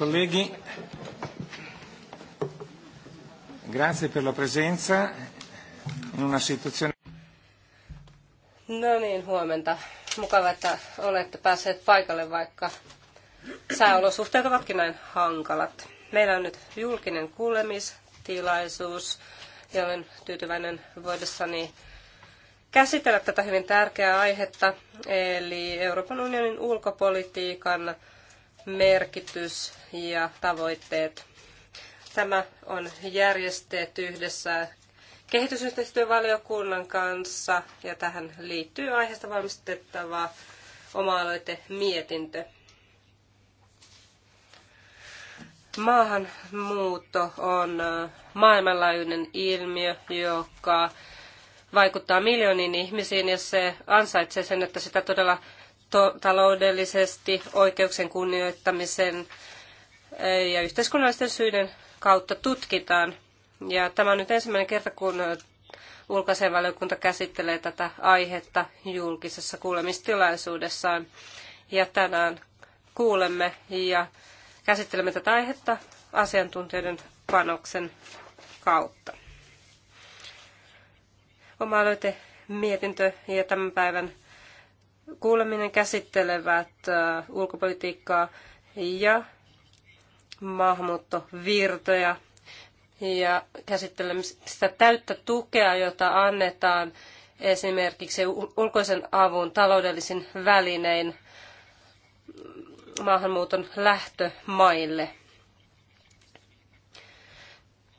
Colleghi, grazie per la presenza in una situazione... No niin, huomenta. Mukava, että olette päässeet paikalle, vaikka sääolosuhteet ovatkin näin hankalat. Meillä on nyt julkinen kuulemistilaisuus ja olen tyytyväinen voidessani käsitellä tätä hyvin tärkeää aihetta, eli Euroopan unionin ulkopolitiikan merkitys ja tavoitteet. Tämä on järjestetty yhdessä kehitysyhteistyövaliokunnan kanssa ja tähän liittyy aiheesta valmistettava oma-aloite mietintö. Maahanmuutto on maailmanlaajuinen ilmiö, joka vaikuttaa miljooniin ihmisiin ja se ansaitsee sen, että sitä todella taloudellisesti, oikeuksien kunnioittamisen ja yhteiskunnallisten syiden kautta tutkitaan. Ja tämä on nyt ensimmäinen kerta, kun ulkoasianvaliokunta käsittelee tätä aihetta julkisessa kuulemistilaisuudessaan. Ja tänään kuulemme ja käsittelemme tätä aihetta asiantuntijoiden panoksen kautta. Oma aloite mietintö ja tämän päivän kuuleminen käsittelevät ulkopolitiikkaa ja maahanmuuttovirtoja ja käsittelemme sitä täyttä tukea, jota annetaan esimerkiksi ulkoisen avun taloudellisin välinein maahanmuuton lähtömaille.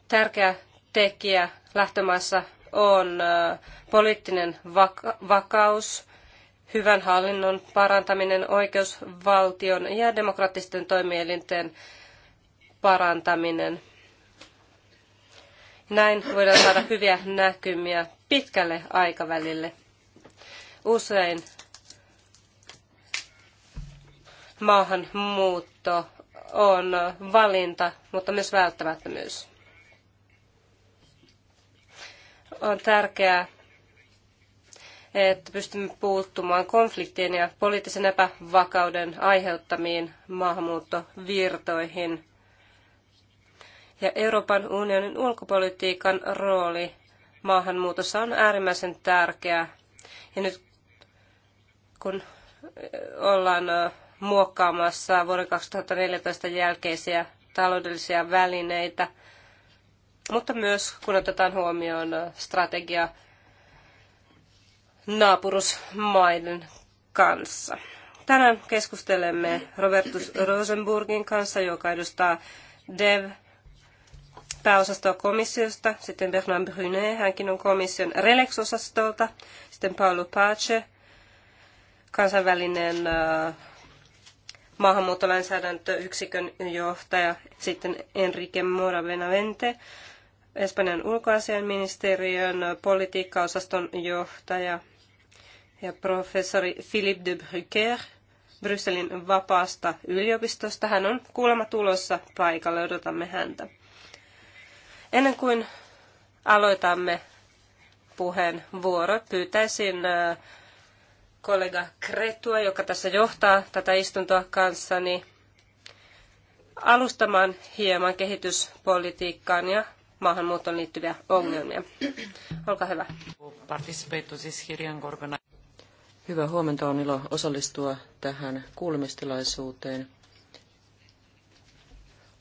Tärkeä tekijä lähtömaissa on poliittinen vakaus, hyvän hallinnon parantaminen, oikeusvaltion ja demokraattisten toimielinten parantaminen. Näin voidaan saada hyviä näkymiä pitkälle aikavälille. Usein maahanmuutto on valinta, mutta myös välttämättömyys. On tärkeää että pystymme puuttumaan konfliktien ja poliittisen epävakauden aiheuttamiin maahanmuuttovirtoihin. Ja Euroopan unionin ulkopolitiikan rooli maahanmuutossa on äärimmäisen tärkeä. Ja nyt kun ollaan muokkaamassa vuoden 2014 jälkeisiä taloudellisia välineitä, mutta myös kun otetaan huomioon strategia naapurusmaiden kanssa. Tänään keskustelemme Robertus Rosenburgin kanssa, joka edustaa DEV pääosastoa komissiosta, sitten Bernard Brunet, hänkin on komission Relex-osastolta, sitten Paolo Pace, kansainvälinen maahanmuuttolainsäädäntöyksikön johtaja, sitten Enrique Mora Benavente, Espanjan ulkoasiainministeriön politiikkaosaston johtaja ja professori Philippe de Brucker Brysselin vapaasta yliopistosta. Hän on kuulemma tulossa paikalle, odotamme häntä. Ennen kuin aloitamme puheen vuoro, pyytäisin äh, kollega Kretua, joka tässä johtaa tätä istuntoa kanssani, alustamaan hieman kehityspolitiikkaan ja maahanmuuttoon liittyviä ongelmia. Olkaa hyvä. Hyvää huomenta. On ilo osallistua tähän kuulemistilaisuuteen.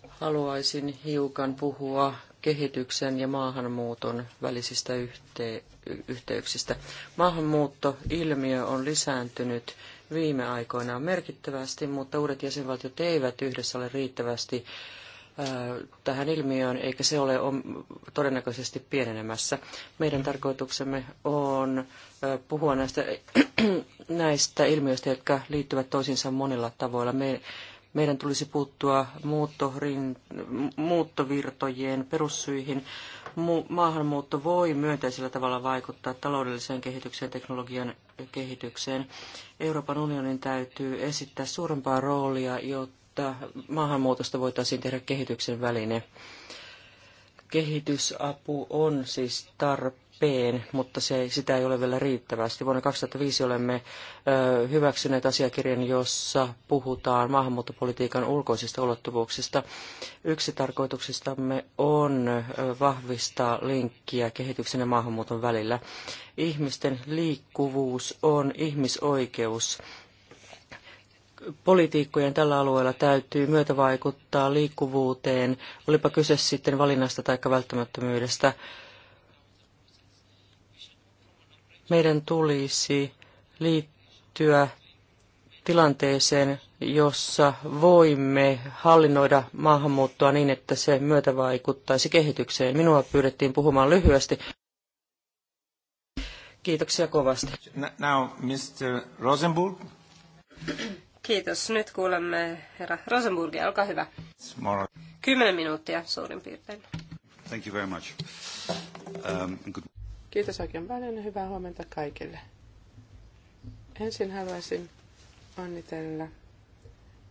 Haluaisin hiukan puhua kehityksen ja maahanmuuton välisistä yhte- yhteyksistä. Maahanmuuttoilmiö on lisääntynyt viime aikoina merkittävästi, mutta uudet jäsenvaltiot eivät yhdessä ole riittävästi tähän ilmiöön, eikä se ole todennäköisesti pienenemässä. Meidän tarkoituksemme on puhua näistä, näistä ilmiöistä, jotka liittyvät toisiinsa monilla tavoilla. Me, meidän tulisi puuttua muuttovirtojen perussyihin. Maahanmuutto voi myönteisellä tavalla vaikuttaa taloudelliseen kehitykseen, teknologian kehitykseen. Euroopan unionin täytyy esittää suurempaa roolia, jotta jotta maahanmuutosta voitaisiin tehdä kehityksen väline. Kehitysapu on siis tarpeen, mutta se, sitä ei ole vielä riittävästi. Vuonna 2005 olemme ö, hyväksyneet asiakirjan, jossa puhutaan maahanmuuttopolitiikan ulkoisista ulottuvuuksista. Yksi tarkoituksistamme on ö, vahvistaa linkkiä kehityksen ja maahanmuuton välillä. Ihmisten liikkuvuus on ihmisoikeus poliitikkojen tällä alueella täytyy myötävaikuttaa liikkuvuuteen, olipa kyse sitten valinnasta tai välttämättömyydestä. Meidän tulisi liittyä tilanteeseen, jossa voimme hallinnoida maahanmuuttoa niin, että se myötävaikuttaisi kehitykseen. Minua pyydettiin puhumaan lyhyesti. Kiitoksia kovasti. Now, Mr. Rosenburg. Kiitos. Nyt kuulemme herra Rosenburgia. Olkaa hyvä. Kymmenen minuuttia suurin piirtein. Thank you very much. Um, good... Kiitos oikein paljon ja hyvää huomenta kaikille. Ensin haluaisin onnitella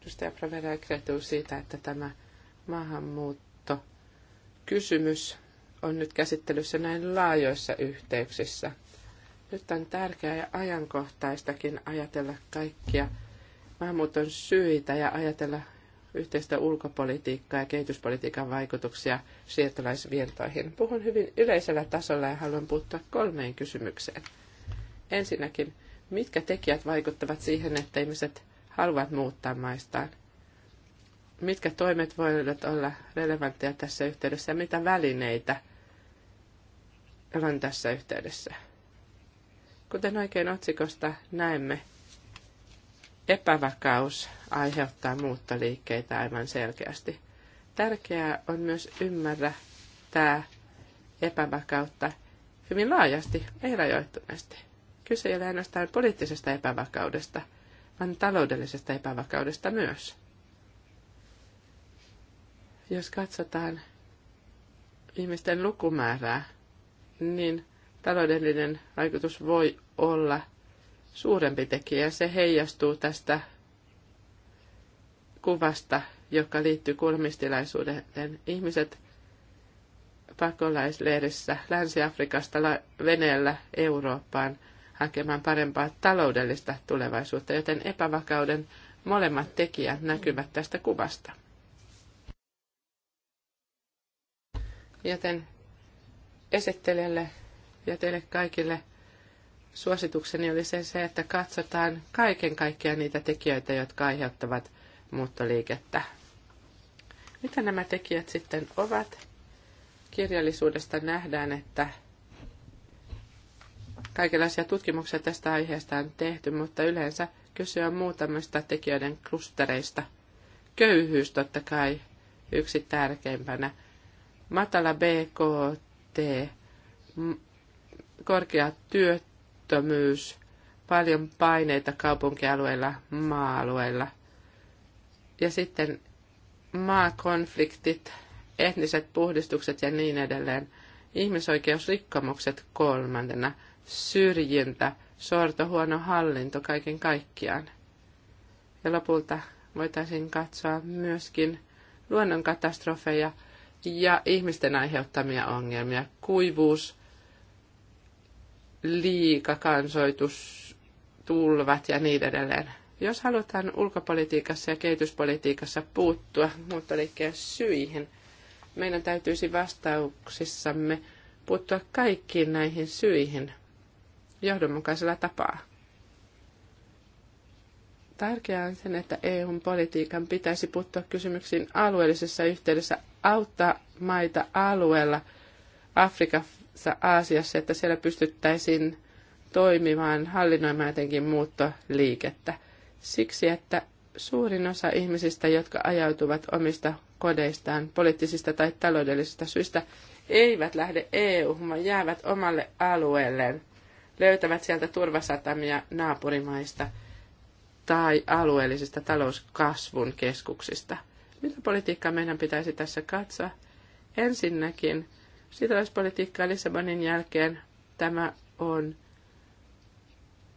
edustaja Pravera Kretu siitä, että tämä maahanmuutto kysymys on nyt käsittelyssä näin laajoissa yhteyksissä. Nyt on tärkeää ja ajankohtaistakin ajatella kaikkia maahanmuuton syitä ja ajatella yhteistä ulkopolitiikkaa ja kehityspolitiikan vaikutuksia siirtolaisvirtoihin. Puhun hyvin yleisellä tasolla ja haluan puuttua kolmeen kysymykseen. Ensinnäkin, mitkä tekijät vaikuttavat siihen, että ihmiset haluavat muuttaa maistaan? Mitkä toimet voivat olla relevantteja tässä yhteydessä ja mitä välineitä on tässä yhteydessä? Kuten oikein otsikosta näemme, epävakaus aiheuttaa muuttoliikkeitä aivan selkeästi. Tärkeää on myös ymmärrä tämä epävakautta hyvin laajasti, ei rajoittuneesti. Kyse ei ole ainoastaan poliittisesta epävakaudesta, vaan taloudellisesta epävakaudesta myös. Jos katsotaan ihmisten lukumäärää, niin taloudellinen vaikutus voi olla – suurempi tekijä. Se heijastuu tästä kuvasta, joka liittyy kulmistilaisuuden. Ihmiset pakolaisleirissä Länsi-Afrikasta veneellä Eurooppaan hakemaan parempaa taloudellista tulevaisuutta, joten epävakauden molemmat tekijät näkyvät tästä kuvasta. Joten esittelijälle ja teille kaikille Suositukseni oli se, että katsotaan kaiken kaikkiaan niitä tekijöitä, jotka aiheuttavat muuttoliikettä. Mitä nämä tekijät sitten ovat? Kirjallisuudesta nähdään, että kaikenlaisia tutkimuksia tästä aiheesta on tehty, mutta yleensä kyse on muutamista tekijöiden klustereista. Köyhyys totta kai yksi tärkeimpänä. Matala BKT, korkea työt työttömyys, paljon paineita kaupunkialueilla, maa-alueilla. Ja sitten maakonfliktit, etniset puhdistukset ja niin edelleen. Ihmisoikeusrikkomukset kolmantena, syrjintä, sorto, huono hallinto kaiken kaikkiaan. Ja lopulta voitaisiin katsoa myöskin luonnonkatastrofeja ja ihmisten aiheuttamia ongelmia, kuivuus, liikakansoitustulvat ja niin edelleen. Jos halutaan ulkopolitiikassa ja kehityspolitiikassa puuttua muuttoliikkeen syihin, meidän täytyisi vastauksissamme puuttua kaikkiin näihin syihin johdonmukaisella tapaa. Tärkeää on sen, että EUn politiikan pitäisi puuttua kysymyksiin alueellisessa yhteydessä, auttaa maita alueella Afrikassa tässä Aasiassa, että siellä pystyttäisiin toimimaan, hallinnoimaan jotenkin muuttoliikettä. Siksi, että suurin osa ihmisistä, jotka ajautuvat omista kodeistaan poliittisista tai taloudellisista syistä, eivät lähde eu vaan jäävät omalle alueelleen, löytävät sieltä turvasatamia naapurimaista tai alueellisista talouskasvun keskuksista. Mitä politiikkaa meidän pitäisi tässä katsoa? Ensinnäkin Siirtolaispolitiikkaa Lissabonin jälkeen tämä on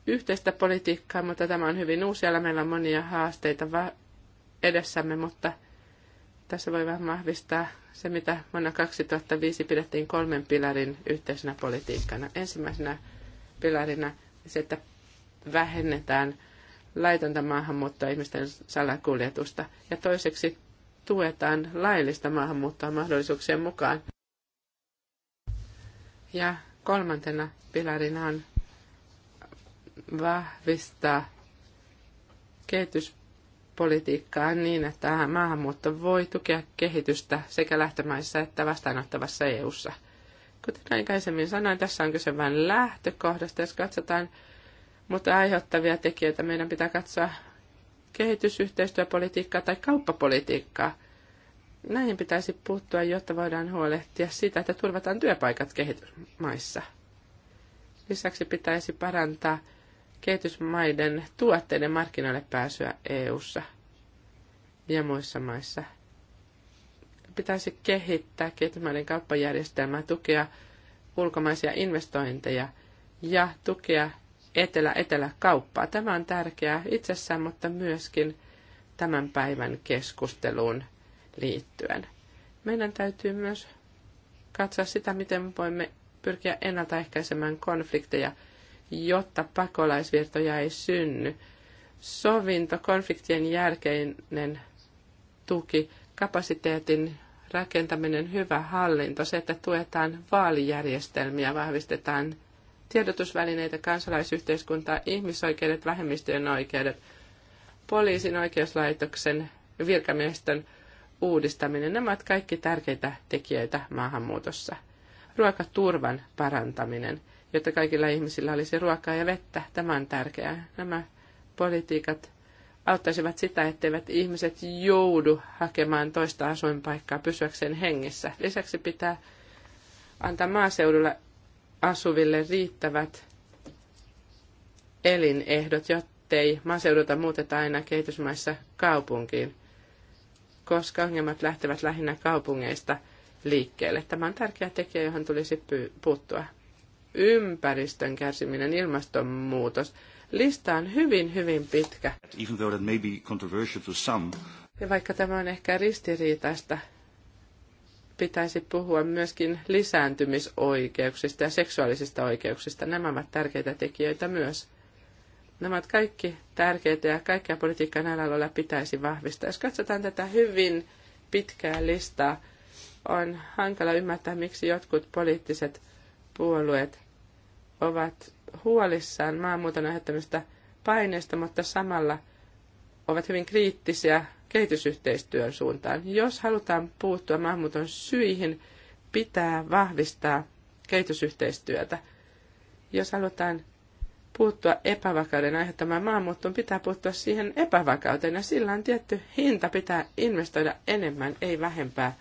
yhteistä politiikkaa, mutta tämä on hyvin uusi ja meillä on monia haasteita edessämme, mutta tässä voi vähän vahvistaa se, mitä vuonna 2005 pidettiin kolmen pilarin yhteisenä politiikkana. Ensimmäisenä pilarina se, että vähennetään laitonta maahanmuuttoa ihmisten salakuljetusta ja toiseksi tuetaan laillista maahanmuuttoa mahdollisuuksien mukaan ja kolmantena pilarina on vahvistaa kehityspolitiikkaa niin, että maahanmuutto voi tukea kehitystä sekä lähtömaissa että vastaanottavassa EU-ssa. Kuten aikaisemmin sanoin, tässä on kyse vain lähtökohdasta, jos katsotaan mutta aiheuttavia tekijöitä. Meidän pitää katsoa kehitysyhteistyöpolitiikkaa tai kauppapolitiikkaa – Näihin pitäisi puuttua, jotta voidaan huolehtia siitä, että turvataan työpaikat kehitysmaissa. Lisäksi pitäisi parantaa kehitysmaiden tuotteiden markkinoille pääsyä EU:ssa ja muissa maissa. Pitäisi kehittää kehitysmaiden kauppajärjestelmää, tukea ulkomaisia investointeja ja tukea etelä-etelä-kauppaa. Tämä on tärkeää itsessään, mutta myöskin tämän päivän keskusteluun – liittyen. Meidän täytyy myös katsoa sitä, miten voimme pyrkiä ennaltaehkäisemään konflikteja, jotta pakolaisvirtoja ei synny. Sovinto, konfliktien jälkeinen tuki, kapasiteetin rakentaminen, hyvä hallinto, se, että tuetaan vaalijärjestelmiä, vahvistetaan tiedotusvälineitä, kansalaisyhteiskuntaa, ihmisoikeudet, vähemmistöjen oikeudet, poliisin, oikeuslaitoksen, virkamiesten uudistaminen, nämä ovat kaikki tärkeitä tekijöitä maahanmuutossa. Ruokaturvan parantaminen, jotta kaikilla ihmisillä olisi ruokaa ja vettä, tämä on tärkeää. Nämä politiikat auttaisivat sitä, etteivät ihmiset joudu hakemaan toista asuinpaikkaa pysyäkseen hengissä. Lisäksi pitää antaa maaseudulla asuville riittävät elinehdot, jottei maaseudulta muuteta aina kehitysmaissa kaupunkiin koska ongelmat lähtevät lähinnä kaupungeista liikkeelle. Tämä on tärkeä tekijä, johon tulisi puuttua. Ympäristön kärsiminen, ilmastonmuutos. Lista on hyvin, hyvin pitkä. Even though that may be controversial to some. Ja vaikka tämä on ehkä ristiriitaista, pitäisi puhua myöskin lisääntymisoikeuksista ja seksuaalisista oikeuksista. Nämä ovat tärkeitä tekijöitä myös. Nämä ovat kaikki tärkeitä ja kaikkia politiikkaa näillä aloilla pitäisi vahvistaa. Jos katsotaan tätä hyvin pitkää listaa, on hankala ymmärtää, miksi jotkut poliittiset puolueet ovat huolissaan maanmuuton aiheuttamista paineista, mutta samalla ovat hyvin kriittisiä kehitysyhteistyön suuntaan. Jos halutaan puuttua maahanmuuton syihin, pitää vahvistaa kehitysyhteistyötä. Jos halutaan puuttua epävakauden aiheuttamaan maahanmuuttoon, pitää puuttua siihen epävakauteen. Ja sillä on tietty hinta, pitää investoida enemmän, ei vähempää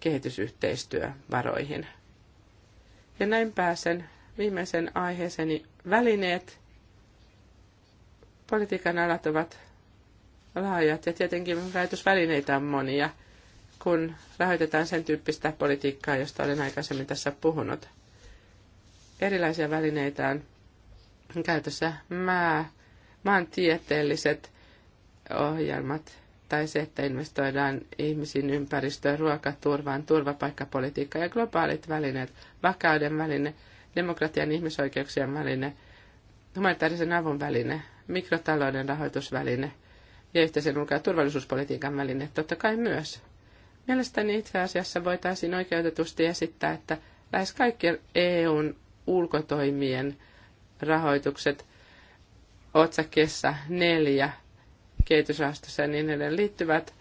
kehitysyhteistyövaroihin. Ja näin pääsen viimeisen aiheeseeni välineet. Politiikan alat ovat laajat ja tietenkin rahoitusvälineitä on monia, kun rahoitetaan sen tyyppistä politiikkaa, josta olen aikaisemmin tässä puhunut. Erilaisia välineitä on käytössä mää, maantieteelliset ohjelmat tai se, että investoidaan ihmisiin, ympäristöön, ruokaturvaan, turvapaikkapolitiikkaan ja globaalit välineet, vakauden väline, demokratian ihmisoikeuksien väline, humanitaarisen avun väline, mikrotalouden rahoitusväline ja yhteisen ulko- ja turvallisuuspolitiikan väline totta kai myös. Mielestäni itse asiassa voitaisiin oikeutetusti esittää, että lähes kaikki EUn ulkotoimien rahoitukset otsakkeessa neljä kehitysrahastossa ja niin edelleen liittyvät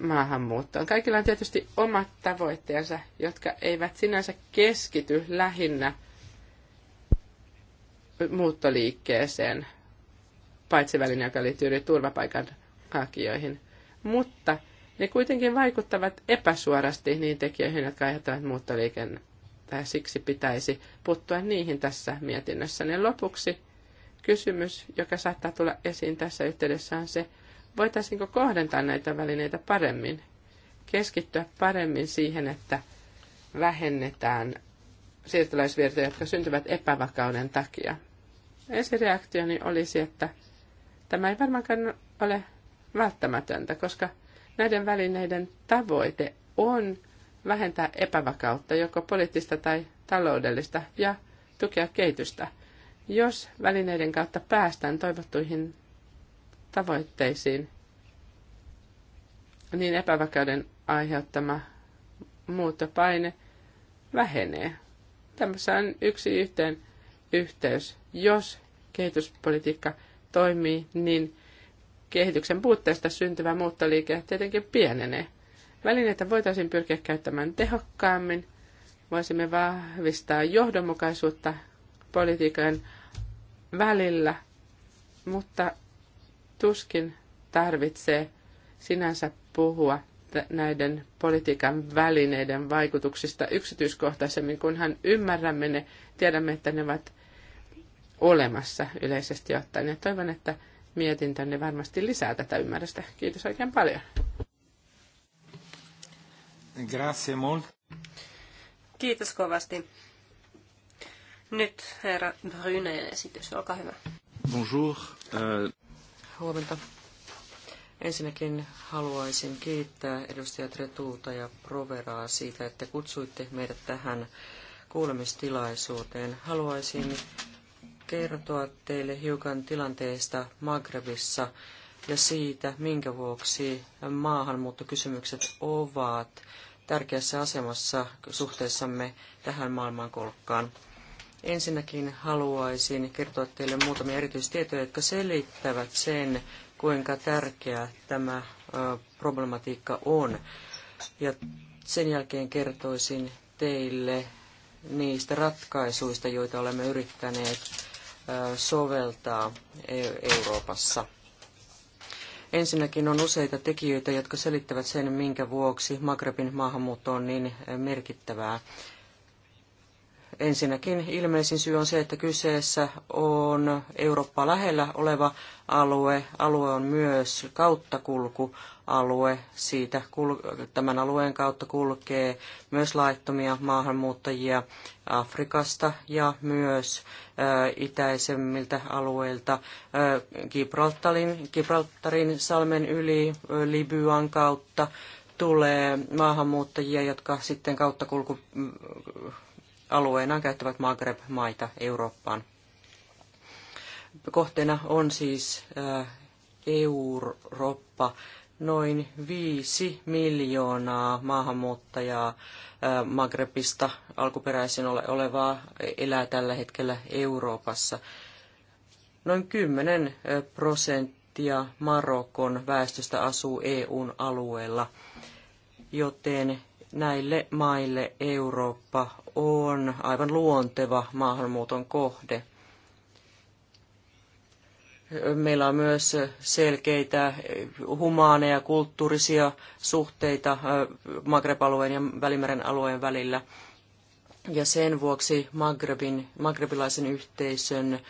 maahanmuuttoon. Kaikilla on tietysti omat tavoitteensa, jotka eivät sinänsä keskity lähinnä muuttoliikkeeseen, paitsi välin, joka liittyy yli turvapaikan hakijoihin. Mutta ne kuitenkin vaikuttavat epäsuorasti niin tekijöihin, jotka aiheuttavat muuttoliikkeen ja siksi pitäisi puuttua niihin tässä mietinnössä. Ne lopuksi kysymys, joka saattaa tulla esiin tässä yhteydessä on se, voitaisiinko kohdentaa näitä välineitä paremmin, keskittyä paremmin siihen, että vähennetään siirtolaisvirtoja, jotka syntyvät epävakauden takia. Ensireaktioni olisi, että tämä ei varmaankaan ole välttämätöntä, koska näiden välineiden tavoite on vähentää epävakautta, joko poliittista tai taloudellista, ja tukea kehitystä. Jos välineiden kautta päästään toivottuihin tavoitteisiin, niin epävakauden aiheuttama muuttopaine vähenee. Tämässä on yksi yhteen yhteys. Jos kehityspolitiikka toimii, niin kehityksen puutteesta syntyvä muuttoliike tietenkin pienenee – Välineitä voitaisiin pyrkiä käyttämään tehokkaammin. Voisimme vahvistaa johdonmukaisuutta politiikan välillä, mutta tuskin tarvitsee sinänsä puhua näiden politiikan välineiden vaikutuksista yksityiskohtaisemmin, kunhan ymmärrämme ne, tiedämme, että ne ovat olemassa yleisesti ottaen. Ja toivon, että mietintönne varmasti lisää tätä ymmärrystä. Kiitos oikein paljon. Grazie molto. Kiitos kovasti. Nyt herra Bryneen esitys, olkaa hyvä. Bonjour. Uh... Huomenta. Ensinnäkin haluaisin kiittää edustaja Tretuuta ja Proveraa siitä, että kutsuitte meidät tähän kuulemistilaisuuteen. Haluaisin kertoa teille hiukan tilanteesta Magrebissa ja siitä, minkä vuoksi maahanmuuttokysymykset ovat tärkeässä asemassa suhteessamme tähän maailmankolkkaan. Ensinnäkin haluaisin kertoa teille muutamia erityistietoja, jotka selittävät sen, kuinka tärkeä tämä problematiikka on. Ja sen jälkeen kertoisin teille niistä ratkaisuista, joita olemme yrittäneet soveltaa e-, Euroopassa. Ensinnäkin on useita tekijöitä, jotka selittävät sen, minkä vuoksi Magrebin maahanmuutto on niin merkittävää. Ensinnäkin ilmeisin syy on se, että kyseessä on Eurooppa lähellä oleva alue. Alue on myös kauttakulkualue. Siitä tämän alueen kautta kulkee myös laittomia maahanmuuttajia Afrikasta ja myös itäisemmiltä alueilta Gibraltarin, Gibraltarin salmen yli Libyan kautta tulee maahanmuuttajia, jotka sitten kauttakulku alueenaan käyttävät Maghreb-maita Eurooppaan. Kohteena on siis äh, Eurooppa, noin viisi miljoonaa maahanmuuttajaa äh, Magrebista alkuperäisin olevaa elää tällä hetkellä Euroopassa. Noin kymmenen äh, prosenttia Marokon väestöstä asuu EUn alueella, joten Näille maille Eurooppa on aivan luonteva maahanmuuton kohde. Meillä on myös selkeitä humaaneja kulttuurisia suhteita Magreb-alueen ja Välimeren alueen välillä. Ja sen vuoksi Magrebin, magrebilaisen yhteisön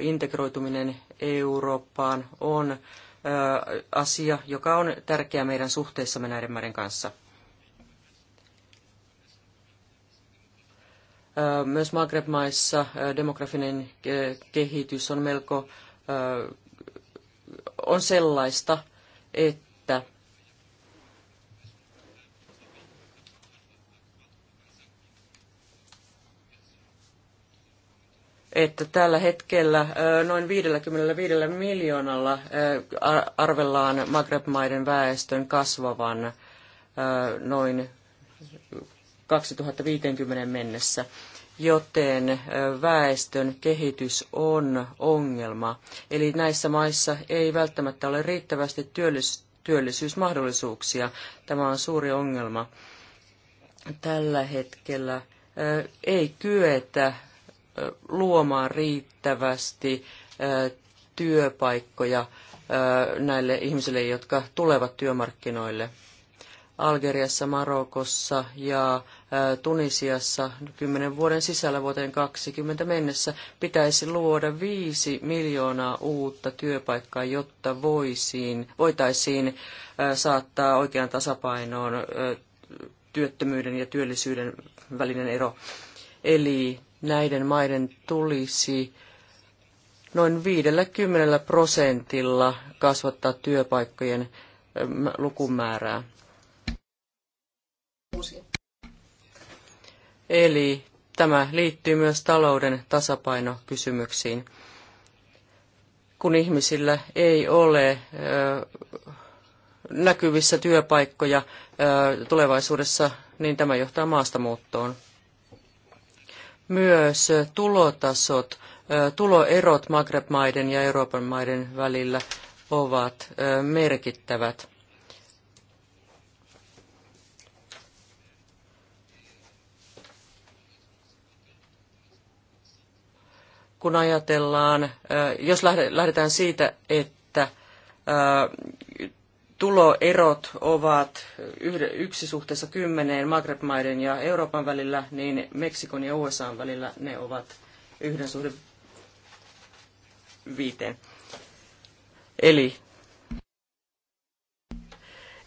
integroituminen Eurooppaan on asia, joka on tärkeä meidän suhteissamme näiden maiden kanssa. Myös Maghreb-maissa demografinen kehitys on melko on sellaista, että että tällä hetkellä noin 55 miljoonalla arvellaan Maghreb-maiden väestön kasvavan noin 2050 mennessä, joten väestön kehitys on ongelma. Eli näissä maissa ei välttämättä ole riittävästi työllis- työllisyysmahdollisuuksia. Tämä on suuri ongelma. Tällä hetkellä ei kyetä luomaan riittävästi työpaikkoja näille ihmisille, jotka tulevat työmarkkinoille. Algeriassa, Marokossa ja Tunisiassa kymmenen vuoden sisällä vuoteen 2020 mennessä pitäisi luoda viisi miljoonaa uutta työpaikkaa, jotta voisiin, voitaisiin saattaa oikean tasapainoon työttömyyden ja työllisyyden välinen ero. Eli näiden maiden tulisi noin 50 prosentilla kasvattaa työpaikkojen lukumäärää. Uusia. Eli tämä liittyy myös talouden tasapainokysymyksiin. Kun ihmisillä ei ole näkyvissä työpaikkoja tulevaisuudessa, niin tämä johtaa maastamuuttoon. Myös tulotasot, tuloerot Maghreb-maiden ja Euroopan maiden välillä ovat merkittävät. kun ajatellaan, jos lähdetään siitä, että tuloerot ovat yksi suhteessa kymmeneen Maghreb-maiden ja Euroopan välillä, niin Meksikon ja USA välillä ne ovat yhden suhde viiteen. Eli,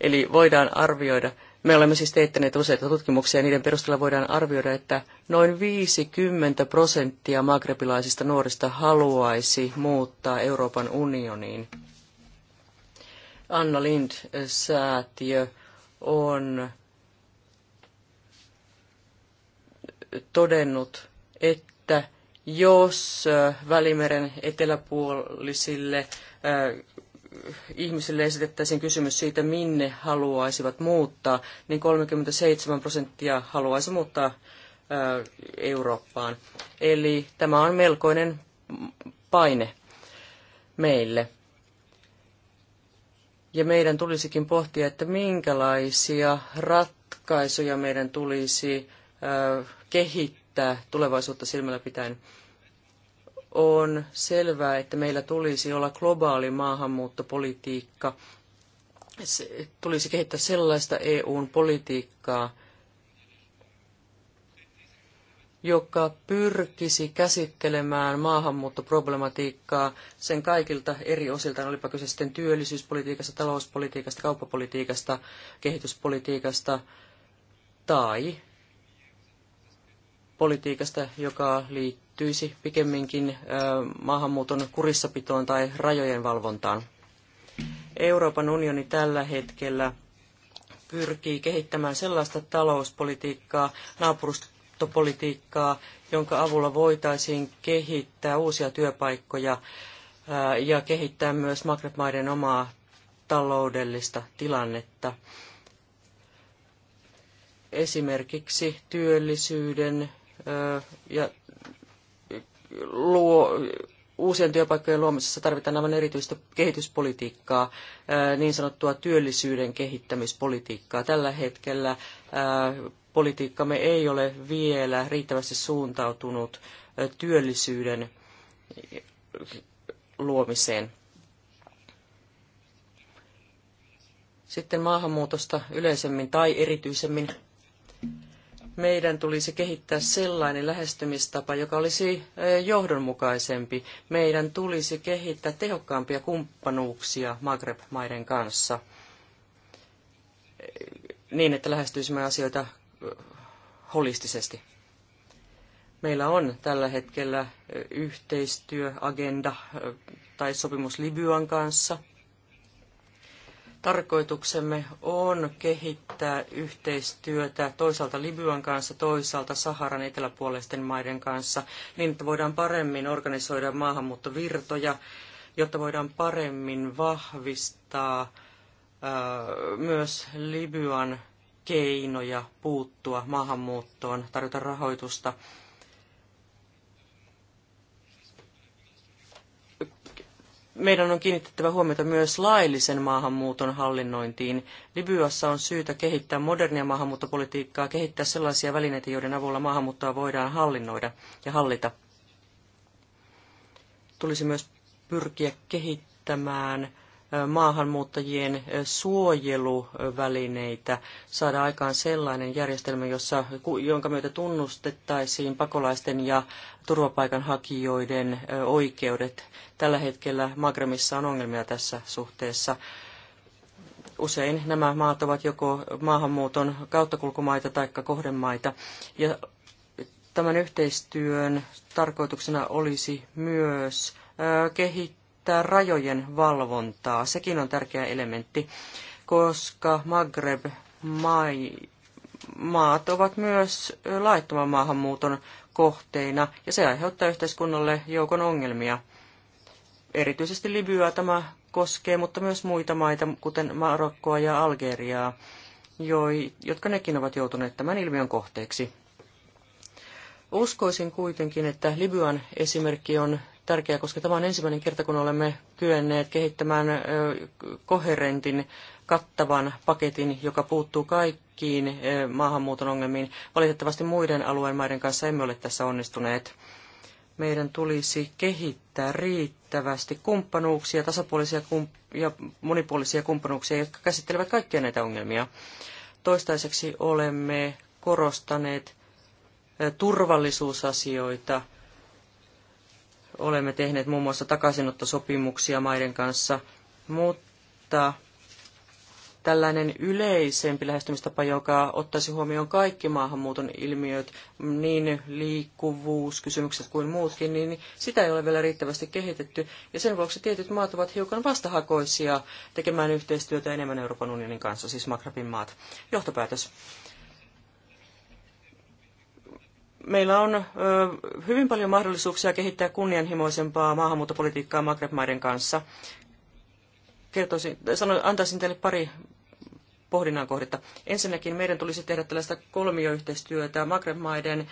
eli voidaan arvioida, me olemme siis teettäneet useita tutkimuksia ja niiden perusteella voidaan arvioida, että noin 50 prosenttia magrebilaisista nuorista haluaisi muuttaa Euroopan unioniin. Anna Lind-säätiö on todennut, että jos Välimeren eteläpuolisille ihmisille esitettäisiin kysymys siitä, minne haluaisivat muuttaa, niin 37 prosenttia haluaisi muuttaa Eurooppaan. Eli tämä on melkoinen paine meille. Ja meidän tulisikin pohtia, että minkälaisia ratkaisuja meidän tulisi kehittää tulevaisuutta silmällä pitäen on selvää, että meillä tulisi olla globaali maahanmuuttopolitiikka. Se, tulisi kehittää sellaista EUn politiikkaa, joka pyrkisi käsittelemään maahanmuuttoproblematiikkaa sen kaikilta eri osiltaan, olipa kyse sitten työllisyyspolitiikasta, talouspolitiikasta, kauppapolitiikasta, kehityspolitiikasta tai politiikasta, joka liittyisi pikemminkin maahanmuuton kurissapitoon tai rajojen valvontaan. Euroopan unioni tällä hetkellä pyrkii kehittämään sellaista talouspolitiikkaa, naapurustopolitiikkaa, jonka avulla voitaisiin kehittää uusia työpaikkoja ja kehittää myös Maghreb-maiden omaa taloudellista tilannetta. Esimerkiksi työllisyyden ja luo, uusien työpaikkojen luomisessa tarvitaan aivan erityistä kehityspolitiikkaa, niin sanottua työllisyyden kehittämispolitiikkaa. Tällä hetkellä politiikkamme ei ole vielä riittävästi suuntautunut työllisyyden luomiseen. Sitten maahanmuutosta yleisemmin tai erityisemmin meidän tulisi kehittää sellainen lähestymistapa, joka olisi johdonmukaisempi. Meidän tulisi kehittää tehokkaampia kumppanuuksia Maghreb-maiden kanssa niin, että lähestyisimme asioita holistisesti. Meillä on tällä hetkellä yhteistyöagenda tai sopimus Libyan kanssa – Tarkoituksemme on kehittää yhteistyötä toisaalta Libyan kanssa, toisaalta Saharan eteläpuolisten maiden kanssa, niin että voidaan paremmin organisoida maahanmuuttovirtoja, jotta voidaan paremmin vahvistaa myös Libyan keinoja puuttua maahanmuuttoon, tarjota rahoitusta meidän on kiinnitettävä huomiota myös laillisen maahanmuuton hallinnointiin. Libyassa on syytä kehittää modernia maahanmuuttopolitiikkaa, kehittää sellaisia välineitä, joiden avulla maahanmuuttoa voidaan hallinnoida ja hallita. Tulisi myös pyrkiä kehittämään maahanmuuttajien suojeluvälineitä, saada aikaan sellainen järjestelmä, jossa, jonka myötä tunnustettaisiin pakolaisten ja turvapaikanhakijoiden oikeudet. Tällä hetkellä Magremissa on ongelmia tässä suhteessa. Usein nämä maat ovat joko maahanmuuton kauttakulkumaita tai kohdemaita. Ja tämän yhteistyön tarkoituksena olisi myös kehittää käyttää rajojen valvontaa. Sekin on tärkeä elementti, koska Maghreb mai, maat ovat myös laittoman maahanmuuton kohteina, ja se aiheuttaa yhteiskunnalle joukon ongelmia. Erityisesti Libyaa tämä koskee, mutta myös muita maita, kuten Marokkoa ja Algeriaa, jotka nekin ovat joutuneet tämän ilmiön kohteeksi. Uskoisin kuitenkin, että Libyan esimerkki on tärkeää, koska tämä on ensimmäinen kerta, kun olemme kyenneet kehittämään koherentin kattavan paketin, joka puuttuu kaikkiin maahanmuuton ongelmiin. Valitettavasti muiden alueen maiden kanssa emme ole tässä onnistuneet. Meidän tulisi kehittää riittävästi kumppanuuksia, tasapuolisia ja monipuolisia kumppanuuksia, jotka käsittelevät kaikkia näitä ongelmia. Toistaiseksi olemme korostaneet turvallisuusasioita – Olemme tehneet muun muassa takaisinottosopimuksia maiden kanssa, mutta tällainen yleisempi lähestymistapa, joka ottaisi huomioon kaikki maahanmuuton ilmiöt, niin liikkuvuuskysymykset kuin muutkin, niin sitä ei ole vielä riittävästi kehitetty. Ja sen vuoksi tietyt maat ovat hiukan vastahakoisia tekemään yhteistyötä enemmän Euroopan unionin kanssa, siis Magrabin maat. Johtopäätös meillä on hyvin paljon mahdollisuuksia kehittää kunnianhimoisempaa maahanmuuttopolitiikkaa Maghreb-maiden kanssa. Kertoisin, sanoin, antaisin teille pari pohdinnan kohdetta. Ensinnäkin meidän tulisi tehdä tällaista kolmioyhteistyötä Maghreb-maiden,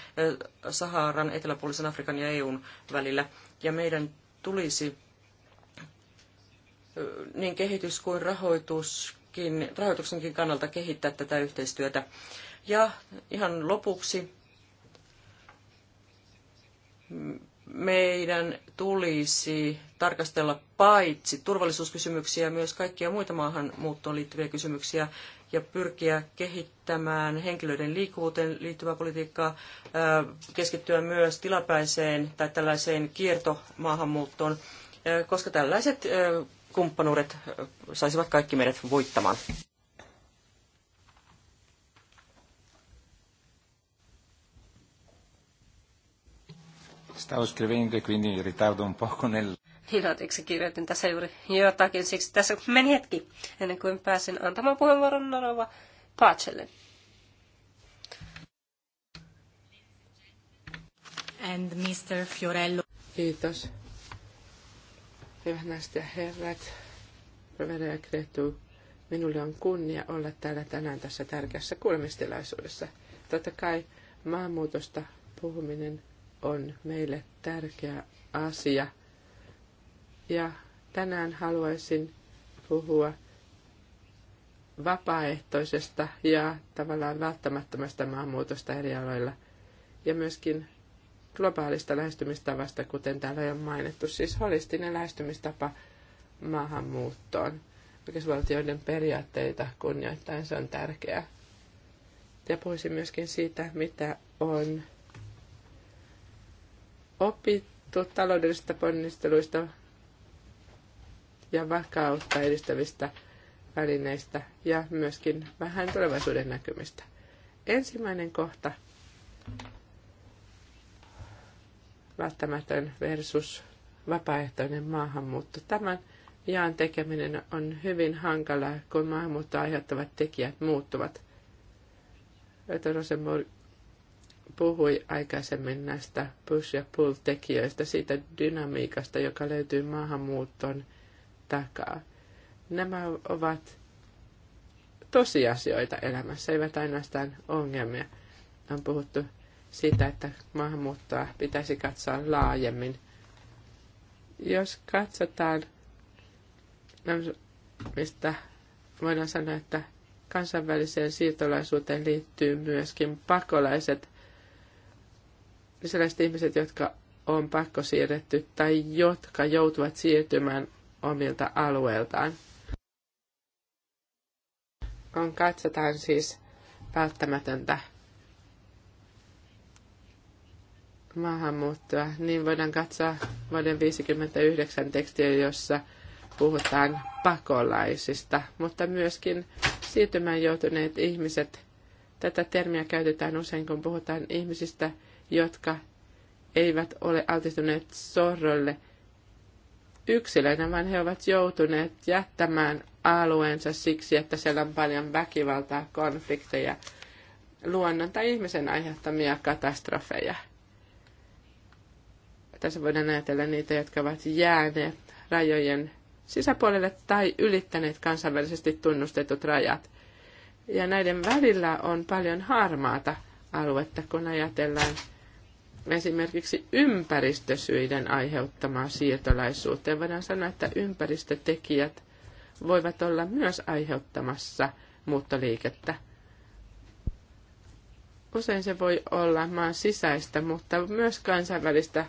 Saharan, Eteläpuolisen Afrikan ja EUn välillä. Ja meidän tulisi niin kehitys kuin rahoituskin, rahoituksenkin kannalta kehittää tätä yhteistyötä. Ja ihan lopuksi meidän tulisi tarkastella paitsi turvallisuuskysymyksiä, myös kaikkia muita maahanmuuttoon liittyviä kysymyksiä ja pyrkiä kehittämään henkilöiden liikkuvuuteen liittyvää politiikkaa, keskittyä myös tilapäiseen tai tällaiseen kiertomaahanmuuttoon, koska tällaiset kumppanuudet saisivat kaikki meidät voittamaan. Stavo scrivendo e quindi ritardo un poco nel... Iloitiksi kirjoitin tässä juuri jotakin, siksi tässä meni hetki ennen kuin pääsin antamaan puheenvuoron Norova Pacelle. And Mr. Fiorello. Kiitos. Hyvät naiset ja herrat, ja Kretu, minulle on kunnia olla täällä tänään tässä tärkeässä kuulemistilaisuudessa. Totta kai maanmuutosta puhuminen – on meille tärkeä asia. Ja tänään haluaisin puhua vapaaehtoisesta ja tavallaan välttämättömästä maanmuutosta eri aloilla ja myöskin globaalista lähestymistavasta, kuten täällä on mainittu, siis holistinen lähestymistapa maahanmuuttoon. Oikeusvaltioiden periaatteita kunnioittain se on tärkeää. Ja puhuisin myöskin siitä, mitä on opittu taloudellisista ponnisteluista ja vakautta edistävistä välineistä ja myöskin vähän tulevaisuuden näkymistä. Ensimmäinen kohta, välttämätön versus vapaaehtoinen maahanmuutto. Tämän jaan tekeminen on hyvin hankalaa, kun maahanmuuttoa aiheuttavat tekijät muuttuvat. Rosenborg puhui aikaisemmin näistä push- ja pull-tekijöistä, siitä dynamiikasta, joka löytyy maahanmuuton takaa. Nämä ovat tosiasioita elämässä, eivät ainoastaan ongelmia. On puhuttu siitä, että maahanmuuttoa pitäisi katsoa laajemmin. Jos katsotaan, mistä voidaan sanoa, että kansainväliseen siirtolaisuuteen liittyy myöskin pakolaiset – sellaiset ihmiset, jotka on pakko siirretty tai jotka joutuvat siirtymään omilta alueiltaan. On katsotaan siis välttämätöntä maahanmuuttoa, niin voidaan katsoa vuoden 59 tekstiä, jossa puhutaan pakolaisista, mutta myöskin siirtymään joutuneet ihmiset. Tätä termiä käytetään usein, kun puhutaan ihmisistä – jotka eivät ole altistuneet sorrolle yksilöinä, vaan he ovat joutuneet jättämään alueensa siksi, että siellä on paljon väkivaltaa, konflikteja, luonnon tai ihmisen aiheuttamia katastrofeja. Tässä voidaan ajatella niitä, jotka ovat jääneet rajojen sisäpuolelle tai ylittäneet kansainvälisesti tunnustetut rajat. Ja näiden välillä on paljon harmaata aluetta, kun ajatellaan esimerkiksi ympäristösyiden aiheuttamaan siirtolaisuuteen. Voidaan sanoa, että ympäristötekijät voivat olla myös aiheuttamassa muuttoliikettä. Usein se voi olla maan sisäistä, mutta myös kansainvälistä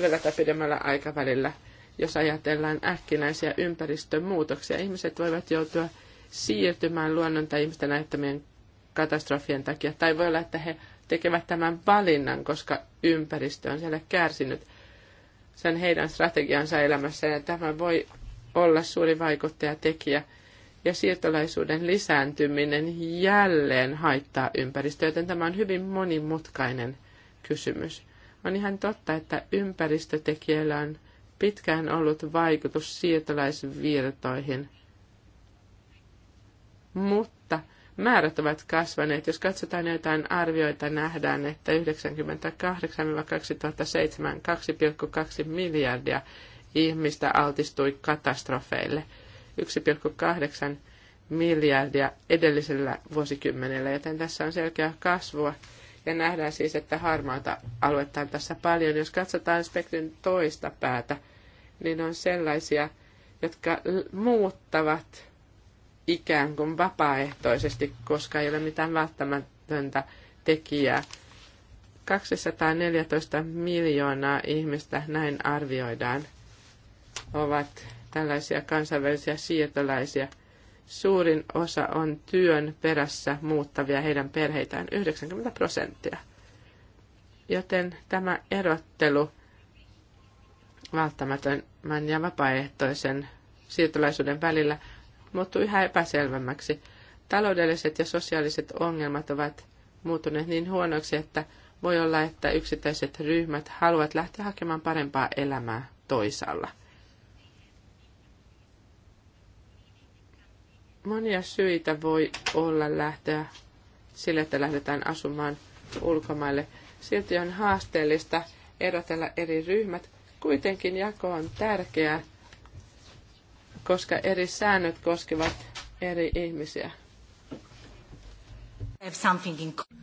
vieläpä pidemmällä aikavälillä. Jos ajatellaan äkkinäisiä ympäristömuutoksia, ihmiset voivat joutua siirtymään luonnon tai ihmisten aiheuttamien katastrofien takia. Tai voi olla, että he tekevät tämän valinnan, koska ympäristö on siellä kärsinyt sen heidän strategiansa elämässä ja tämä voi olla suuri vaikuttajatekijä. Ja siirtolaisuuden lisääntyminen jälleen haittaa ympäristöä, joten tämä on hyvin monimutkainen kysymys. On ihan totta, että ympäristötekijöillä on pitkään ollut vaikutus siirtolaisvirtoihin, mutta – määrät ovat kasvaneet. Jos katsotaan jotain arvioita, nähdään, että 1998-2007 2,2 miljardia ihmistä altistui katastrofeille. 1,8 miljardia edellisellä vuosikymmenellä, joten tässä on selkeää kasvua. Ja nähdään siis, että harmaata aluetta on tässä paljon. Jos katsotaan spektrin toista päätä, niin on sellaisia, jotka muuttavat ikään kuin vapaaehtoisesti, koska ei ole mitään välttämätöntä tekijää. 214 miljoonaa ihmistä, näin arvioidaan, ovat tällaisia kansainvälisiä siirtolaisia. Suurin osa on työn perässä muuttavia heidän perheitään, 90 prosenttia. Joten tämä erottelu välttämätön ja vapaaehtoisen siirtolaisuuden välillä – muuttuu yhä epäselvemmäksi. Taloudelliset ja sosiaaliset ongelmat ovat muuttuneet niin huonoksi, että voi olla, että yksittäiset ryhmät haluavat lähteä hakemaan parempaa elämää toisaalla. Monia syitä voi olla lähteä sille, että lähdetään asumaan ulkomaille. Silti on haasteellista erotella eri ryhmät. Kuitenkin jako on tärkeää koska eri säännöt koskevat eri ihmisiä.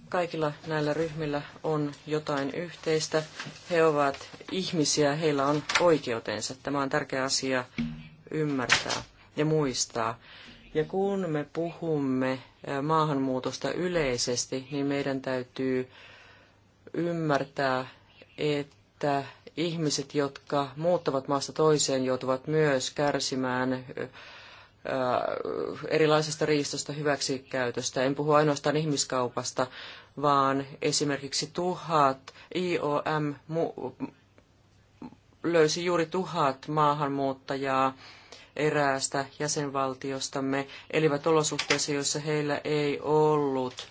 Kaikilla näillä ryhmillä on jotain yhteistä. He ovat ihmisiä, heillä on oikeutensa. Tämä on tärkeä asia ymmärtää ja muistaa. Ja kun me puhumme maahanmuutosta yleisesti, niin meidän täytyy ymmärtää, että että ihmiset, jotka muuttavat maasta toiseen, joutuvat myös kärsimään erilaisesta riistosta hyväksikäytöstä. En puhu ainoastaan ihmiskaupasta, vaan esimerkiksi tuhat IOM löysi juuri tuhat maahanmuuttajaa eräästä jäsenvaltiostamme, elivät olosuhteissa, joissa heillä ei ollut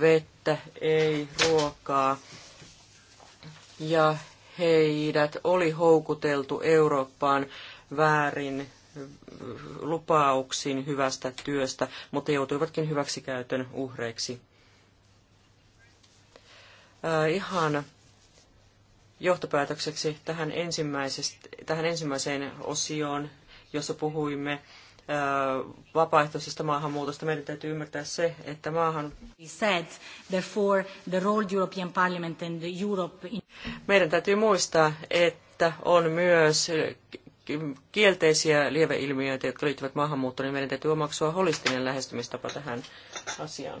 vettä, ei ruokaa. Ja heidät oli houkuteltu Eurooppaan väärin lupauksin hyvästä työstä, mutta joutuivatkin hyväksikäytön uhreiksi. Äh, ihan johtopäätökseksi tähän, tähän ensimmäiseen osioon, jossa puhuimme vapaaehtoisesta maahanmuutosta. Meidän täytyy ymmärtää se, että maahan... Meidän täytyy muistaa, että on myös kielteisiä lieveilmiöitä, jotka liittyvät maahanmuuttoon, niin meidän täytyy omaksua holistinen lähestymistapa tähän asiaan.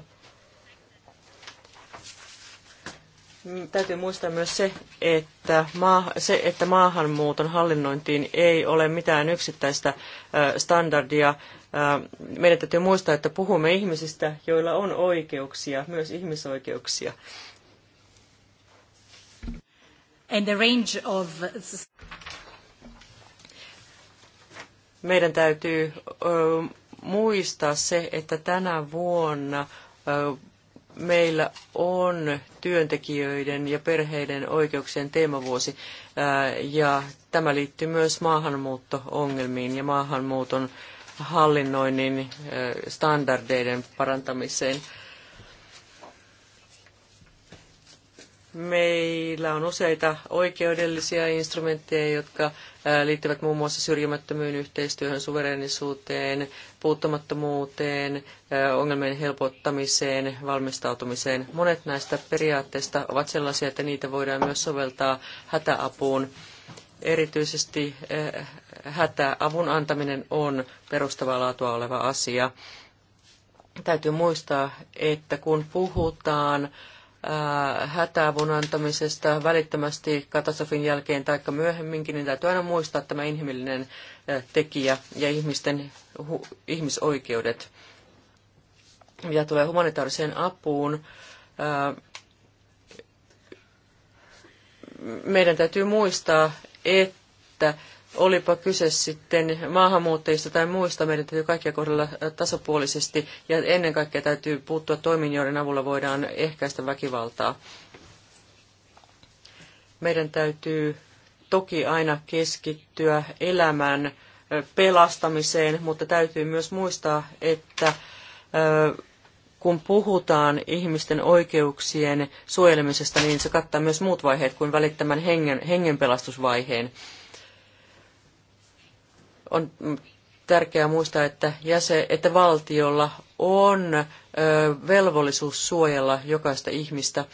Mm, täytyy muistaa myös se että, maa, se, että maahanmuuton hallinnointiin ei ole mitään yksittäistä standardia. Meidän täytyy muistaa, että puhumme ihmisistä, joilla on oikeuksia, myös ihmisoikeuksia. And the range of... Meidän täytyy muistaa se, että tänä vuonna meillä on työntekijöiden ja perheiden oikeuksien teemavuosi, äh, ja tämä liittyy myös maahanmuutto-ongelmiin ja maahanmuuton hallinnoinnin äh, standardeiden parantamiseen. Meillä on useita oikeudellisia instrumentteja, jotka liittyvät muun muassa syrjimättömyyn yhteistyöhön, suverenisuuteen, puuttumattomuuteen, ongelmien helpottamiseen, valmistautumiseen. Monet näistä periaatteista ovat sellaisia, että niitä voidaan myös soveltaa hätäapuun. Erityisesti hätäavun antaminen on perustavaa laatua oleva asia. Täytyy muistaa, että kun puhutaan Äh, hätäavun antamisesta välittömästi katastrofin jälkeen tai myöhemminkin, niin täytyy aina muistaa tämä inhimillinen äh, tekijä ja ihmisten ihmisoikeudet. Mitä tulee humanitaariseen apuun, äh, meidän täytyy muistaa, että Olipa kyse sitten maahanmuuttajista tai muista, meidän täytyy kaikkia kohdella tasapuolisesti ja ennen kaikkea täytyy puuttua toimiin, joiden avulla voidaan ehkäistä väkivaltaa. Meidän täytyy toki aina keskittyä elämän pelastamiseen, mutta täytyy myös muistaa, että kun puhutaan ihmisten oikeuksien suojelemisesta, niin se kattaa myös muut vaiheet kuin välittämän hengen, hengenpelastusvaiheen. pelastusvaiheen on tärkeää muistaa, että, jäsen, että valtiolla on ö, velvollisuus suojella jokaista ihmistä.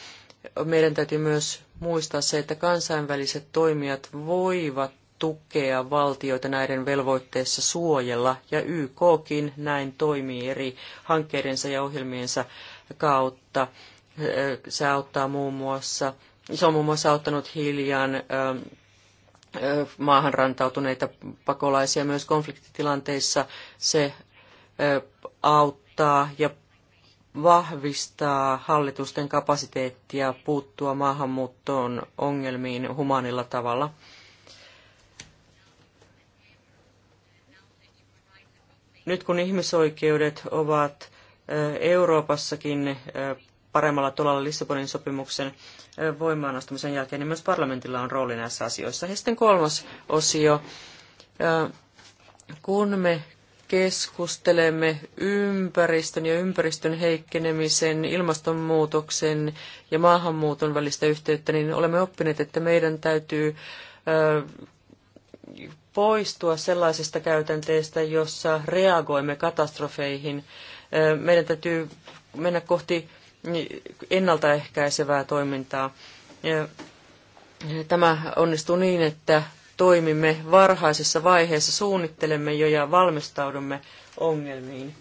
Meidän täytyy myös muistaa se, että kansainväliset toimijat voivat tukea valtioita näiden velvoitteessa suojella, ja YKkin näin toimii eri hankkeidensa ja ohjelmiensa kautta. Se auttaa muun muassa, se on muun muassa auttanut hiljan maahan rantautuneita pakolaisia myös konfliktitilanteissa. Se auttaa ja vahvistaa hallitusten kapasiteettia puuttua maahanmuuttoon ongelmiin humanilla tavalla. Nyt kun ihmisoikeudet ovat Euroopassakin paremmalla tolalla Lissabonin sopimuksen voimaanastumisen jälkeen, niin myös parlamentilla on rooli näissä asioissa. Ja sitten kolmas osio. Kun me keskustelemme ympäristön ja ympäristön heikkenemisen, ilmastonmuutoksen ja maahanmuuton välistä yhteyttä, niin olemme oppineet, että meidän täytyy poistua sellaisesta käytänteestä, jossa reagoimme katastrofeihin. Meidän täytyy mennä kohti ennaltaehkäisevää toimintaa. Tämä onnistuu niin, että toimimme varhaisessa vaiheessa, suunnittelemme jo ja valmistaudumme ongelmiin.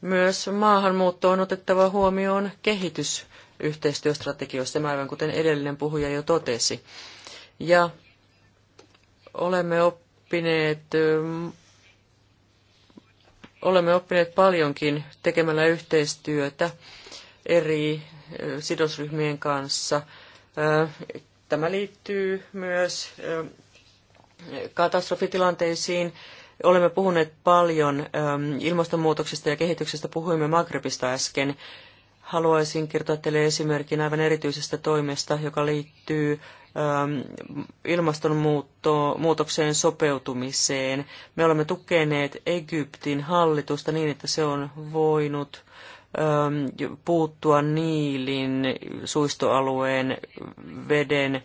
Myös maahanmuutto on otettava huomioon kehitysyhteistyöstrategioissa, aivan kuten edellinen puhuja jo totesi. Ja olemme oppineet olemme oppineet paljonkin tekemällä yhteistyötä eri sidosryhmien kanssa. Tämä liittyy myös katastrofitilanteisiin. Olemme puhuneet paljon ilmastonmuutoksesta ja kehityksestä. Puhuimme Magrebista äsken. Haluaisin kertoa teille esimerkin aivan erityisestä toimesta, joka liittyy ähm, ilmastonmuutokseen sopeutumiseen. Me olemme tukeneet Egyptin hallitusta niin, että se on voinut ähm, puuttua Niilin suistoalueen veden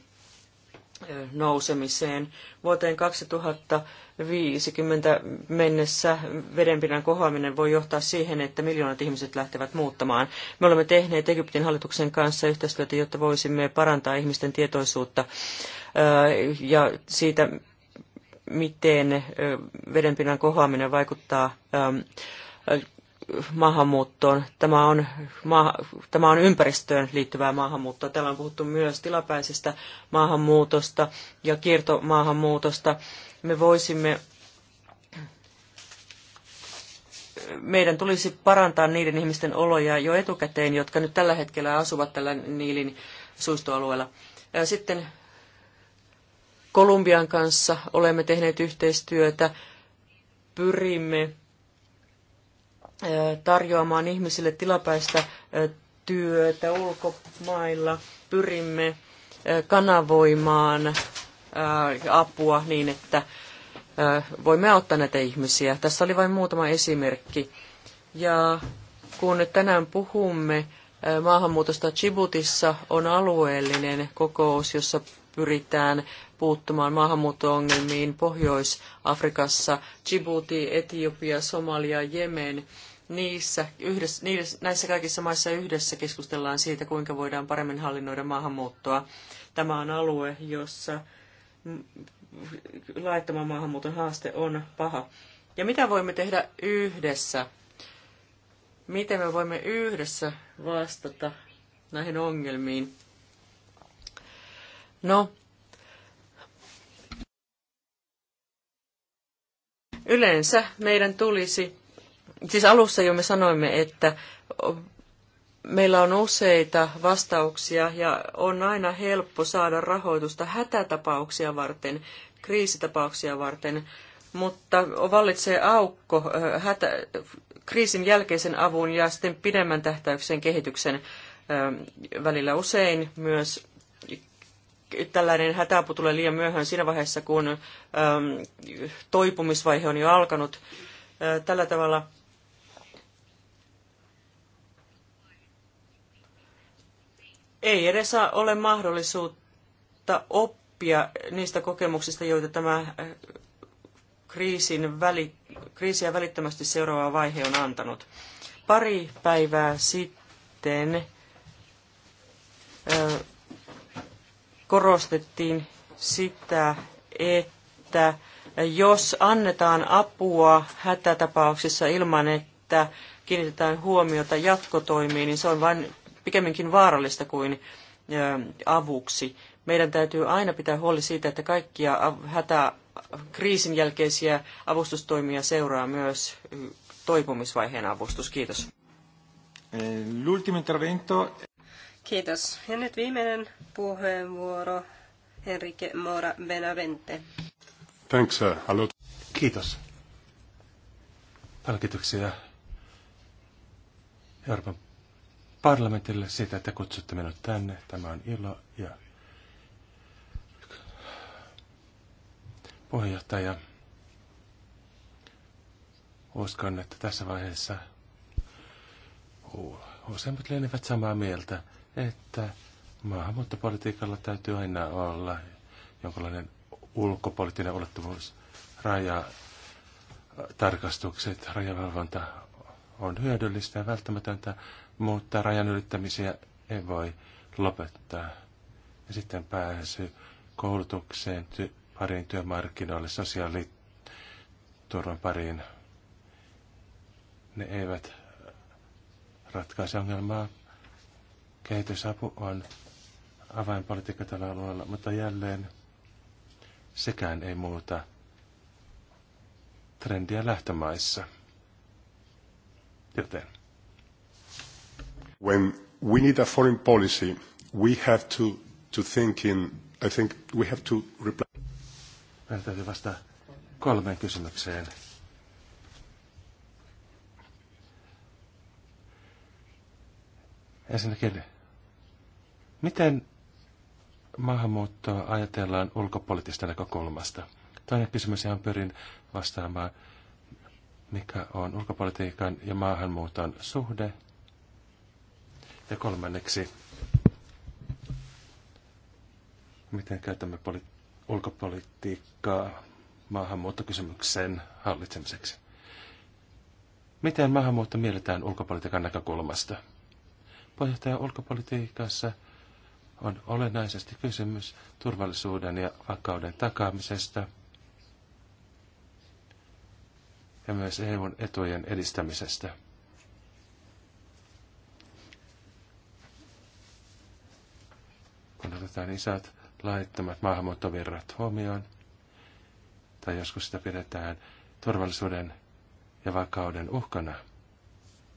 nousemiseen. Vuoteen 2050 mennessä vedenpinnan kohoaminen voi johtaa siihen, että miljoonat ihmiset lähtevät muuttamaan. Me olemme tehneet Egyptin hallituksen kanssa yhteistyötä, jotta voisimme parantaa ihmisten tietoisuutta äh, ja siitä, miten äh, vedenpinnan kohoaminen vaikuttaa ähm, maahanmuuttoon. Tämä on, ma, tämä on ympäristöön liittyvää maahanmuuttoa. Täällä on puhuttu myös tilapäisestä maahanmuutosta ja kiertomaahanmuutosta. Me voisimme, meidän tulisi parantaa niiden ihmisten oloja jo etukäteen, jotka nyt tällä hetkellä asuvat tällä Niilin suistoalueella. Sitten Kolumbian kanssa olemme tehneet yhteistyötä. Pyrimme tarjoamaan ihmisille tilapäistä työtä ulkomailla. Pyrimme kanavoimaan apua niin, että voimme auttaa näitä ihmisiä. Tässä oli vain muutama esimerkki. Ja kun tänään puhumme maahanmuutosta Djiboutissa, on alueellinen kokous, jossa pyritään puuttumaan maahanmuuttoongelmiin Pohjois-Afrikassa, Djibouti, Etiopia, Somalia, Jemen niissä, yhdessä, niissä, näissä kaikissa maissa yhdessä keskustellaan siitä, kuinka voidaan paremmin hallinnoida maahanmuuttoa. Tämä on alue, jossa mm, laittoman maahanmuuton haaste on paha. Ja mitä voimme tehdä yhdessä? Miten me voimme yhdessä vastata näihin ongelmiin? No, yleensä meidän tulisi siis alussa jo me sanoimme, että meillä on useita vastauksia ja on aina helppo saada rahoitusta hätätapauksia varten, kriisitapauksia varten, mutta vallitsee aukko hätä, kriisin jälkeisen avun ja sitten pidemmän tähtäyksen kehityksen välillä usein myös tällainen hätäapu tulee liian myöhään siinä vaiheessa, kun toipumisvaihe on jo alkanut. Tällä tavalla ei edes ole mahdollisuutta oppia niistä kokemuksista, joita tämä äh, kriisin väli, kriisiä välittömästi seuraava vaihe on antanut. Pari päivää sitten äh, korostettiin sitä, että jos annetaan apua hätätapauksissa ilman, että kiinnitetään huomiota jatkotoimiin, niin se on vain pikemminkin vaarallista kuin avuksi. Meidän täytyy aina pitää huoli siitä, että kaikkia hätä kriisin jälkeisiä avustustoimia seuraa myös toipumisvaiheen avustus. Kiitos. Eh, l'ultimo intervento. Kiitos. Ja nyt viimeinen puheenvuoro, Enrique Mora Benavente. Thanks, hello. Kiitos. Palkituksia Euroopan parlamentille siitä, että kutsutte minut tänne. Tämä on ilo ja puheenjohtaja. Uskon, että tässä vaiheessa useimmat lienevät samaa mieltä, että maahanmuuttopolitiikalla täytyy aina olla jonkinlainen ulkopoliittinen ulottuvuus, raja, äh, tarkastukset, rajavalvonta on hyödyllistä ja välttämätöntä, mutta rajan ylittämisiä ei voi lopettaa. Ja sitten pääsy koulutukseen, ty- pariin työmarkkinoille, sosiaaliturvan pariin. Ne eivät ratkaise ongelmaa. Kehitysapu on avainpolitiikka tällä alueella, mutta jälleen sekään ei muuta trendiä lähtömaissa. Joten When we need a foreign policy, we have to, to think in, I think we have to reply. Meidän täytyy vastata kolmeen kysymykseen. Ensinnäkin, miten maahanmuuttoa ajatellaan ulkopoliittisesta näkökulmasta? Toinen kysymys, johon pyrin vastaamaan, mikä on ulkopolitiikan ja maahanmuuton suhde? Ja kolmanneksi, miten käytämme poli- ulkopolitiikkaa maahanmuuttokysymyksen hallitsemiseksi? Miten maahanmuutto mielletään ulkopolitiikan näkökulmasta? Puheenjohtajan ulkopolitiikassa on olennaisesti kysymys turvallisuuden ja vakauden takaamisesta ja myös EUn etujen edistämisestä. kun otetaan isät laittomat maahanmuuttovirrat huomioon, tai joskus sitä pidetään turvallisuuden ja vakauden uhkana,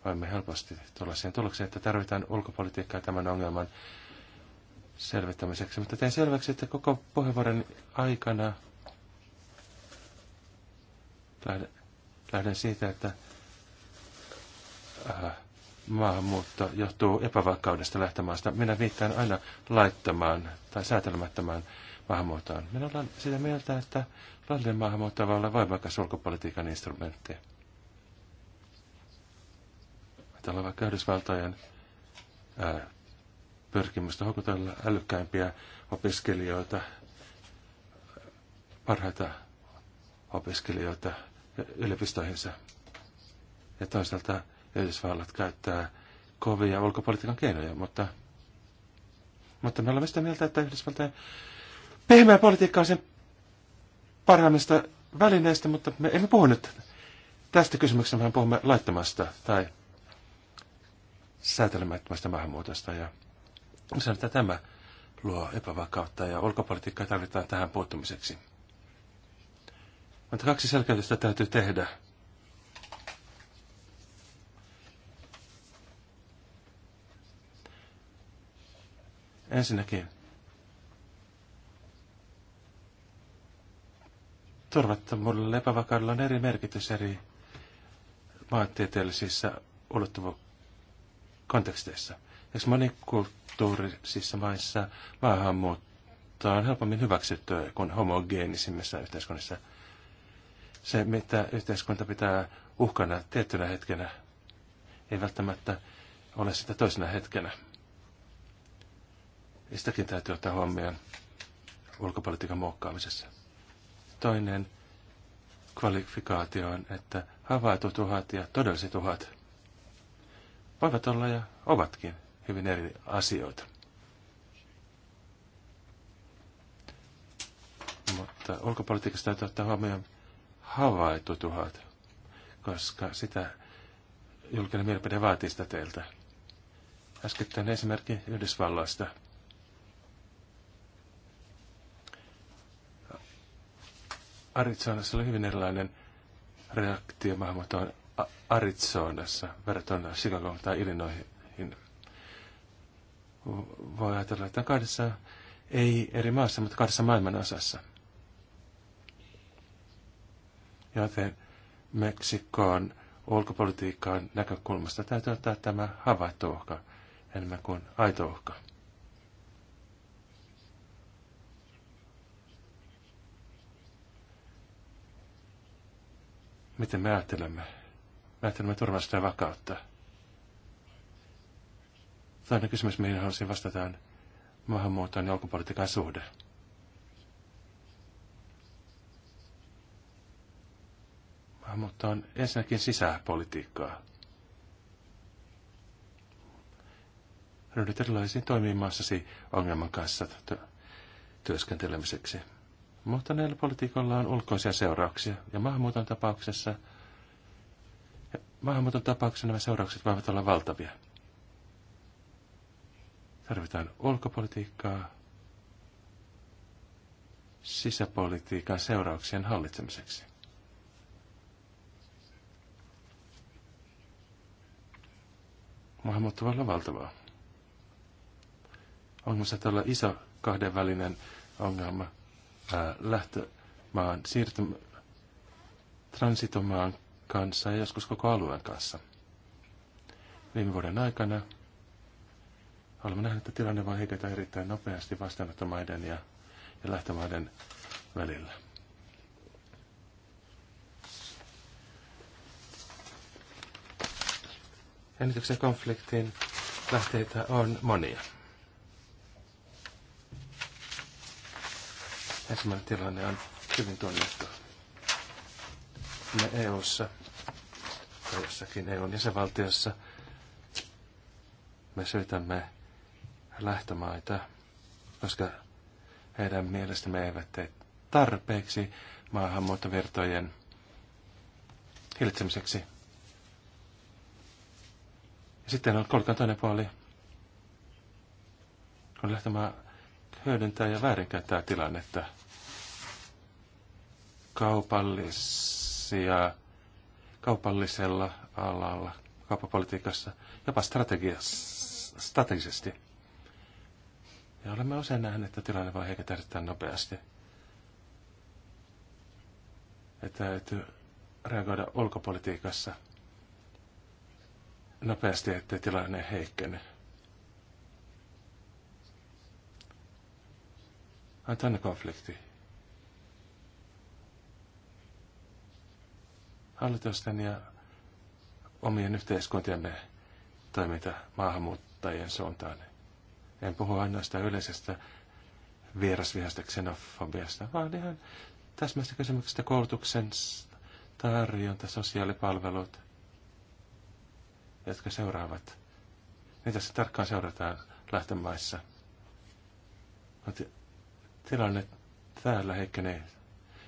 voimme helposti tulla siihen tulokseen, että tarvitaan ulkopolitiikkaa tämän ongelman selvittämiseksi. Mutta teen selväksi, että koko puheenvuoron aikana lähden siitä, että äh, maahanmuutto johtuu epävakaudesta lähtömaasta. Minä viittaan aina laittamaan tai säätelemättömään maahanmuuttoon. Minä olen sitä mieltä, että laillinen maahanmuutto voi olla voimakas ulkopolitiikan instrumentti. Täällä on vaikka Yhdysvaltojen ää, pyrkimystä houkutella älykkäimpiä opiskelijoita, parhaita opiskelijoita yliopistoihinsa. Ja toisaalta Yhdysvallat käyttää kovia ulkopolitiikan keinoja, mutta, mutta me olemme sitä mieltä, että Yhdysvaltain pehmeä politiikka on sen parhaimmista välineistä, mutta me emme puhu nyt tästä kysymyksestä, vaan puhumme laittamasta tai säätelemättömästä maahanmuutosta. Ja sanon, että tämä luo epävakautta ja ulkopolitiikkaa tarvitaan tähän puuttumiseksi. Mutta kaksi selkeytystä täytyy tehdä. Ensinnäkin turvattomuudella epävakaudella on eri merkitys eri maantieteellisissä ulottuvuuskonteksteissa. Esimerkiksi monikulttuurisissa maissa maahanmuutto on helpommin hyväksyttyä kuin homogeenisimmissa yhteiskunnissa. Se, mitä yhteiskunta pitää uhkana tiettynä hetkenä, ei välttämättä ole sitä toisena hetkenä. Ja sitäkin täytyy ottaa huomioon ulkopolitiikan muokkaamisessa. Toinen kvalifikaatio on, että havaitut uhat ja todelliset uhat voivat olla ja ovatkin hyvin eri asioita. Mutta ulkopolitiikassa täytyy ottaa huomioon havaitut uhat, koska sitä julkinen mielipide vaatii sitä teiltä. Äskettäin esimerkki Yhdysvalloista – Arizonassa oli hyvin erilainen reaktio maahanmuuttoon Arizonassa verrattuna Chicagoon tai Illinoisiin. Voi ajatella, että kahdessa, ei eri maassa, mutta kahdessa maailman osassa. Joten Meksikon ulkopolitiikan näkökulmasta täytyy ottaa tämä havaittu uhka enemmän kuin aito uhka. miten me ajattelemme. Me ajattelemme turvallista ja vakautta. Toinen kysymys, mihin haluaisin vastata, on maahanmuuton ja ulkopolitiikan suhde. Maahanmuutto on ensinnäkin sisäpolitiikkaa. Ryhdyt erilaisiin toimiin maassasi ongelman kanssa työskentelemiseksi. Mutta näillä politiikoilla on ulkoisia seurauksia. Ja maahanmuuton tapauksessa, ja maahanmuuton tapauksessa nämä seuraukset voivat olla valtavia. Tarvitaan ulkopolitiikkaa sisäpolitiikan seurauksien hallitsemiseksi. Maahanmuutto voi olla valtavaa. Ongelma saattaa olla iso kahdenvälinen ongelma lähtömaan, siirtymään transitomaan kanssa ja joskus koko alueen kanssa. Viime vuoden aikana olemme nähneet, että tilanne voi heiketä erittäin nopeasti vastaanottomaiden ja, ja lähtömaiden välillä. Jännityksen konfliktin lähteitä on monia. Ensimmäinen tilanne on hyvin tunnettu. Me EU-ssa tai jossakin EUn jäsenvaltiossa me syytämme lähtömaita, koska heidän mielestämme eivät tee tarpeeksi maahanmuuttovirtojen hillitsemiseksi. Ja sitten on kolkan toinen puoli. Kun lähtömaa hyödyntää ja väärinkäyttää tilannetta. Kaupallisia, kaupallisella alalla, kauppapolitiikassa, jopa strategisesti. Ja olemme usein nähneet, että tilanne voi heiketä erittäin nopeasti. Että täytyy reagoida ulkopolitiikassa nopeasti, ettei tilanne heikkene. Antanna konflikti. Hallitusten ja omien yhteiskuntiemme toiminta maahanmuuttajien suuntaan. En puhu ainoastaan yleisestä vierasvihasta xenofobiasta, vaan ihan täsmästä kysymyksestä koulutuksen tarjonta, sosiaalipalvelut, jotka seuraavat. Niitä se tarkkaan seurataan lähtömaissa tilanne täällä heikkenee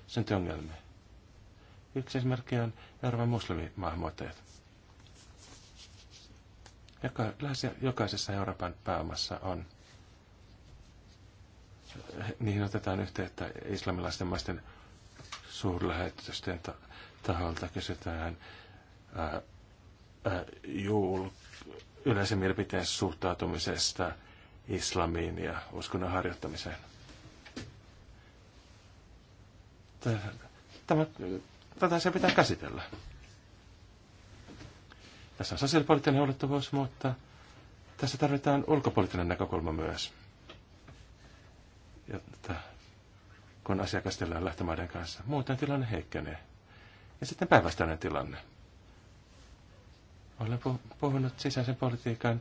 sen ongelmia. Yksi esimerkki on Euroopan muslimimaahanmuuttajat. Joka, lähes jokaisessa Euroopan pääomassa on. Niihin otetaan yhteyttä islamilaisten maisten suurlähetysten taholta. Kysytään ää, ää, juul, yleisen mielipiteen suhtautumisesta islamiin ja uskonnon harjoittamiseen tämä, tätä se pitää käsitellä. Tässä on sosiaalipoliittinen ulottuvuus, mutta tässä tarvitaan ulkopoliittinen näkökulma myös. Jotta, kun asia käsitellään lähtömaiden kanssa. Muuten tilanne heikkenee. Ja sitten päinvastainen tilanne. Olen puhunut sisäisen politiikan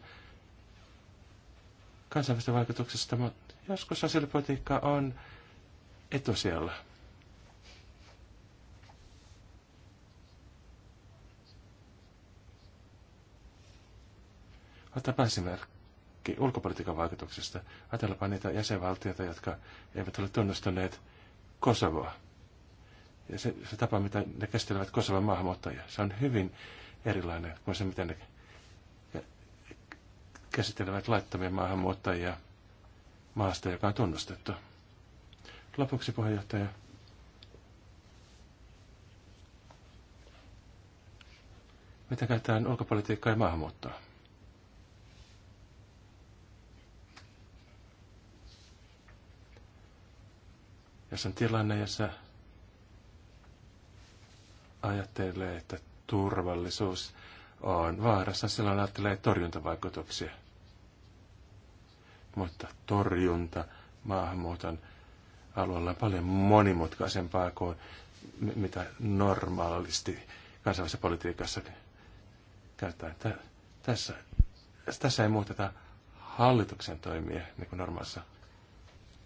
kansainvälisestä vaikutuksesta, mutta joskus sosiaalipolitiikka on etusijalla. Otetaanpa esimerkki ulkopolitiikan vaikutuksesta. Ajatellaanpa niitä jäsenvaltioita, jotka eivät ole tunnustaneet Kosovoa. Ja se, se tapa, mitä ne käsittelevät Kosovan maahanmuuttajia, se on hyvin erilainen kuin se, miten ne käsittelevät laittomia maahanmuuttajia maasta, joka on tunnustettu. Lopuksi puheenjohtaja. Mitä käytetään ulkopolitiikkaa ja maahanmuuttoa? Jos on tilanne, jossa ajattelee, että turvallisuus on vaarassa, silloin ajattelee torjuntavaikutuksia. Mutta torjunta maahanmuuton alueella on paljon monimutkaisempaa kuin mitä normaalisti kansainvälisessä politiikassa käytetään. Tässä, tässä ei muuteta hallituksen toimia niin kuin normaalissa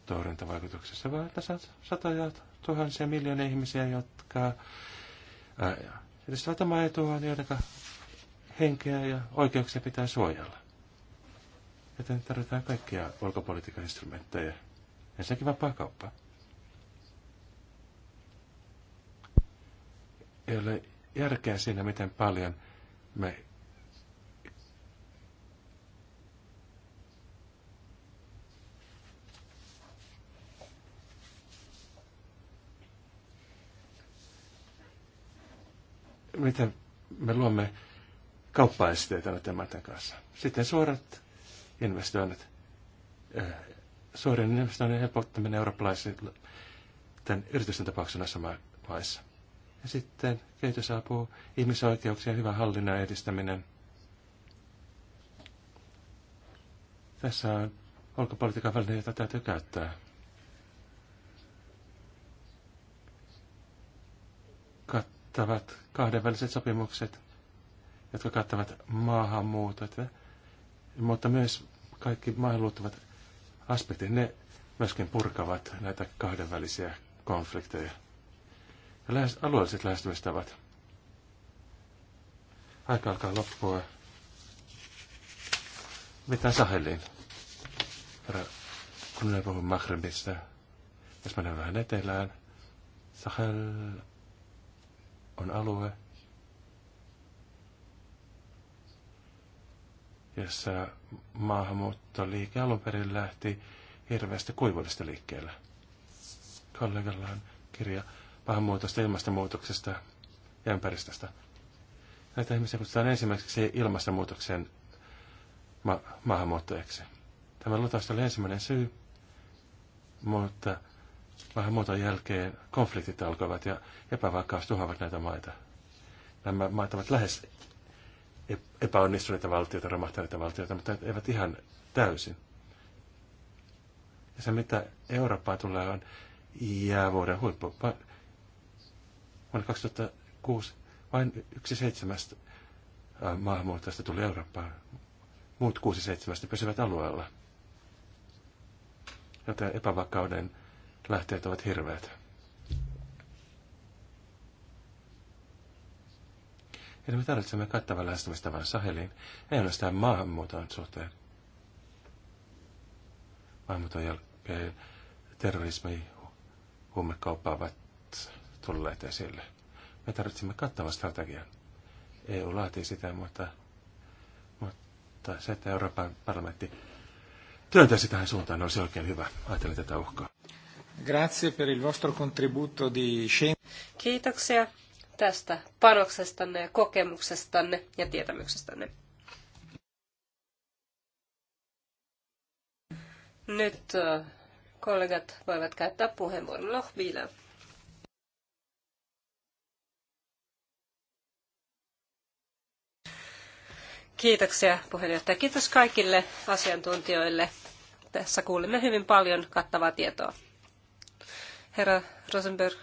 torjuntavaikutuksessa, vaan että satoja tuhansia miljoonia ihmisiä, jotka edistävät omaa etuaan, joiden henkeä ja oikeuksia pitää suojella. Joten tarvitaan kaikkia ulkopolitiikan instrumentteja. Ensinnäkin vapaa kauppa. Ei ole järkeä siinä, miten paljon me miten me luomme kauppaesteitä näiden maiden kanssa. Sitten suorat investoinnit, suorien investoinnin helpottaminen eurooppalaisille tämän yritysten tapauksessa näissä maissa. Ja sitten kehitysapu, ihmisoikeuksien hyvän hallinnan edistäminen. Tässä on ulkopolitiikan väline, jota täytyy käyttää. kattavat kahdenväliset sopimukset, jotka kattavat maahanmuutot, mutta myös kaikki maahanmuuttavat aspektit, ne myöskin purkavat näitä kahdenvälisiä konflikteja. Ja lähes, alueelliset lähestymistavat. Aika alkaa loppua. Mitä Saheliin? Kun minä puhun Maghribista, jos mennään vähän etelään, Sahel on alue, jossa maahanmuuttoliike alun perin lähti hirveästä kuivuudesta liikkeelle. Kollegallaan kirja maahanmuutosta, ilmastonmuutoksesta ja ympäristöstä. Näitä ihmisiä kutsutaan ensimmäiseksi ilmastonmuutoksen ma- maahanmuuttajaksi. Tämä luultavasti oli ensimmäinen syy, mutta Vähän muuta jälkeen konfliktit alkoivat ja epävakaus tuhoavat näitä maita. Nämä maat ovat lähes epäonnistuneita valtioita, romahtaneita valtioita, mutta eivät ihan täysin. Ja se, mitä Eurooppaa tulee, on jäävuoden huippu. Vuonna 2006 vain yksi seitsemästä maahanmuuttajasta tuli Eurooppaan. Muut kuusi seitsemästä pysyvät alueella. Joten epävakauden lähteet ovat hirveät. Eli me tarvitsemme kattavan lähestymistavan Saheliin, ei ainoastaan maahanmuuton suhteen. Maahanmuuton jälkeen terrorismi, huumekauppa ovat tulleet esille. Me tarvitsemme kattavan strategian. EU laatii sitä, mutta, mutta se, että Euroopan parlamentti työntäisi tähän suuntaan, olisi oikein hyvä. Ajattelin tätä uhkaa. Grazie per il vostro contributo di Kiitoksia tästä panoksestanne ja kokemuksestanne ja tietämyksestänne. Nyt kollegat voivat käyttää puheenvuoron Lohviilään. No, Kiitoksia puheenjohtaja. Kiitos kaikille asiantuntijoille. Tässä kuulimme hyvin paljon kattavaa tietoa. Herra Rosenberg,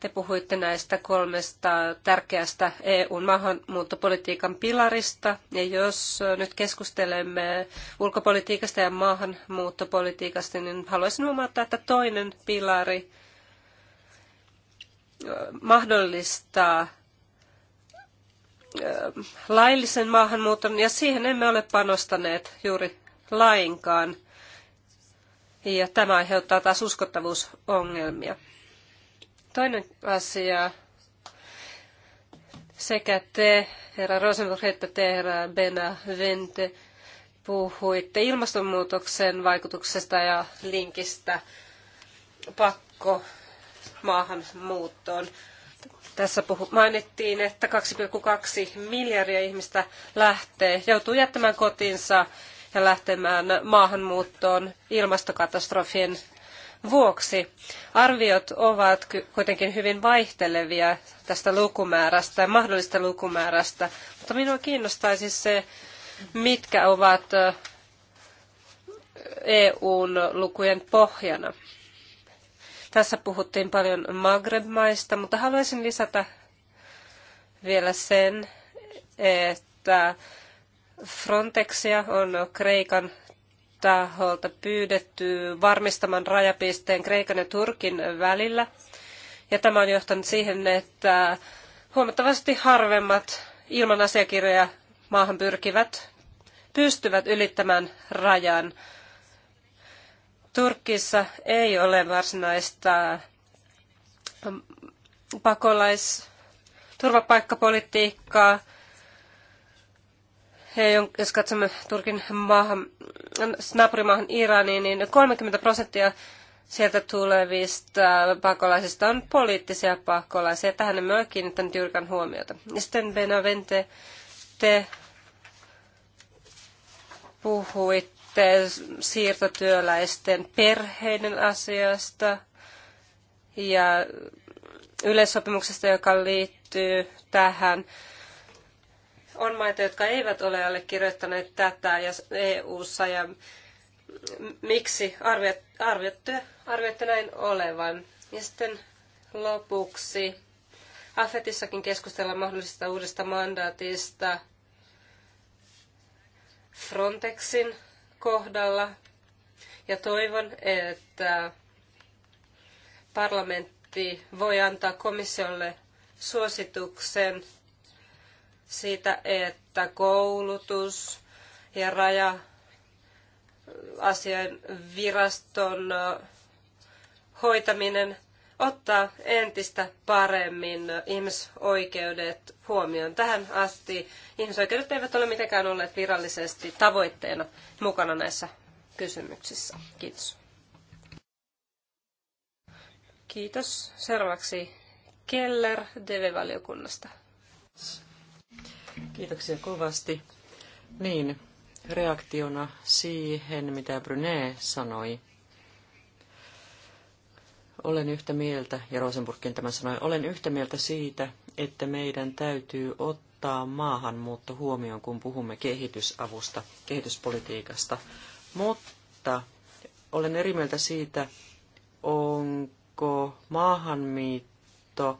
te puhuitte näistä kolmesta tärkeästä EUn maahanmuuttopolitiikan pilarista. Ja jos nyt keskustelemme ulkopolitiikasta ja maahanmuuttopolitiikasta, niin haluaisin huomauttaa, että toinen pilari mahdollistaa laillisen maahanmuuton, ja siihen emme ole panostaneet juuri lainkaan – ja tämä aiheuttaa taas uskottavuusongelmia. Toinen asia, sekä te, herra Rosenberg että te, herra Bena Vente, puhuitte ilmastonmuutoksen vaikutuksesta ja linkistä pakko maahanmuuttoon. Tässä puhu, mainittiin, että 2,2 miljardia ihmistä lähtee, joutuu jättämään kotinsa ja lähtemään maahanmuuttoon ilmastokatastrofien vuoksi. Arviot ovat kuitenkin hyvin vaihtelevia tästä lukumäärästä, ja mahdollisesta lukumäärästä, mutta minua kiinnostaisi se, mitkä ovat EUn lukujen pohjana. Tässä puhuttiin paljon Maghreb-maista, mutta haluaisin lisätä vielä sen, että Frontexia on Kreikan taholta pyydetty varmistamaan rajapisteen Kreikan ja Turkin välillä. Ja tämä on johtanut siihen, että huomattavasti harvemmat ilman asiakirjoja maahan pyrkivät pystyvät ylittämään rajan. Turkissa ei ole varsinaista pakolais- turvapaikkapolitiikkaa he, jos katsomme Turkin maahan, naapurimaahan Iraniin, niin 30 prosenttia sieltä tulevista pakolaisista on poliittisia pakolaisia. Tähän emme ole kiinnittäneet Jyrkan huomiota. Ja sitten Benavente, te puhuitte siirtotyöläisten perheiden asiasta ja yleissopimuksesta, joka liittyy tähän on maita, jotka eivät ole allekirjoittaneet tätä ja EU-ssa ja miksi arvioitte, arvioitte näin olevan. Ja sitten lopuksi Afetissakin keskustellaan mahdollisesta uudesta mandaatista Frontexin kohdalla. Ja toivon, että parlamentti voi antaa komissiolle suosituksen siitä, että koulutus ja raja asian viraston hoitaminen ottaa entistä paremmin ihmisoikeudet huomioon. Tähän asti ihmisoikeudet eivät ole mitenkään olleet virallisesti tavoitteena mukana näissä kysymyksissä. Kiitos. Kiitos. Seuraavaksi Keller DV-valiokunnasta. Kiitoksia kovasti. Niin, reaktiona siihen, mitä Brunet sanoi. Olen yhtä mieltä, ja Rosenburgkin tämän sanoi, olen yhtä mieltä siitä, että meidän täytyy ottaa maahanmuutto huomioon, kun puhumme kehitysavusta, kehityspolitiikasta. Mutta olen eri mieltä siitä, onko maahanmiitto,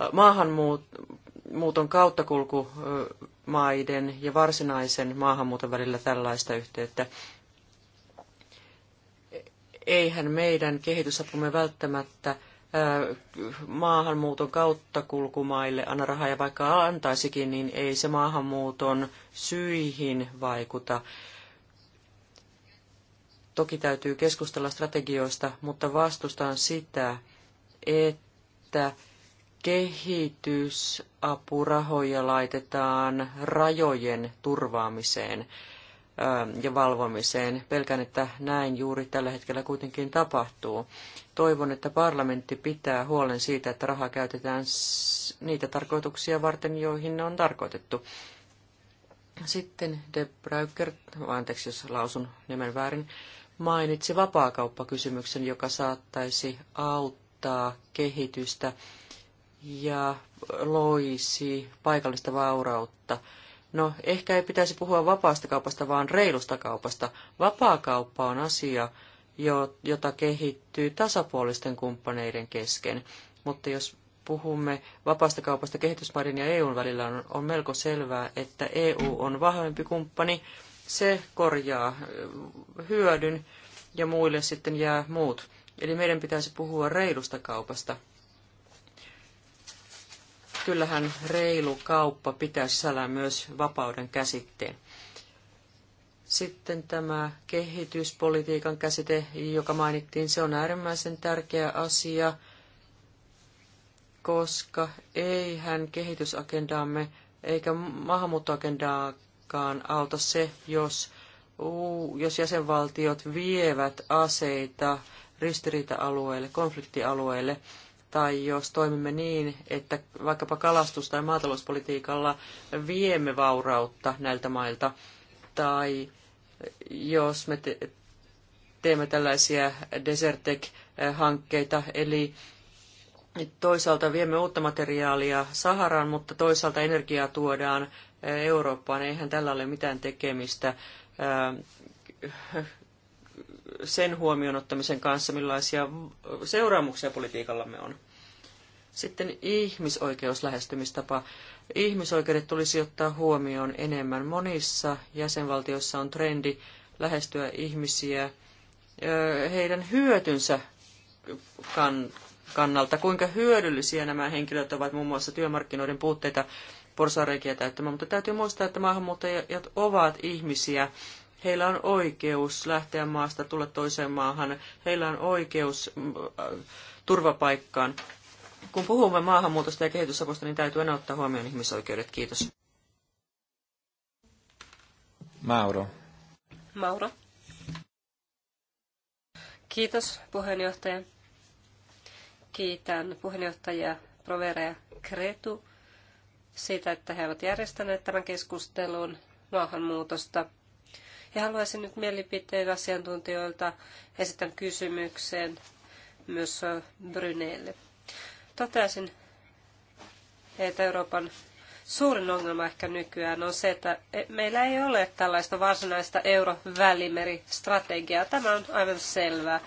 äh, maahanmuutto muuton kauttakulkumaiden ja varsinaisen maahanmuuton välillä tällaista yhteyttä. Eihän meidän kehitysapumme välttämättä maahanmuuton kauttakulkumaille anna rahaa ja vaikka antaisikin, niin ei se maahanmuuton syihin vaikuta. Toki täytyy keskustella strategioista, mutta vastustan sitä, että kehitysapurahoja laitetaan rajojen turvaamiseen ja valvomiseen. Pelkään, että näin juuri tällä hetkellä kuitenkin tapahtuu. Toivon, että parlamentti pitää huolen siitä, että raha käytetään niitä tarkoituksia varten, joihin ne on tarkoitettu. Sitten De Bruyker, anteeksi jos lausun nimen väärin, mainitsi vapaakauppakysymyksen, joka saattaisi auttaa kehitystä ja loisi paikallista vaurautta. No, ehkä ei pitäisi puhua vapaasta kaupasta, vaan reilusta kaupasta. Vapaakauppa on asia, jota kehittyy tasapuolisten kumppaneiden kesken. Mutta jos puhumme vapaasta kaupasta kehitysmaiden ja EUn välillä, on, on melko selvää, että EU on vahvempi kumppani. Se korjaa hyödyn ja muille sitten jää muut. Eli meidän pitäisi puhua reilusta kaupasta kyllähän reilu kauppa pitäisi sälää myös vapauden käsitteen. Sitten tämä kehityspolitiikan käsite, joka mainittiin, se on äärimmäisen tärkeä asia, koska eihän kehitysagendaamme eikä maahanmuuttoagendaakaan auta se, jos, uu, jos jäsenvaltiot vievät aseita ristiriita-alueille, konfliktialueille tai jos toimimme niin, että vaikkapa kalastus- tai maatalouspolitiikalla viemme vaurautta näiltä mailta, tai jos me te- teemme tällaisia Desertec-hankkeita, eh, eli toisaalta viemme uutta materiaalia Saharaan, mutta toisaalta energiaa tuodaan eh, Eurooppaan. Eihän tällä ole mitään tekemistä eh, sen huomioon ottamisen kanssa, millaisia seuraamuksia politiikallamme on. Sitten ihmisoikeuslähestymistapa. Ihmisoikeudet tulisi ottaa huomioon enemmän. Monissa jäsenvaltioissa on trendi lähestyä ihmisiä heidän hyötynsä kannalta, kuinka hyödyllisiä nämä henkilöt ovat muun muassa työmarkkinoiden puutteita porsareikiä täyttämään, mutta täytyy muistaa, että maahanmuuttajat ovat ihmisiä, Heillä on oikeus lähteä maasta, tulla toiseen maahan. Heillä on oikeus mm, äh, turvapaikkaan. Kun puhumme maahanmuutosta ja kehitysavusta, niin täytyy aina ottaa huomioon ihmisoikeudet. Kiitos. Mauro. Mauro. Kiitos puheenjohtaja. Kiitän puheenjohtajia Provera ja Kretu siitä, että he ovat järjestäneet tämän keskustelun maahanmuutosta – ja haluaisin nyt mielipiteen asiantuntijoilta esitän kysymykseen myös Bryneelle. Totesin, että Euroopan suurin ongelma ehkä nykyään on se, että e, meillä ei ole tällaista varsinaista eurovälimeristrategiaa. Tämä on aivan selvää.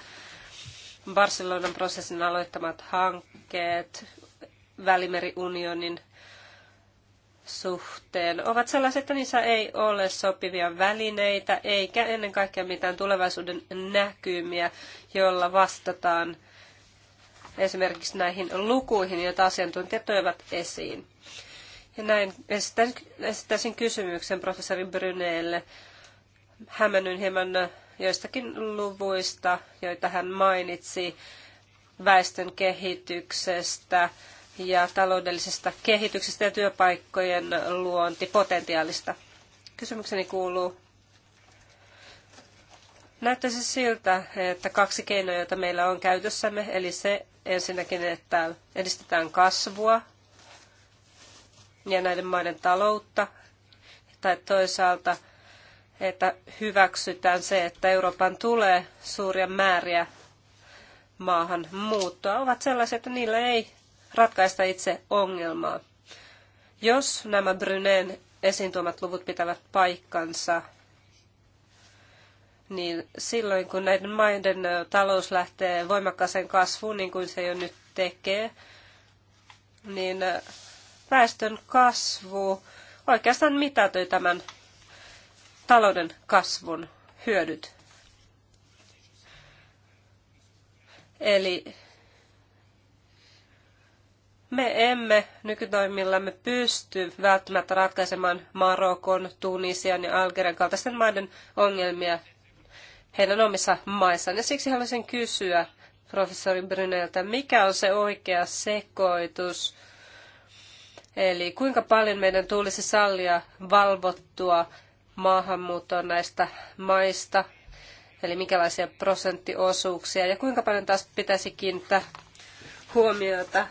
Barcelonan prosessin aloittamat hankkeet, välimeriunionin suhteen ovat sellaiset, että niissä ei ole sopivia välineitä eikä ennen kaikkea mitään tulevaisuuden näkymiä, jolla vastataan esimerkiksi näihin lukuihin, joita asiantuntijat toivat esiin. Ja näin esittäisin kysymyksen professori Brynelle. Hämännyin hieman joistakin luvuista, joita hän mainitsi väestön kehityksestä, ja taloudellisesta kehityksestä ja työpaikkojen luontipotentiaalista. Kysymykseni kuuluu, näyttäisi siltä, että kaksi keinoa, joita meillä on käytössämme, eli se ensinnäkin, että edistetään kasvua ja näiden maiden taloutta, tai toisaalta, että hyväksytään se, että Euroopan tulee suuria määriä maahan muuttoa, ovat sellaisia, että niillä ei ratkaista itse ongelmaa. Jos nämä Bryneen esiin tuomat luvut pitävät paikkansa, niin silloin kun näiden maiden talous lähtee voimakkaaseen kasvuun, niin kuin se jo nyt tekee, niin väestön kasvu oikeastaan mitätöi tämän talouden kasvun hyödyt. Eli me emme nykytoimillamme pysty välttämättä ratkaisemaan Marokon, Tunisian ja Algerian kaltaisten maiden ongelmia heidän omissa maissaan. Ja siksi haluaisin kysyä professori Bryneltä, mikä on se oikea sekoitus? Eli kuinka paljon meidän tulisi sallia valvottua maahanmuuttoa näistä maista, eli minkälaisia prosenttiosuuksia, ja kuinka paljon taas pitäisi kiinnittää huomiota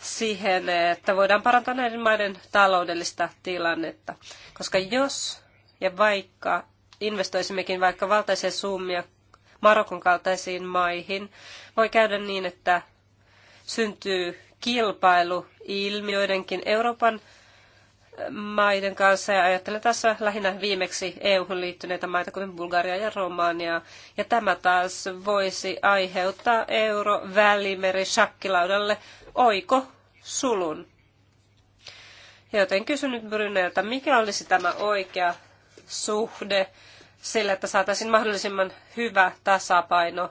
siihen, että voidaan parantaa näiden maiden taloudellista tilannetta. Koska jos ja vaikka investoisimmekin vaikka valtaisia summia Marokon kaltaisiin maihin, voi käydä niin, että syntyy kilpailu ilmiöidenkin Euroopan maiden kanssa ja ajattelen tässä lähinnä viimeksi EU-hun liittyneitä maita kuten Bulgaria ja Romania. Ja tämä taas voisi aiheuttaa euro-välimeri shakkilaudalle oiko sulun. Joten kysyn nyt Bryneltä, mikä olisi tämä oikea suhde sillä, että saataisiin mahdollisimman hyvä tasapaino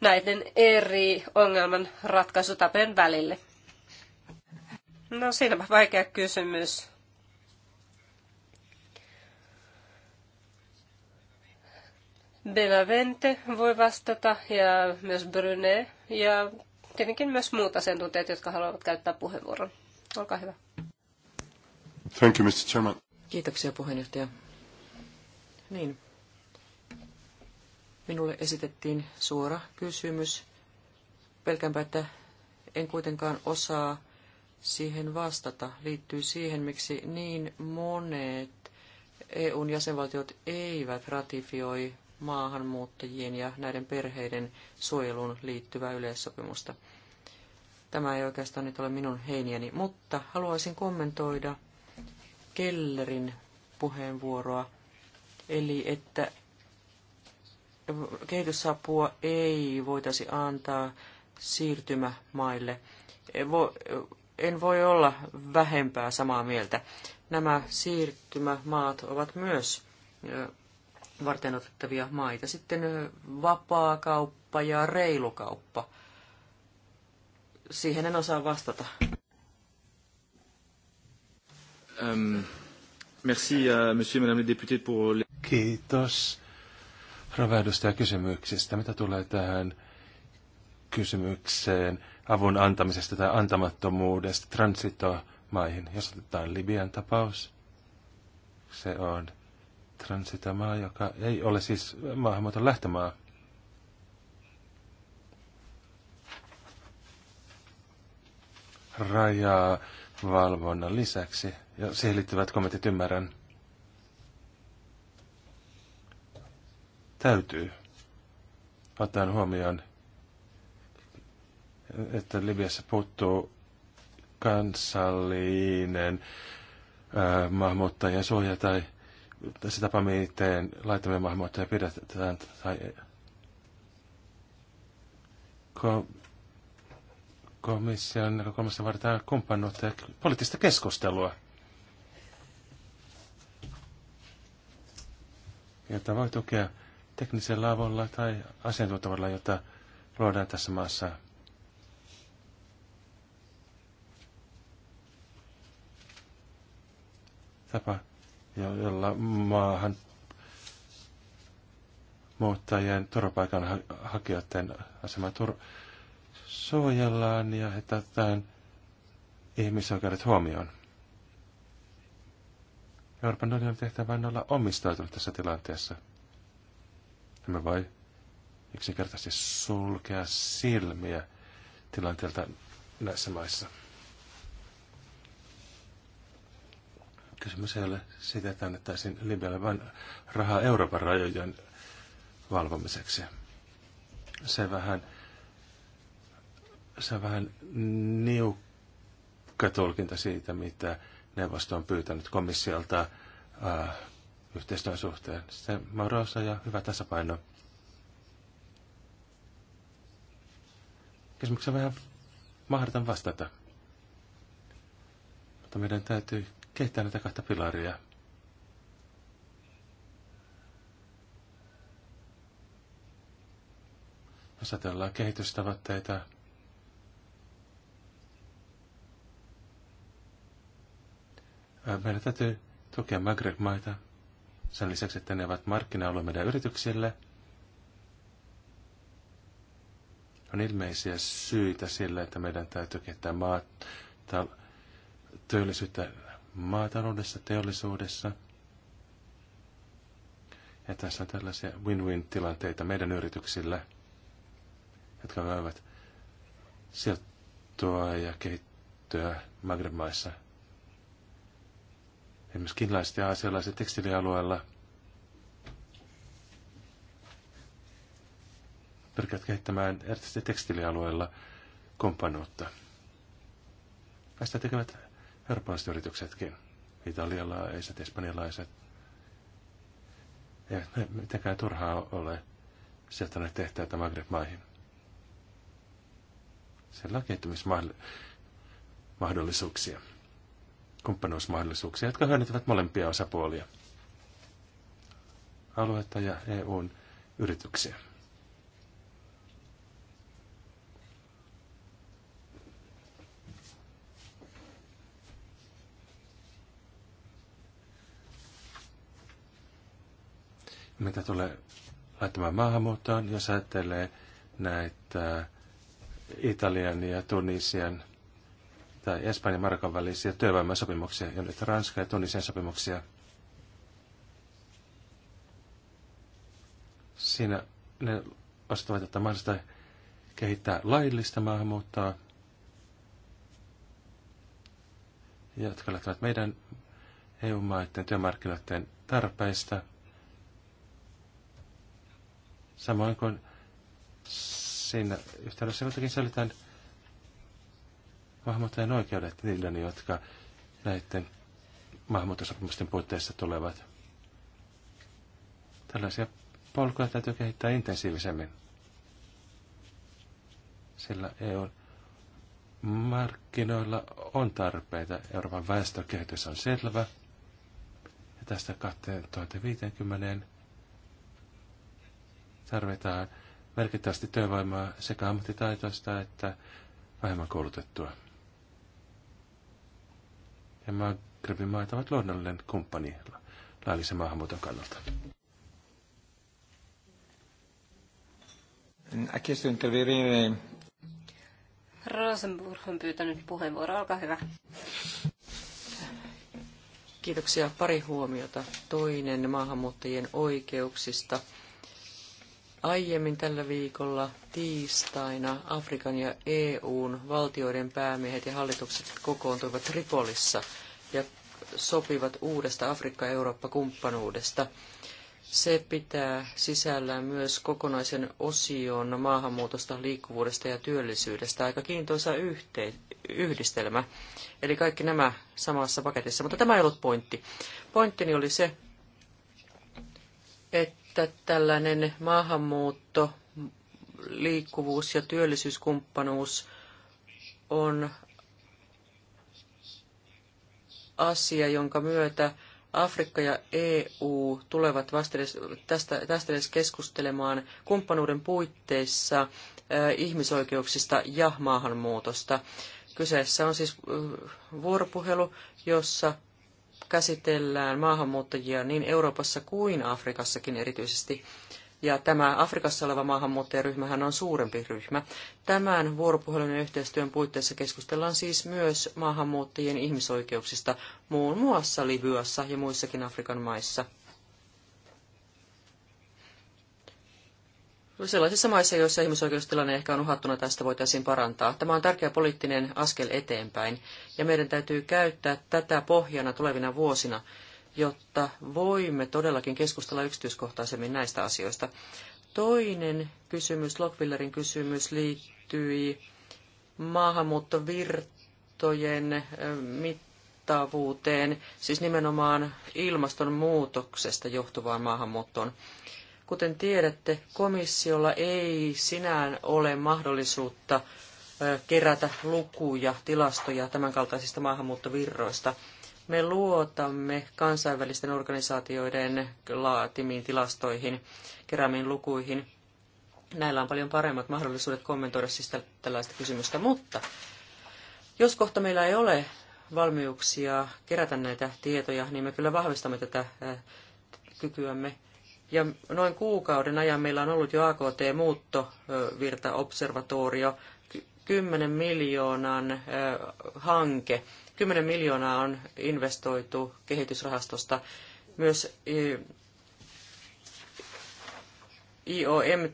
näiden eri ongelman ratkaisutapojen välille. No siinäpä vaikea kysymys. Benavente voi vastata ja myös Brune ja tietenkin myös muut asiantuntijat, jotka haluavat käyttää puheenvuoron. Olkaa hyvä. Thank you, Mr. Chairman. Kiitoksia puheenjohtaja. Niin. Minulle esitettiin suora kysymys. Pelkäänpä, että en kuitenkaan osaa siihen vastata, liittyy siihen, miksi niin monet EUn jäsenvaltiot eivät ratifioi maahanmuuttajien ja näiden perheiden suojeluun liittyvää yleissopimusta. Tämä ei oikeastaan nyt ole minun heiniäni, mutta haluaisin kommentoida Kellerin puheenvuoroa, eli että kehitysapua ei voitaisi antaa siirtymämaille en voi olla vähempää samaa mieltä. Nämä siirtymämaat ovat myös varten otettavia maita. Sitten vapaa kauppa ja reilu kauppa. Siihen en osaa vastata. Um, merci, uh, monsieur, madame pour... Kiitos rouva kysymyksistä. Mitä tulee tähän kysymykseen avun antamisesta tai antamattomuudesta transitomaihin. Jos otetaan Libian tapaus, se on transitomaa, joka ei ole siis maahanmuuton lähtömaa. Rajaa valvonnan lisäksi, ja siihen liittyvät kommentit ymmärrän, täytyy ottaen huomioon että Libiassa puuttuu kansallinen ää, maahanmuuttajien suoja tai se tapa, miten laittamia maahanmuuttajia pidetään. Tai, ko, komission näkökulmasta vaaditaan kumppanuutta ja poliittista keskustelua. jota voi tukea teknisellä avulla tai asiantuntavalla, jota luodaan tässä maassa – tapa, jolla maahan muuttajien hakijoiden asema tur- suojellaan ja otetaan ihmisoikeudet huomioon. Euroopan unionin tehtävä on olla omistautunut tässä tilanteessa. Emme voi yksinkertaisesti sulkea silmiä tilanteelta näissä maissa. Kysymys ei ole sitä, että annettaisiin Libyalle vain rahaa Euroopan rajojen valvomiseksi. Se vähän, se vähän niukka tulkinta siitä, mitä neuvosto on pyytänyt komissiolta ää, yhteistyön suhteen. Se Marosa ja hyvä tasapaino. Kysymykseen vähän mahdotan vastata. Mutta meidän täytyy kehittää näitä kahta pilaria. Asetellaan kehitystavoitteita, Meillä täytyy tukea magreb maita sen lisäksi, että ne ovat markkina meidän yrityksille. On ilmeisiä syitä sille, että meidän täytyy kehittää maat, työllisyyttä maataloudessa, teollisuudessa. Ja tässä on tällaisia win-win-tilanteita meidän yrityksillä, jotka voivat sijoittua ja kehittyä magrebmaissa, maissa Esimerkiksi kiinalaiset ja aasialaiset tekstilialueella pyrkivät kehittämään erityisesti tekstilialueella kompanuutta. Näistä tekevät? eurooppalaiset yrityksetkin, italialaiset, espanjalaiset. Ja ne mitenkään turhaa ole ne tehtäjätä magreb maihin Siellä on kehittymismahdollisuuksia, kumppanuusmahdollisuuksia, jotka hyödyntävät molempia osapuolia, aluetta ja EUn yrityksiä. Mitä tulee laittamaan maahanmuuttoon, jos ajattelee näitä Italian ja Tunisian tai Espanjan ja Marokon välisiä työvoimasopimuksia ja nyt Ranskan ja Tunisian sopimuksia. Siinä ne vastaavat, että mahdollista kehittää laillista maahanmuuttoa, jotka lähtevät meidän EU-maiden työmarkkinoiden tarpeista – Samoin kuin siinä yhteydessä jotenkin selitän maahanmuuttajien oikeudet niille, jotka näiden maahanmuuttosopimusten puitteissa tulevat. Tällaisia polkuja täytyy kehittää intensiivisemmin. Sillä EUn markkinoilla on tarpeita. Euroopan väestökehitys on selvä. Ja tästä 2050 tarvitaan merkittävästi työvoimaa sekä ammattitaitoista että vähemmän koulutettua. Ja Maghrebin maat ovat luonnollinen kumppani laillisen maahanmuuton kannalta. Rosenburg on pyytänyt puheenvuoroa. Olkaa hyvä. Kiitoksia. Pari huomiota. Toinen maahanmuuttajien oikeuksista. Aiemmin tällä viikolla tiistaina Afrikan ja EUn valtioiden päämiehet ja hallitukset kokoontuivat Tripolissa ja sopivat uudesta Afrikka-Eurooppa-kumppanuudesta. Se pitää sisällään myös kokonaisen osion maahanmuutosta, liikkuvuudesta ja työllisyydestä. Aika kiintoisa yhteen, yhdistelmä. Eli kaikki nämä samassa paketissa. Mutta tämä ei ollut pointti. Pointtini oli se, että että tällainen maahanmuutto, liikkuvuus ja työllisyyskumppanuus on asia, jonka myötä Afrikka ja EU tulevat vastedes, tästä, tästä edes keskustelemaan kumppanuuden puitteissa ihmisoikeuksista ja maahanmuutosta. Kyseessä on siis vuoropuhelu, jossa käsitellään maahanmuuttajia niin Euroopassa kuin Afrikassakin erityisesti. Ja tämä Afrikassa oleva maahanmuuttajaryhmähän on suurempi ryhmä. Tämän vuoropuhelun ja yhteistyön puitteissa keskustellaan siis myös maahanmuuttajien ihmisoikeuksista, muun muassa Libyassa ja muissakin Afrikan maissa. sellaisissa maissa, joissa ihmisoikeustilanne ehkä on uhattuna, tästä voitaisiin parantaa. Tämä on tärkeä poliittinen askel eteenpäin, ja meidän täytyy käyttää tätä pohjana tulevina vuosina, jotta voimme todellakin keskustella yksityiskohtaisemmin näistä asioista. Toinen kysymys, Lockvillerin kysymys, liittyi maahanmuuttovirtojen mittavuuteen, siis nimenomaan ilmastonmuutoksesta johtuvaan maahanmuuttoon. Kuten tiedätte, komissiolla ei sinään ole mahdollisuutta kerätä lukuja, tilastoja tämänkaltaisista maahanmuuttovirroista. Me luotamme kansainvälisten organisaatioiden laatimiin tilastoihin, keräämiin lukuihin. Näillä on paljon paremmat mahdollisuudet kommentoida siis tällaista kysymystä, mutta jos kohta meillä ei ole valmiuksia kerätä näitä tietoja, niin me kyllä vahvistamme tätä kykyämme ja noin kuukauden ajan meillä on ollut jo AKT-muuttovirtaobservatorio, 10 miljoonan hanke. 10 miljoonaa on investoitu kehitysrahastosta. Myös IOM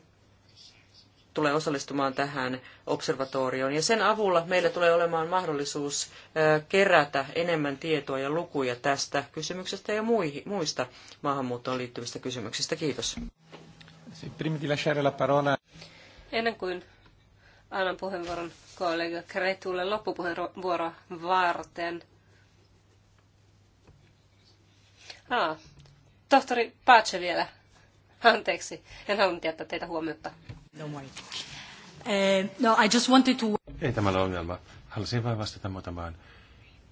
tulee osallistumaan tähän observatorioon. Ja sen avulla meillä tulee olemaan mahdollisuus kerätä enemmän tietoa ja lukuja tästä kysymyksestä ja muista maahanmuuttoon liittyvistä kysymyksistä. Kiitos. Ennen kuin annan puheenvuoron kollega Kretulle loppupuheenvuoroa varten. Ah, tohtori Pace vielä. Anteeksi, en halunnut jättää teitä huomiota. Don't worry. Eh, no, I just wanted to... Ei tämä ole ongelma. Halusin vain vastata muutamaan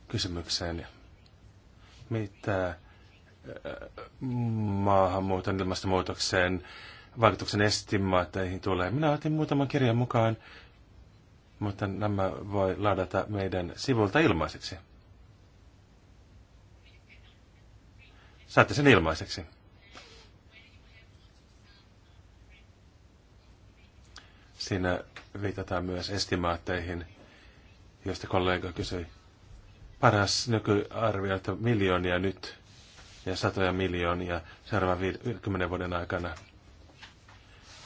kysymykseen. Mitä eh, maahanmuuton ilmastonmuutokseen vaikutuksen estimaatteihin tulee? Minä otin muutaman kirjan mukaan, mutta nämä voi ladata meidän sivulta ilmaiseksi. Saatte sen ilmaiseksi. Siinä viitataan myös estimaatteihin, joista kollega kysyi. Paras nykyarvio, että miljoonia nyt ja satoja miljoonia seuraavan 50 vuoden aikana.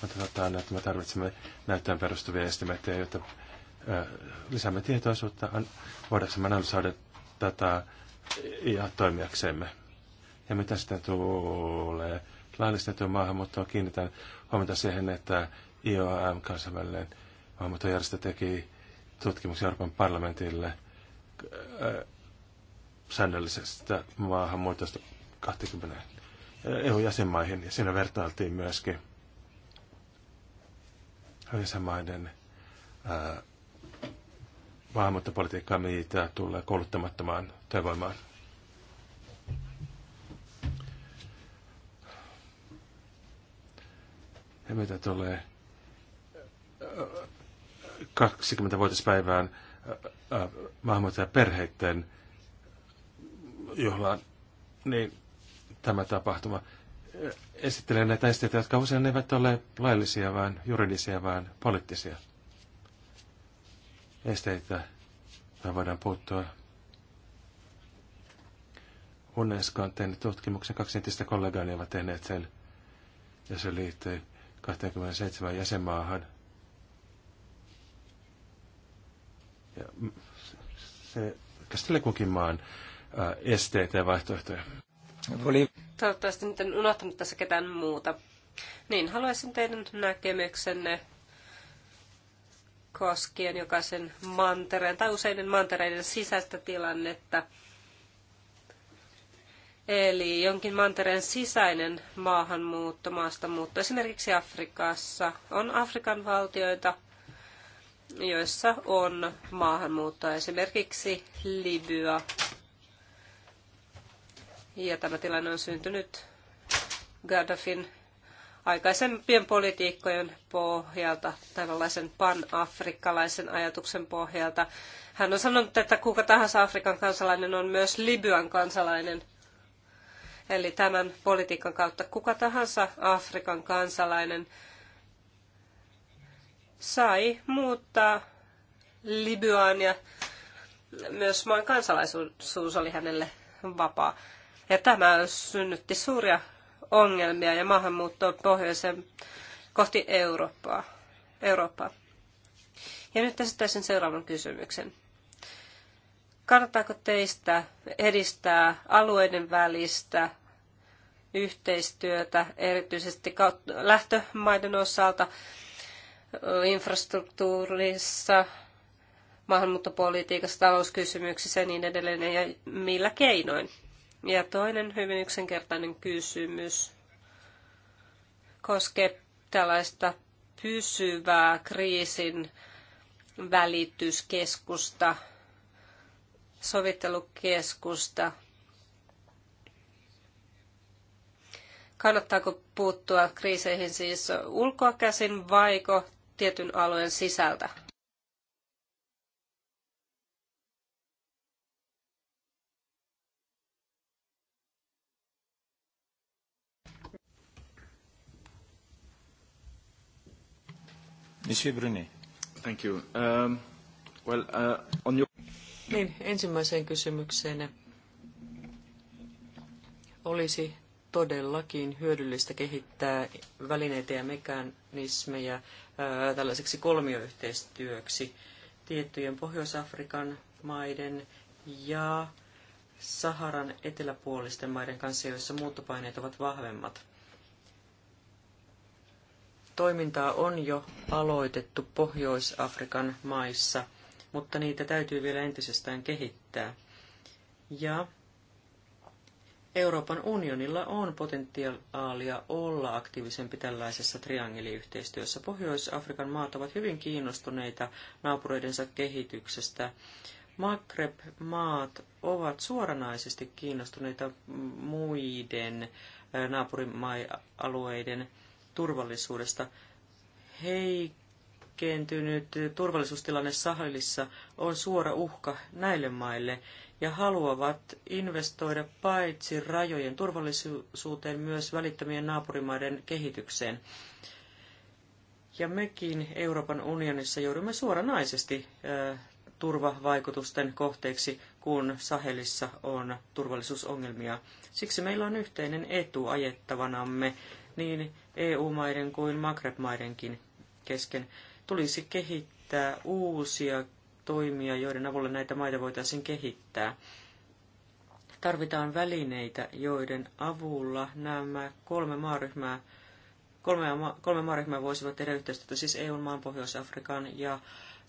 Mutta totta että me tarvitsemme näyttöön perustuvia estimaatteja, jotta lisäämme tietoisuutta, voidaksemme analysoida tätä ja toimijaksemme. Ja mitä sitten tulee laillistettuun maahanmuuttoon, kiinnitän huomiota siihen, että IOM, kansainvälinen maailmantojärjestö teki tutkimuksen Euroopan parlamentille äh, säännöllisestä maahanmuutosta 20 äh, EU-jäsenmaihin, ja siinä vertailtiin myöskin jäsenmaiden äh, maahanmuuttopolitiikkaa, mitä tulee kouluttamattomaan työvoimaan. Ja mitä tulee 20-vuotispäivään maahanmuuttajaperheiden juhlaan, niin tämä tapahtuma esittelee näitä esteitä, jotka usein eivät ole laillisia, vaan juridisia, vaan poliittisia esteitä, joihin voidaan puuttua. UNESCO on tehnyt tutkimuksen, kaksi entistä kollegaani ovat tehneet sen, ja se liittyy 27 jäsenmaahan. Ja se käsittelee kunkin maan esteitä ja vaihtoehtoja. Toivottavasti nyt en unohtanut tässä ketään muuta. Niin, haluaisin teidän näkemyksenne koskien jokaisen mantereen tai useiden mantereiden sisäistä tilannetta. Eli jonkin mantereen sisäinen maahanmuutto, maastamuutto. Esimerkiksi Afrikassa on Afrikan valtioita, joissa on maahanmuuttoa, esimerkiksi Libya. Ja tämä tilanne on syntynyt Gaddafin aikaisempien politiikkojen pohjalta, tällaisen pan-afrikkalaisen ajatuksen pohjalta. Hän on sanonut, että kuka tahansa Afrikan kansalainen on myös Libyan kansalainen. Eli tämän politiikan kautta kuka tahansa Afrikan kansalainen sai muuttaa Libyaan ja myös maan kansalaisuus oli hänelle vapaa. Ja tämä synnytti suuria ongelmia ja maahanmuuttoa pohjoiseen kohti Eurooppaa. Eurooppaa. Ja nyt esittäisin seuraavan kysymyksen. Kannattaako teistä edistää alueiden välistä yhteistyötä, erityisesti lähtömaiden osalta, infrastruktuurissa, maahanmuuttopolitiikassa, talouskysymyksissä ja niin edelleen, ja millä keinoin. Ja toinen hyvin yksinkertainen kysymys koskee tällaista pysyvää kriisin välityskeskusta, sovittelukeskusta. Kannattaako puuttua kriiseihin siis ulkoa käsin vaiko tietyn alueen sisältä. Monsieur Brunet. Thank you. Um, well, uh, on your... Niin, ensimmäiseen kysymykseen olisi todellakin hyödyllistä kehittää välineitä ja mekanismeja, tällaiseksi kolmioyhteistyöksi tiettyjen Pohjois-Afrikan maiden ja Saharan eteläpuolisten maiden kanssa, joissa muuttopaineet ovat vahvemmat. Toimintaa on jo aloitettu Pohjois-Afrikan maissa, mutta niitä täytyy vielä entisestään kehittää. Ja Euroopan unionilla on potentiaalia olla aktiivisempi tällaisessa triangeliyhteistyössä. Pohjois-Afrikan maat ovat hyvin kiinnostuneita naapureidensa kehityksestä. Maghreb-maat ovat suoranaisesti kiinnostuneita muiden naapurimaa-alueiden turvallisuudesta. Heikentynyt turvallisuustilanne Sahelissa on suora uhka näille maille – ja haluavat investoida paitsi rajojen turvallisuuteen myös välittömien naapurimaiden kehitykseen. Ja mekin Euroopan unionissa joudumme suoranaisesti turvavaikutusten kohteeksi, kun Sahelissa on turvallisuusongelmia. Siksi meillä on yhteinen etu ajettavanamme niin EU-maiden kuin Magreb-maidenkin kesken. Tulisi kehittää uusia toimia, joiden avulla näitä maita voitaisiin kehittää. Tarvitaan välineitä, joiden avulla nämä kolme maaryhmää kolme, kolme maaryhmää voisivat tehdä yhteistyötä, siis EUn maan Pohjois-Afrikan ja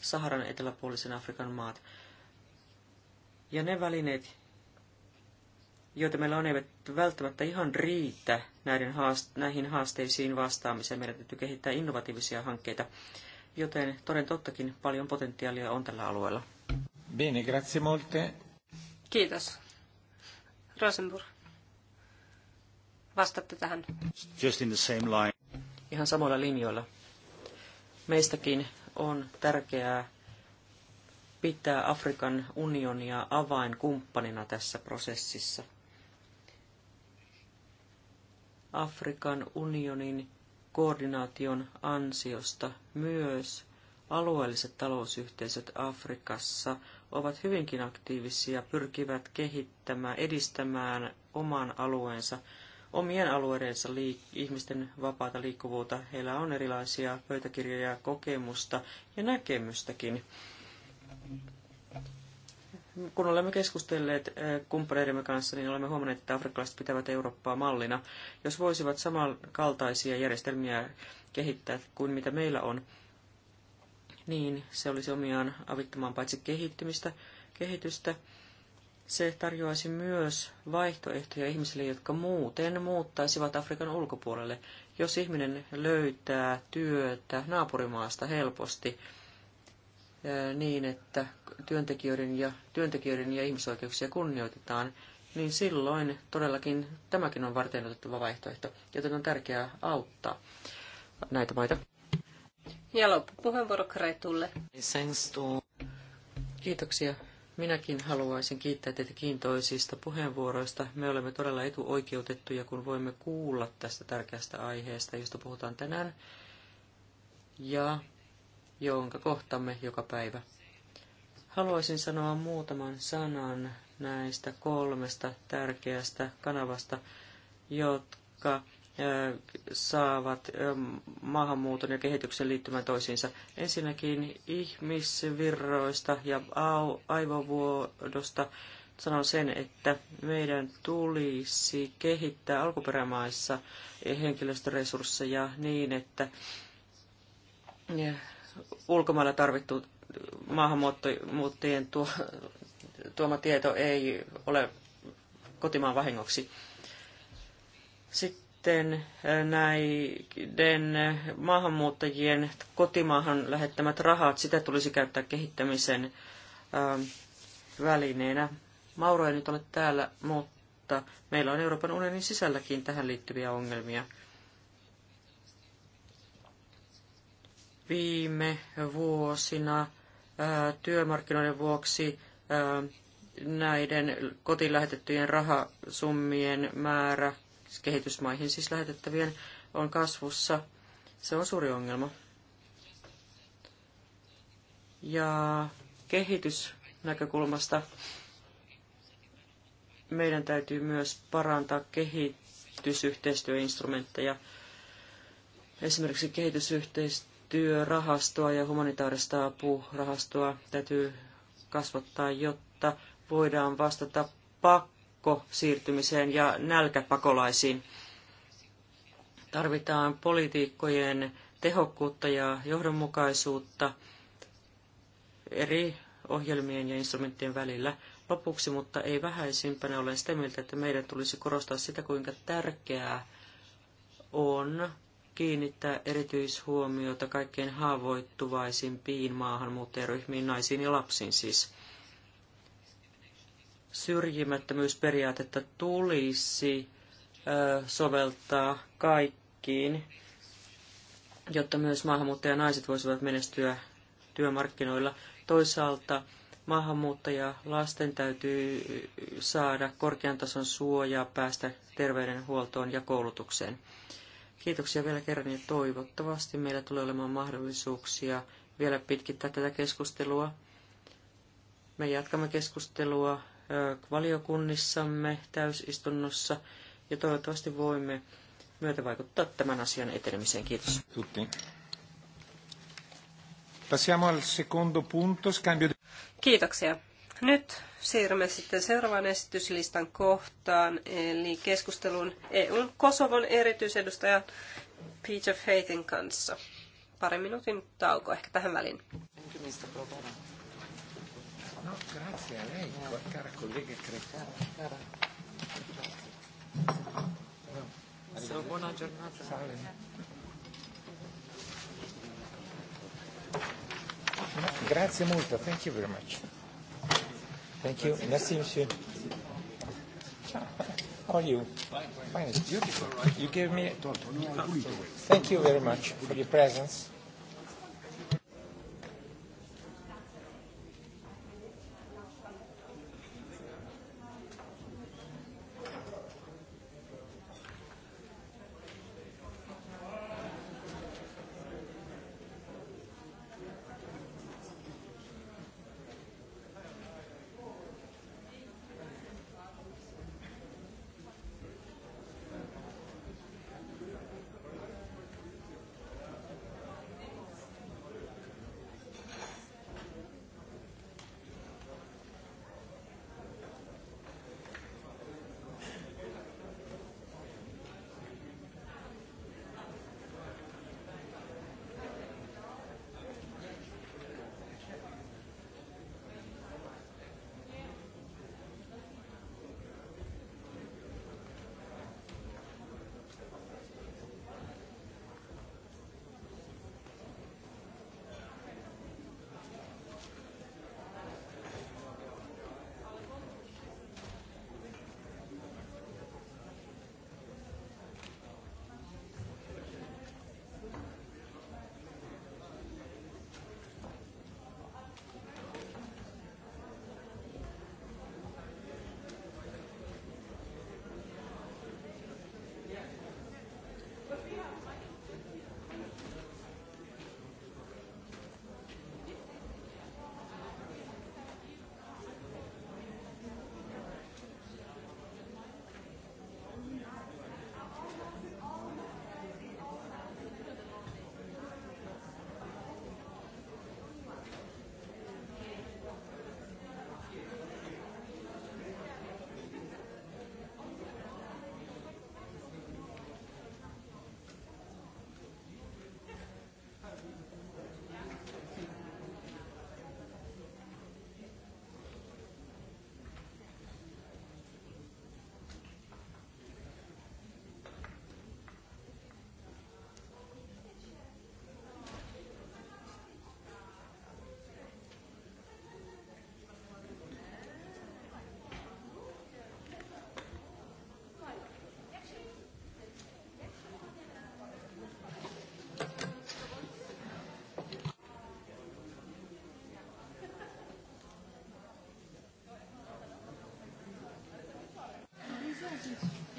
Saharan eteläpuolisen Afrikan maat. Ja ne välineet, joita meillä on, eivät välttämättä ihan riitä näiden haast- näihin haasteisiin vastaamiseen. Meidän täytyy kehittää innovatiivisia hankkeita joten toden tottakin paljon potentiaalia on tällä alueella. Bene, grazie molte. Kiitos. Rosenburg, vastatte tähän. Just in the same line. Ihan samoilla linjoilla. Meistäkin on tärkeää pitää Afrikan unionia avainkumppanina tässä prosessissa. Afrikan unionin koordinaation ansiosta myös alueelliset talousyhteisöt Afrikassa ovat hyvinkin aktiivisia, pyrkivät kehittämään, edistämään oman alueensa, omien alueidensa ihmisten vapaata liikkuvuutta. Heillä on erilaisia pöytäkirjoja, kokemusta ja näkemystäkin kun olemme keskustelleet eh, kumppaneidemme kanssa, niin olemme huomanneet, että afrikkalaiset pitävät Eurooppaa mallina. Jos voisivat samankaltaisia järjestelmiä kehittää kuin mitä meillä on, niin se olisi omiaan avittamaan paitsi kehittymistä, kehitystä, se tarjoaisi myös vaihtoehtoja ihmisille, jotka muuten muuttaisivat Afrikan ulkopuolelle. Jos ihminen löytää työtä naapurimaasta helposti, niin, että työntekijöiden ja, työntekijöiden ja ihmisoikeuksia kunnioitetaan, niin silloin todellakin tämäkin on varten otettava vaihtoehto, joten on tärkeää auttaa näitä maita. Ja loppupuheenvuoro Kretulle. Kiitoksia. Minäkin haluaisin kiittää teitä kiintoisista puheenvuoroista. Me olemme todella etuoikeutettuja, kun voimme kuulla tästä tärkeästä aiheesta, josta puhutaan tänään. Ja jonka kohtamme joka päivä. Haluaisin sanoa muutaman sanan näistä kolmesta tärkeästä kanavasta, jotka saavat maahanmuuton ja kehityksen liittymään toisiinsa. Ensinnäkin ihmisvirroista ja aivovuodosta sanon sen, että meidän tulisi kehittää alkuperämaissa henkilöstöresursseja niin, että ulkomailla tarvittu maahanmuuttajien tuo, tuoma tieto ei ole kotimaan vahingoksi. Sitten eh, näiden maahanmuuttajien kotimaahan lähettämät rahat, sitä tulisi käyttää kehittämisen eh, välineenä. Mauro ei nyt ole täällä, mutta meillä on Euroopan unionin sisälläkin tähän liittyviä ongelmia – Viime vuosina työmarkkinoiden vuoksi näiden kotiin lähetettyjen rahasummien määrä, siis kehitysmaihin siis lähetettävien, on kasvussa. Se on suuri ongelma. Ja kehitysnäkökulmasta meidän täytyy myös parantaa kehitysyhteistyöinstrumentteja. Esimerkiksi kehitysyhteistyö työrahastoa ja humanitaarista apurahastoa täytyy kasvattaa, jotta voidaan vastata pakkosiirtymiseen ja nälkäpakolaisiin. Tarvitaan politiikkojen tehokkuutta ja johdonmukaisuutta eri ohjelmien ja instrumenttien välillä. Lopuksi, mutta ei vähäisimpänä, olen sitä mieltä, että meidän tulisi korostaa sitä, kuinka tärkeää on kiinnittää erityishuomiota kaikkein haavoittuvaisimpiin maahanmuuttajaryhmiin, naisiin ja lapsiin siis. Syrjimättömyysperiaatetta tulisi soveltaa kaikkiin, jotta myös maahanmuuttajanaiset voisivat menestyä työmarkkinoilla. Toisaalta maahanmuuttaja lasten täytyy saada korkean tason suojaa päästä terveydenhuoltoon ja koulutukseen. Kiitoksia vielä kerran ja toivottavasti meillä tulee olemaan mahdollisuuksia vielä pitkittää tätä keskustelua. Me jatkamme keskustelua valiokunnissamme täysistunnossa ja toivottavasti voimme myötä vaikuttaa tämän asian etenemiseen. Kiitos. Kiitoksia. Nyt siirrymme sitten seuraavaan esityslistan kohtaan, eli keskustelun EUn Kosovon erityisedustaja Peter Faithin kanssa. Pari minuutin tauko ehkä tähän väliin. No, grazie a lei, cara collega Cretara. Buona giornata. Salve. Grazie molto, thank you very much. Thank you. Merci, monsieur. How are you? Fine. It's beautiful, right? You gave me... Thank you very much for your presence.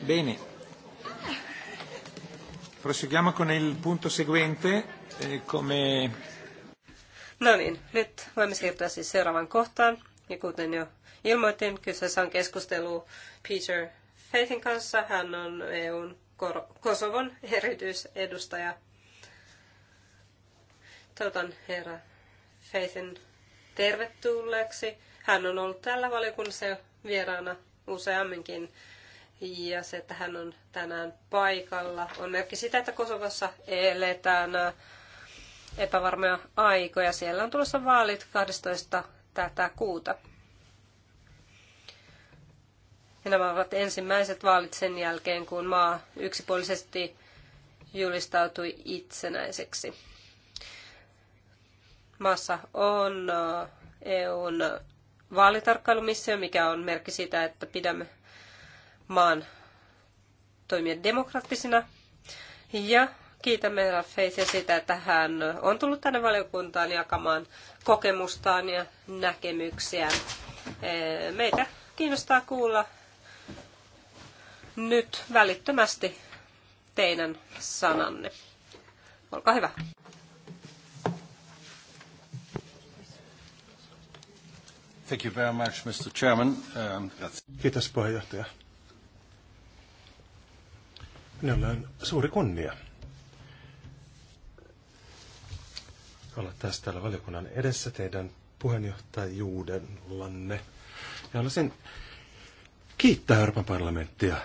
Bene. Proseguiamo con il punto seguente. Eh, come... No niin, nyt voimme siirtyä siis seuraavaan kohtaan. Ja kuten jo ilmoitin, kyseessä on keskustelu Peter Faithin kanssa. Hän on EUn Kosovon erityisedustaja. Toivotan herra Faithin tervetulleeksi. Hän on ollut tällä valiokunnassa jo vieraana useamminkin ja se, että hän on tänään paikalla, on merkki sitä, että Kosovossa eletään äh, epävarmoja aikoja. Siellä on tulossa vaalit 12. tätä kuuta. Ja nämä ovat ensimmäiset vaalit sen jälkeen, kun maa yksipuolisesti julistautui itsenäiseksi. Maassa on äh, EUn vaalitarkkailumissio, mikä on merkki siitä, että pidämme maan toimia demokraattisina. Ja kiitämme Rafaelia siitä, että hän on tullut tänne valiokuntaan jakamaan kokemustaan ja näkemyksiään. Meitä kiinnostaa kuulla nyt välittömästi teidän sananne. Olkaa hyvä. Thank you very much, Mr. Chairman. Um, Kiitos puheenjohtaja. Minulla on suuri kunnia olla tässä täällä valiokunnan edessä teidän puheenjohtajuudellanne. Ja haluaisin kiittää Euroopan parlamenttia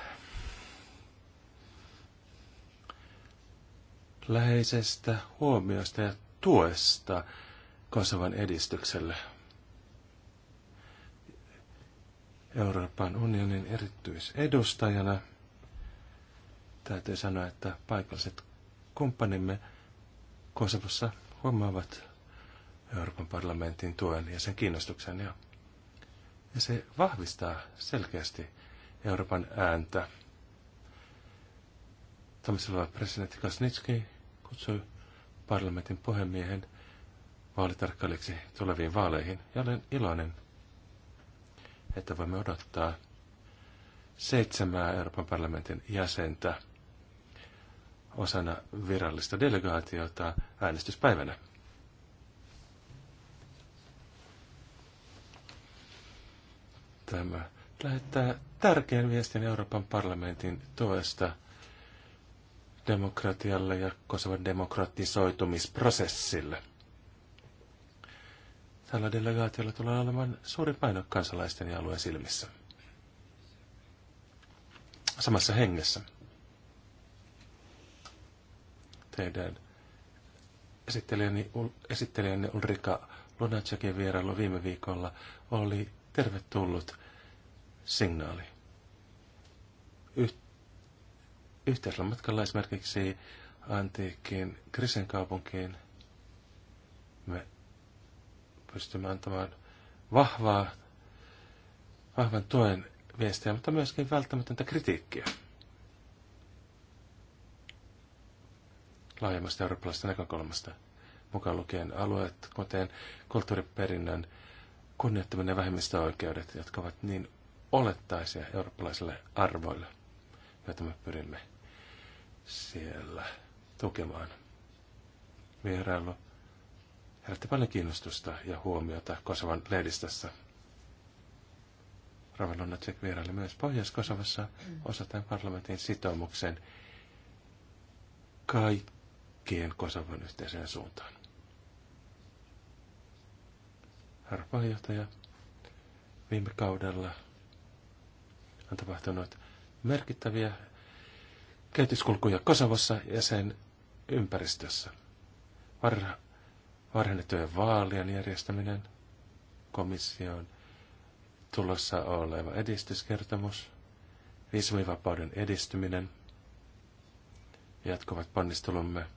läheisestä huomiosta ja tuesta Kosovan edistykselle. Euroopan unionin erityisedustajana – Täytyy sanoa, että paikalliset kumppanimme Kosovossa huomaavat Euroopan parlamentin tuen ja sen kiinnostuksen. Ja, ja se vahvistaa selkeästi Euroopan ääntä. Tomislava presidentti Kasnitski kutsui parlamentin puhemiehen vaalitarkkailijaksi tuleviin vaaleihin ja olen iloinen, että voimme odottaa seitsemää Euroopan parlamentin jäsentä osana virallista delegaatiota äänestyspäivänä. Tämä lähettää tärkeän viestin Euroopan parlamentin tuesta demokratialle ja Kosovan demokratisoitumisprosessille. Tällä delegaatiolla tulee olemaan suuri paino kansalaisten ja alueen silmissä. Samassa hengessä teidän esittelijäni, esittelijäni Ulrika Lunacekin vierailu viime viikolla oli tervetullut signaali. Yh- yhteisellä matkalla esimerkiksi antiikkiin Krisen kaupunkiin me pystymme antamaan vahvaa, vahvan tuen viestiä, mutta myöskin välttämätöntä kritiikkiä. laajemmasta eurooppalaisesta näkökulmasta, mukaan lukien alueet, kuten kulttuuriperinnön kunnioittaminen ja vähemmistöoikeudet, jotka ovat niin olettaisia eurooppalaisille arvoille, joita me pyrimme siellä tukemaan. Vierailu herätti paljon kiinnostusta ja huomiota Kosovan lehdistössä. Tsek vieraili myös Pohjois-Kosovassa mm. osataan parlamentin sitoumuksen kaikki pyrkien Kosovon yhteiseen suuntaan. Herra puheenjohtaja, viime kaudella on tapahtunut merkittäviä kehityskulkuja Kosovossa ja sen ympäristössä. Var, varhennettujen vaalien järjestäminen, komission tulossa oleva edistyskertomus, viisumivapauden edistyminen, jatkuvat ponnistelumme –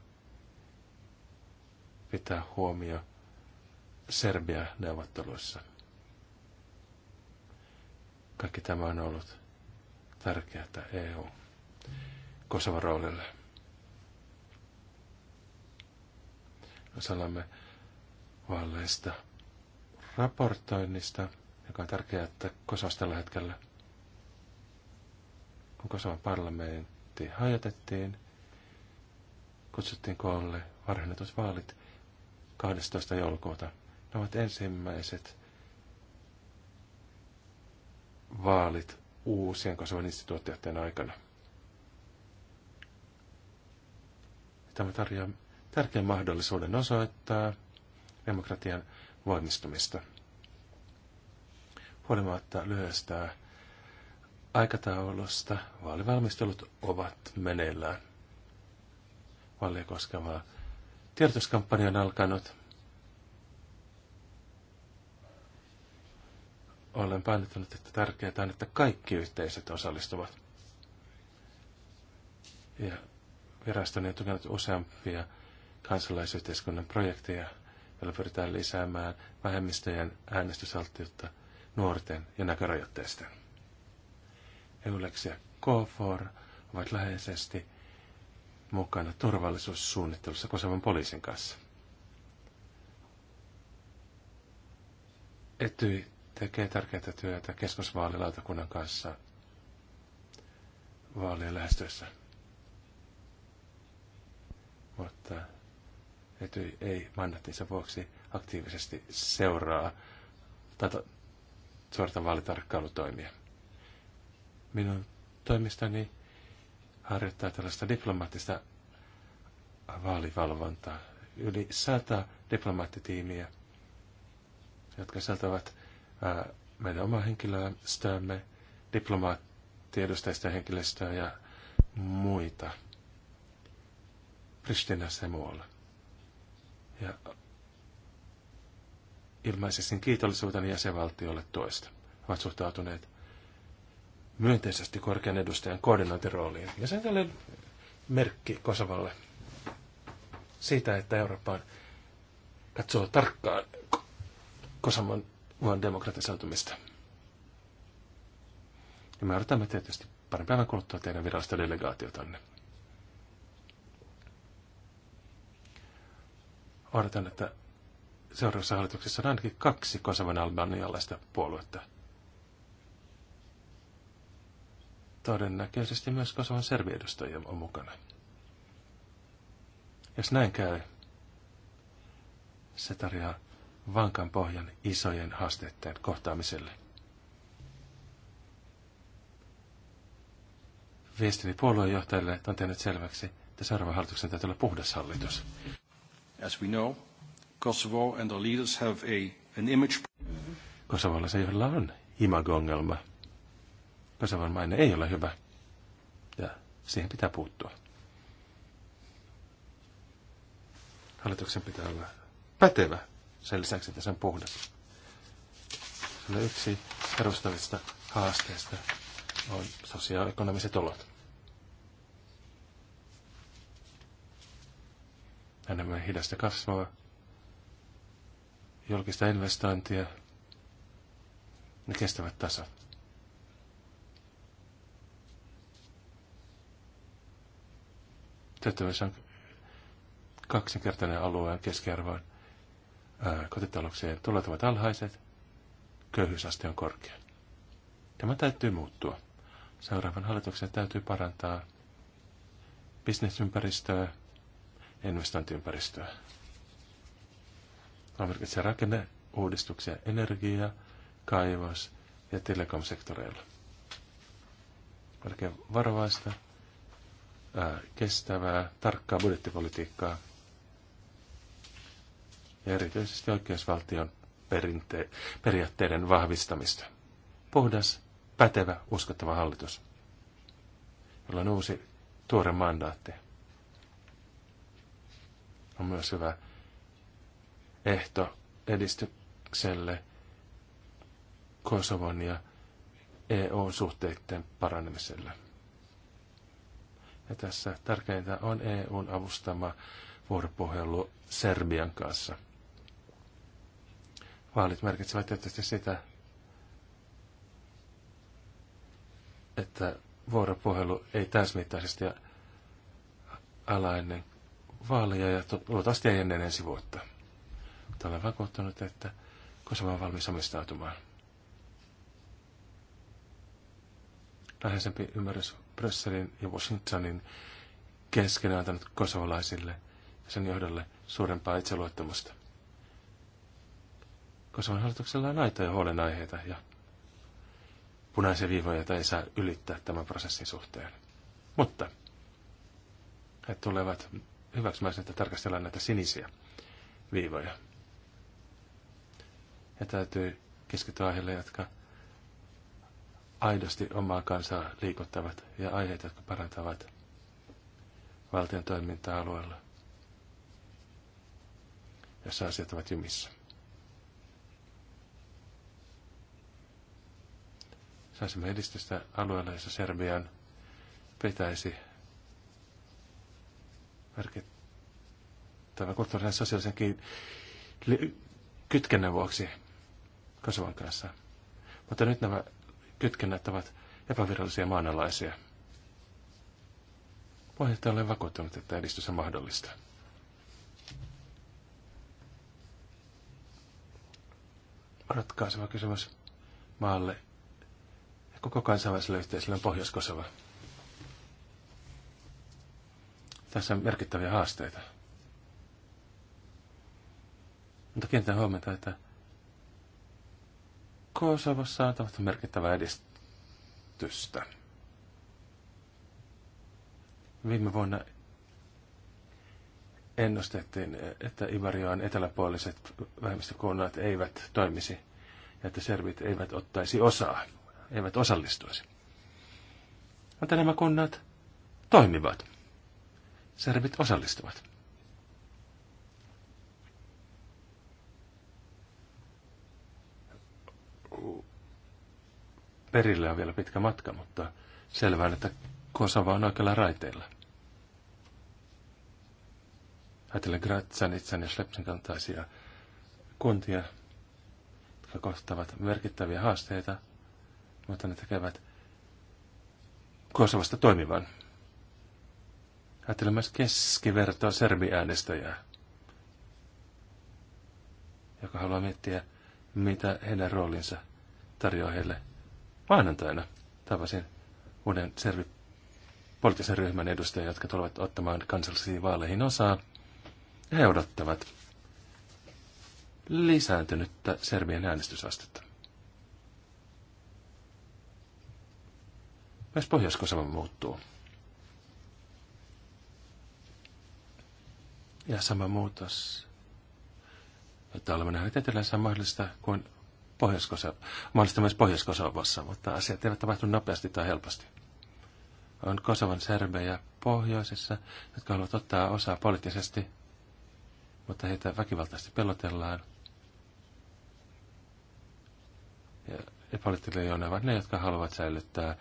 pitää huomio Serbia-neuvotteluissa. Kaikki tämä on ollut tärkeää EU Kosovan roolille. Salamme vaaleista raportoinnista, joka on tärkeää, että Kosovassa tällä hetkellä, kun Kosovan parlamentti hajotettiin, kutsuttiin koolle varhennetut vaalit – 12. joulukuuta. Ne ovat ensimmäiset vaalit uusien kasvavan instituutioiden aikana. Tämä tarjoaa tärkeän mahdollisuuden osoittaa demokratian voimistumista. Huolimatta lyhyestä aikataulusta vaalivalmistelut ovat meneillään. Vaalia koskevaa Tiedotuskampanja on alkanut. Olen painottanut, että tärkeää on, että kaikki yhteisöt osallistuvat. Ja virastoni on tukenut useampia kansalaisyhteiskunnan projekteja, joilla pyritään lisäämään vähemmistöjen äänestysalttiutta nuorten ja näkörajoitteisten. Euleksia ja KFOR ovat läheisesti mukana turvallisuussuunnittelussa Kosovan poliisin kanssa. Etyi tekee tärkeää työtä keskusvaalilautakunnan kanssa vaalien lähestyessä. Mutta Etyi ei mandattinsa vuoksi aktiivisesti seuraa tai suorita vaalitarkkailutoimia. Minun toimistani harjoittaa tällaista diplomaattista vaalivalvontaa. Yli sata diplomaattitiimiä, jotka sisältävät meidän omaa henkilöstöämme, diplomaattiedustajista henkilöstöä ja muita Pristina ja muualla. Ja ilmaisisin kiitollisuuteni jäsenvaltiolle toista. Ovat suhtautuneet myönteisesti korkean edustajan koordinointirooliin. Ja se oli merkki Kosovalle siitä, että Eurooppaan katsoo tarkkaan Kosovan vuoden demokratisoitumista. Ja me odotamme tietysti parin päivän kuluttua teidän virallista delegaatiotanne. Odotan, että seuraavassa hallituksessa on ainakin kaksi Kosovan albanialaista puoluetta – Todennäköisesti myös Kosovan serviedustajia on mukana. Jos näin käy, se tarjoaa vankan pohjan isojen haasteiden kohtaamiselle. Viestini puoluejohtajille on tehnyt selväksi, että seuraavan hallituksen täytyy olla puhdas hallitus. As we know, Kosovo and the leaders have a, an image... Kosovolaisen johdolla on imagongelma. ongelma Kosovan maine ei ole hyvä ja siihen pitää puuttua. Hallituksen pitää olla pätevä sen lisäksi, että se on puhdas. Sillä yksi perustavista haasteista on sosiaalekonomiset olot. Enemmän hidasta kasvua, julkista investointia, ne kestävät tasot. tehtävässä on kaksinkertainen alueen keskiarvoon. Kotitalouksien tulot ovat alhaiset, köyhyysaste on korkea. Tämä täytyy muuttua. Seuraavan hallituksen täytyy parantaa bisnesympäristöä, investointiympäristöä. Tämä merkitsee rakenneuudistuksia energia, kaivos ja telekomsektoreilla. Oikein varovaista kestävää, tarkkaa budjettipolitiikkaa ja erityisesti oikeusvaltion perinte- periaatteiden vahvistamista. Puhdas, pätevä, uskottava hallitus, jolla on uusi tuore mandaatti. On myös hyvä ehto edistykselle Kosovon ja EU-suhteiden paranemiselle. Ja tässä tärkeintä on EUn avustama vuoropuhelu Serbian kanssa. Vaalit merkitsevät tietysti sitä, että vuoropuhelu ei täysmittaisesti ala ennen vaaleja ja luultavasti ei ennen ensi vuotta. Mutta olen vakuuttunut, että Kosovo on valmis omistautumaan. läheisempi ymmärrys Brysselin ja Washingtonin kesken antanut kosovolaisille ja sen johdolle suurempaa itseluottamusta. Kosovan hallituksella on aitoja huolenaiheita ja punaisia viivoja, joita ei saa ylittää tämän prosessin suhteen. Mutta he tulevat hyväksymään, että tarkastellaan näitä sinisiä viivoja. Ja täytyy keskittyä aiheille, jotka aidosti omaa kansaa liikuttavat ja aiheet, jotka parantavat valtion toiminta-alueella, jossa asiat ovat jumissa. Saisimme edistystä alueella, jossa Serbian pitäisi merkittävän kulttuurisen ja sosiaalisen kytkennän vuoksi Kosovan kanssa. Mutta nyt nämä kytkennät ovat epävirallisia maanalaisia. Puheenjohtaja olen vakuuttunut, että edistys on mahdollista. Ratkaiseva kysymys maalle ja koko kansainväliselle yhteisölle on Pohjois-Kosova. Tässä on merkittäviä haasteita. Mutta kiinnitän huomiota, että Kosovassa on tapahtunut merkittävää edistystä. Viime vuonna ennustettiin, että Ivarioan eteläpuoliset vähemmistökunnat eivät toimisi ja että servit eivät ottaisi osaa, eivät osallistuisi. Mutta nämä kunnat toimivat. Servit osallistuvat. perille on vielä pitkä matka, mutta selvää, että Kosova on oikealla raiteilla. Ajatellen Gratsanitsan ja Schlepsin kantaisia kuntia, jotka kohtavat merkittäviä haasteita, mutta ne tekevät Kosovasta toimivan. Ajattelen myös keskivertoa serbiäänestäjää, joka haluaa miettiä, mitä heidän roolinsa tarjoaa heille – maanantaina tavasin uuden servi poliittisen ryhmän edustajia, jotka tulevat ottamaan kansallisiin vaaleihin osaa. He odottavat lisääntynyttä Serbian äänestysastetta. Myös pohjois muuttuu. Ja sama muutos, että olemme nähneet etelässä on mahdollista, kuin? pohjois mahdollista myös pohjois mutta asiat eivät tapahtu nopeasti tai helposti. On Kosovan serbejä pohjoisessa, jotka haluavat ottaa osaa poliittisesti, mutta heitä väkivaltaisesti pelotellaan. Ja, ja poliittilijoina ovat ne, jotka haluavat säilyttää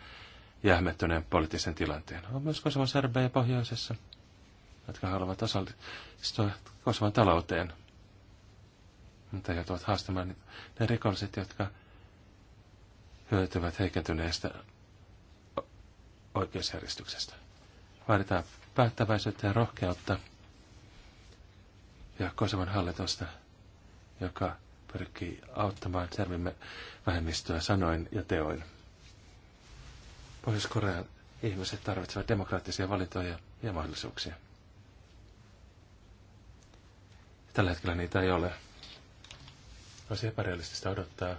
jähmettyneen poliittisen tilanteen. On myös Kosovan serbejä pohjoisessa, jotka haluavat osallistua Kosovan talouteen, mutta joutuvat haastamaan ne rikolliset, jotka hyötyvät heikentyneestä oikeusjärjestyksestä. Vaaditaan päättäväisyyttä ja rohkeutta ja Kosovan hallitusta, joka pyrkii auttamaan servimme vähemmistöä sanoin ja teoin. Pohjois-Korean ihmiset tarvitsevat demokraattisia valintoja ja mahdollisuuksia. Tällä hetkellä niitä ei ole. Olisi epärealistista odottaa,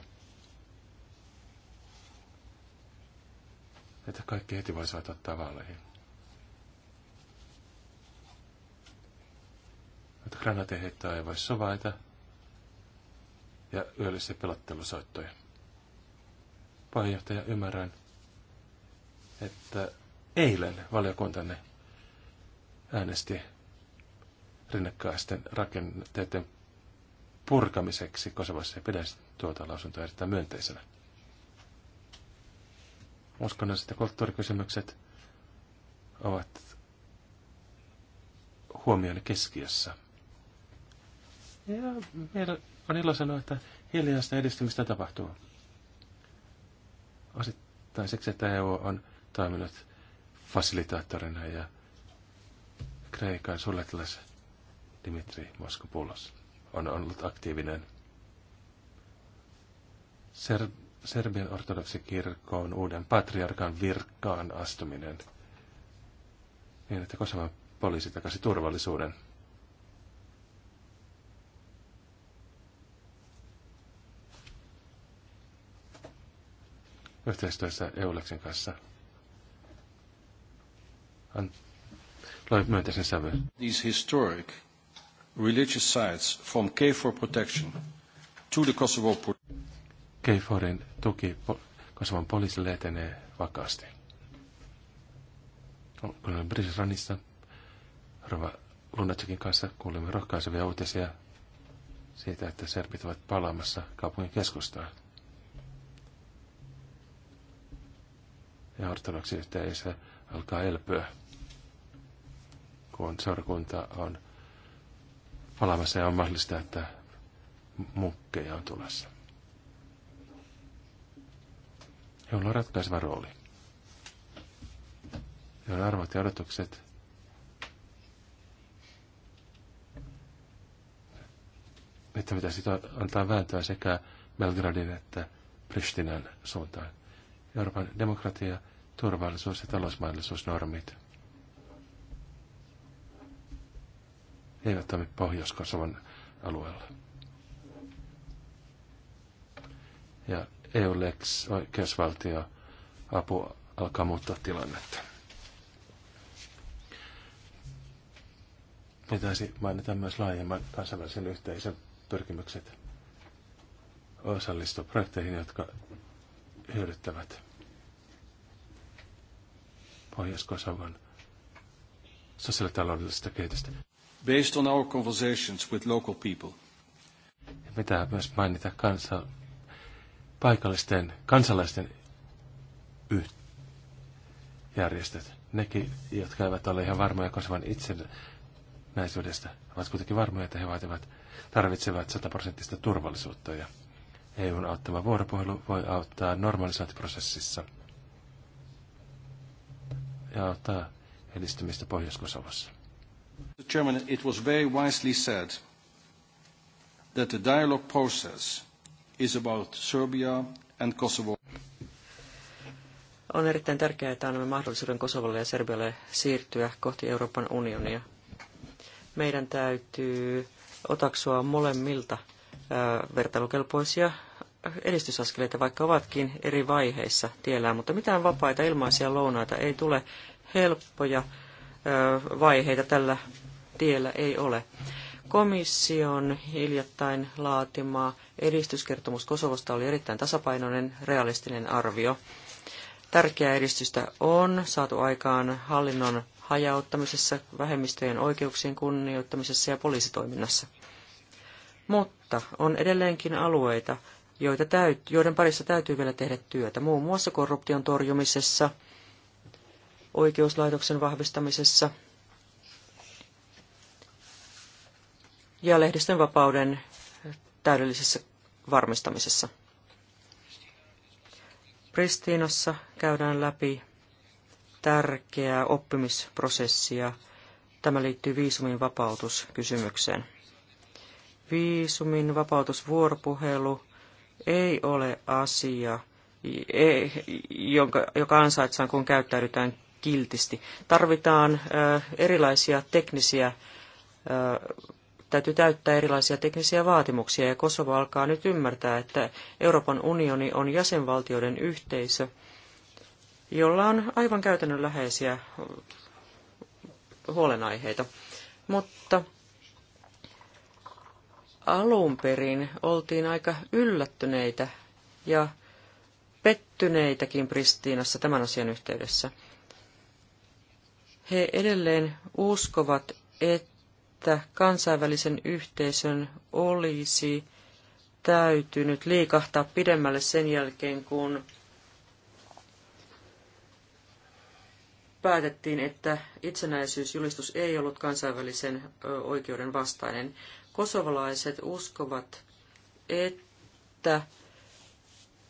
että kaikki heti voisivat ottaa vaaleihin. Mutta granaatin heittoa ei voi sovaita ja yöllisiä pelottelusoittoja. Puheenjohtaja, ymmärrän, että eilen valiokuntanne äänesti rinnakkaisten rakenteiden purkamiseksi Kosovassa ja pidä tuota lausuntoa erittäin myönteisenä. Uskonnolliset ja kulttuurikysymykset ovat huomioon keskiössä. Ja meillä on ilo sanoa, että hiljaista edistymistä tapahtuu. Osittain siksi, että EU on toiminut fasilitaattorina ja Kreikan suunnittelas Dimitri Moskopoulos on ollut aktiivinen. Ser- Serbian ortodoksikirkon uuden patriarkan virkkaan astuminen niin, että Kosovan poliisi takaisin turvallisuuden. yhteistyössä Euleksen kanssa. An- loi myönteisen sävyyn. These historic religious sites from KFOR protection to the Kosovo... KFORin tuki Kosovan poliisille etenee vakaasti. No, Kuulemme Brisranista, Rova Lunatsakin kanssa kuulimme rohkaisevia uutisia siitä, että serbit ovat palaamassa kaupungin keskustaan. Ja ortodoksi yhteisö alkaa elpyä, kun seurakunta on palaamassa ja on mahdollista, että mukkeja on tulossa. Jolla on ratkaiseva rooli. Jolla arvot ja odotukset että mitä sitä antaa vääntöä sekä Belgradin että Pristinan suuntaan. Euroopan demokratia, turvallisuus ja talousmahdollisuusnormit eivät toimi pohjois kosovan alueella. Ja EU-lex oikeusvaltio apu alkaa muuttaa tilannetta. Pitäisi mainita myös laajemman kansainvälisen yhteisön pyrkimykset osallistua projekteihin, jotka hyödyttävät Pohjois-Kosovon sosiaalitaloudellista kehitystä based on our conversations with local people. Pitää myös mainita kansa, paikallisten kansalaisten yh, järjestöt. Nekin, jotka eivät ole ihan varmoja kasvan itsenäisyydestä, ovat kuitenkin varmoja, että he vaativat, tarvitsevat sataprosenttista turvallisuutta ja EUn auttava vuoropuhelu voi auttaa normalisointiprosessissa ja auttaa edistymistä Pohjois-Kosovassa. The chairman, it was very wisely said that the dialogue process is about Serbia and Kosovo. On erittäin tärkeää, että annamme mahdollisuuden Kosovolle ja Serbialle siirtyä kohti Euroopan unionia. Meidän täytyy otaksua molemmilta vertailukelpoisia edistysaskeleita, vaikka ovatkin eri vaiheissa tiellään, mutta mitään vapaita ilmaisia lounaita ei tule helppoja vaiheita tällä tiellä ei ole. Komission hiljattain laatima edistyskertomus Kosovosta oli erittäin tasapainoinen, realistinen arvio. Tärkeää edistystä on saatu aikaan hallinnon hajauttamisessa, vähemmistöjen oikeuksien kunnioittamisessa ja poliisitoiminnassa. Mutta on edelleenkin alueita, joita täyt, joiden parissa täytyy vielä tehdä työtä, muun muassa korruption torjumisessa – oikeuslaitoksen vahvistamisessa ja lehdistön vapauden täydellisessä varmistamisessa. Pristiinassa käydään läpi tärkeää oppimisprosessia. Tämä liittyy viisumin vapautuskysymykseen. Viisumin vapautusvuoropuhelu ei ole asia, ei, joka ansaitsaan, kun käyttäydytään kiltisti. Tarvitaan erilaisia teknisiä, täytyy täyttää erilaisia teknisiä vaatimuksia ja Kosovo alkaa nyt ymmärtää, että Euroopan unioni on jäsenvaltioiden yhteisö, jolla on aivan käytännönläheisiä huolenaiheita. Mutta alun perin oltiin aika yllättyneitä ja pettyneitäkin Pristiinassa tämän asian yhteydessä. He edelleen uskovat, että kansainvälisen yhteisön olisi täytynyt liikahtaa pidemmälle sen jälkeen, kun päätettiin, että itsenäisyysjulistus ei ollut kansainvälisen oikeuden vastainen. Kosovalaiset uskovat, että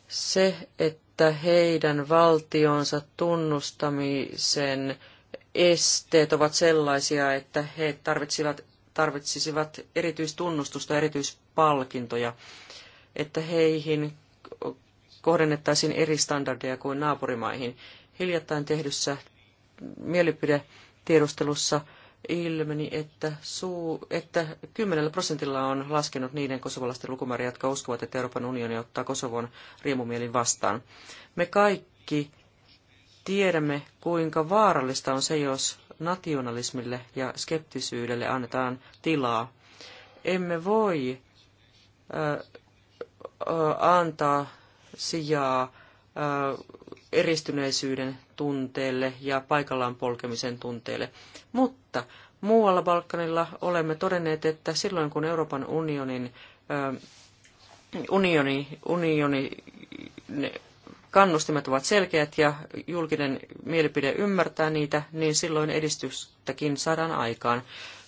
se, että heidän valtionsa tunnustamisen esteet ovat sellaisia, että he tarvitsivat, tarvitsisivat erityistunnustusta, erityispalkintoja, että heihin kohdennettaisiin eri standardeja kuin naapurimaihin. Hiljattain tehdyssä mielipidetiedustelussa ilmeni, että, suu, että 10 prosentilla on laskenut niiden kosovalaisten lukumäärä, jotka uskovat, että Euroopan unioni ottaa Kosovon riemumielin vastaan. Me kaikki Tiedämme, kuinka vaarallista on se, jos nationalismille ja skeptisyydelle annetaan tilaa. Emme voi antaa sijaa eristyneisyyden tunteelle ja paikallaan polkemisen tunteelle. Mutta muualla Balkanilla olemme todenneet, että silloin kun Euroopan unionin, unioni, unioni kannustimet ovat selkeät ja julkinen mielipide ymmärtää niitä, niin silloin edistystäkin saadaan aikaan.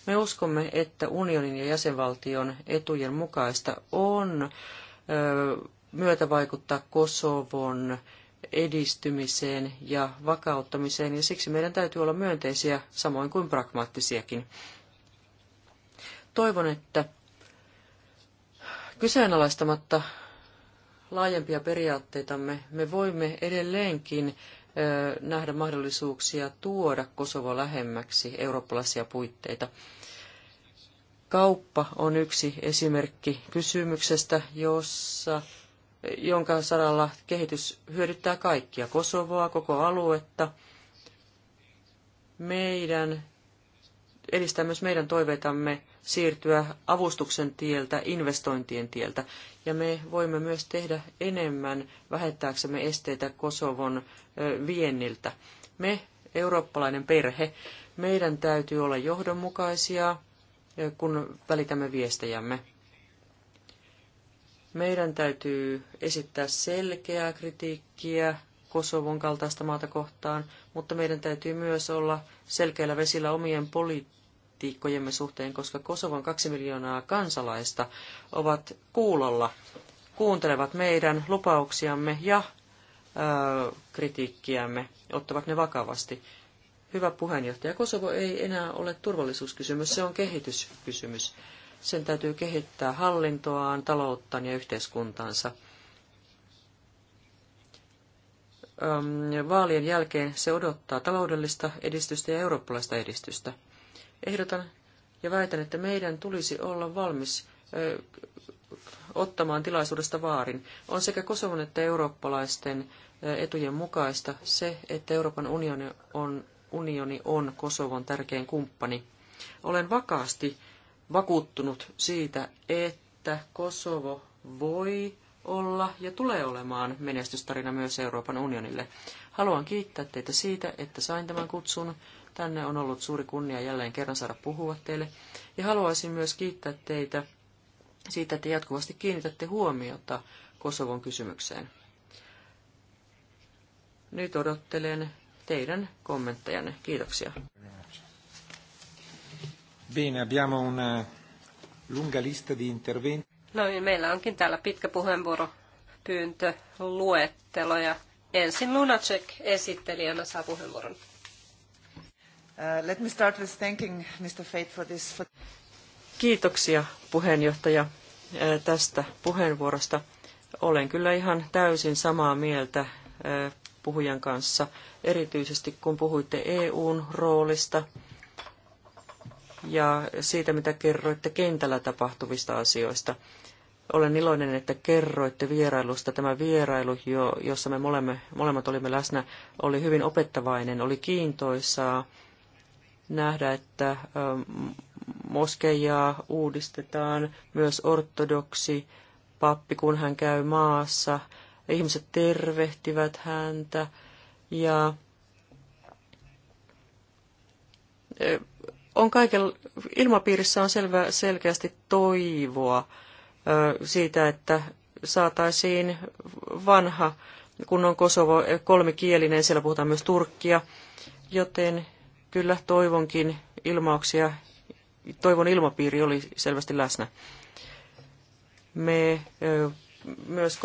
Me uskomme, että unionin ja jäsenvaltion etujen mukaista on myötävaikuttaa Kosovon edistymiseen ja vakauttamiseen, ja siksi meidän täytyy olla myönteisiä samoin kuin pragmaattisiakin. Toivon, että kyseenalaistamatta laajempia periaatteitamme, me voimme edelleenkin nähdä mahdollisuuksia tuoda Kosovo lähemmäksi eurooppalaisia puitteita. Kauppa on yksi esimerkki kysymyksestä, jossa, jonka saralla kehitys hyödyttää kaikkia Kosovoa, koko aluetta. Meidän edistää myös meidän toiveitamme siirtyä avustuksen tieltä investointien tieltä. Ja me voimme myös tehdä enemmän vähettääksemme esteitä Kosovon vienniltä. Me, eurooppalainen perhe, meidän täytyy olla johdonmukaisia, kun välitämme viestejämme. Meidän täytyy esittää selkeää kritiikkiä Kosovon kaltaista maata kohtaan, mutta meidän täytyy myös olla selkeillä vesillä omien poliittisten politiikkojemme suhteen, koska Kosovon kaksi miljoonaa kansalaista ovat kuulolla, kuuntelevat meidän lupauksiamme ja ö, kritiikkiämme, ottavat ne vakavasti. Hyvä puheenjohtaja, Kosovo ei enää ole turvallisuuskysymys, se on kehityskysymys. Sen täytyy kehittää hallintoaan, talouttaan ja yhteiskuntaansa. vaalien jälkeen se odottaa taloudellista edistystä ja eurooppalaista edistystä. Ehdotan ja väitän, että meidän tulisi olla valmis ö, ottamaan tilaisuudesta vaarin. On sekä Kosovon että eurooppalaisten etujen mukaista se, että Euroopan unioni on, unioni on Kosovon tärkein kumppani. Olen vakaasti vakuuttunut siitä, että Kosovo voi olla ja tulee olemaan menestystarina myös Euroopan unionille. Haluan kiittää teitä siitä, että sain tämän kutsun Tänne on ollut suuri kunnia jälleen kerran saada puhua teille. Ja haluaisin myös kiittää teitä siitä, että jatkuvasti kiinnitätte huomiota Kosovon kysymykseen. Nyt odottelen teidän kommenttejanne. Kiitoksia. Bene, abbiamo una lunga lista di interventi. No niin, meillä onkin täällä pitkä puheenvuoropyyntö, luettelo ja ensin Lunacek esittelijänä saa puheenvuoron. Uh, let me start with thanking Mr. Fate for this. Kiitoksia puheenjohtaja uh, tästä puheenvuorosta. Olen kyllä ihan täysin samaa mieltä uh, puhujan kanssa, erityisesti kun puhuitte EUn roolista ja siitä, mitä kerroitte kentällä tapahtuvista asioista. Olen iloinen, että kerroitte vierailusta. Tämä vierailu, jossa me molemmat olimme läsnä, oli hyvin opettavainen, oli kiintoisaa nähdä, että moskeijaa uudistetaan, myös ortodoksi pappi, kun hän käy maassa. Ihmiset tervehtivät häntä ja on kaiken, ilmapiirissä on selvä, selkeästi toivoa siitä, että saataisiin vanha, kun on Kosovo kolmikielinen, siellä puhutaan myös turkkia, joten kyllä toivonkin ilmauksia, toivon ilmapiiri oli selvästi läsnä. Me myös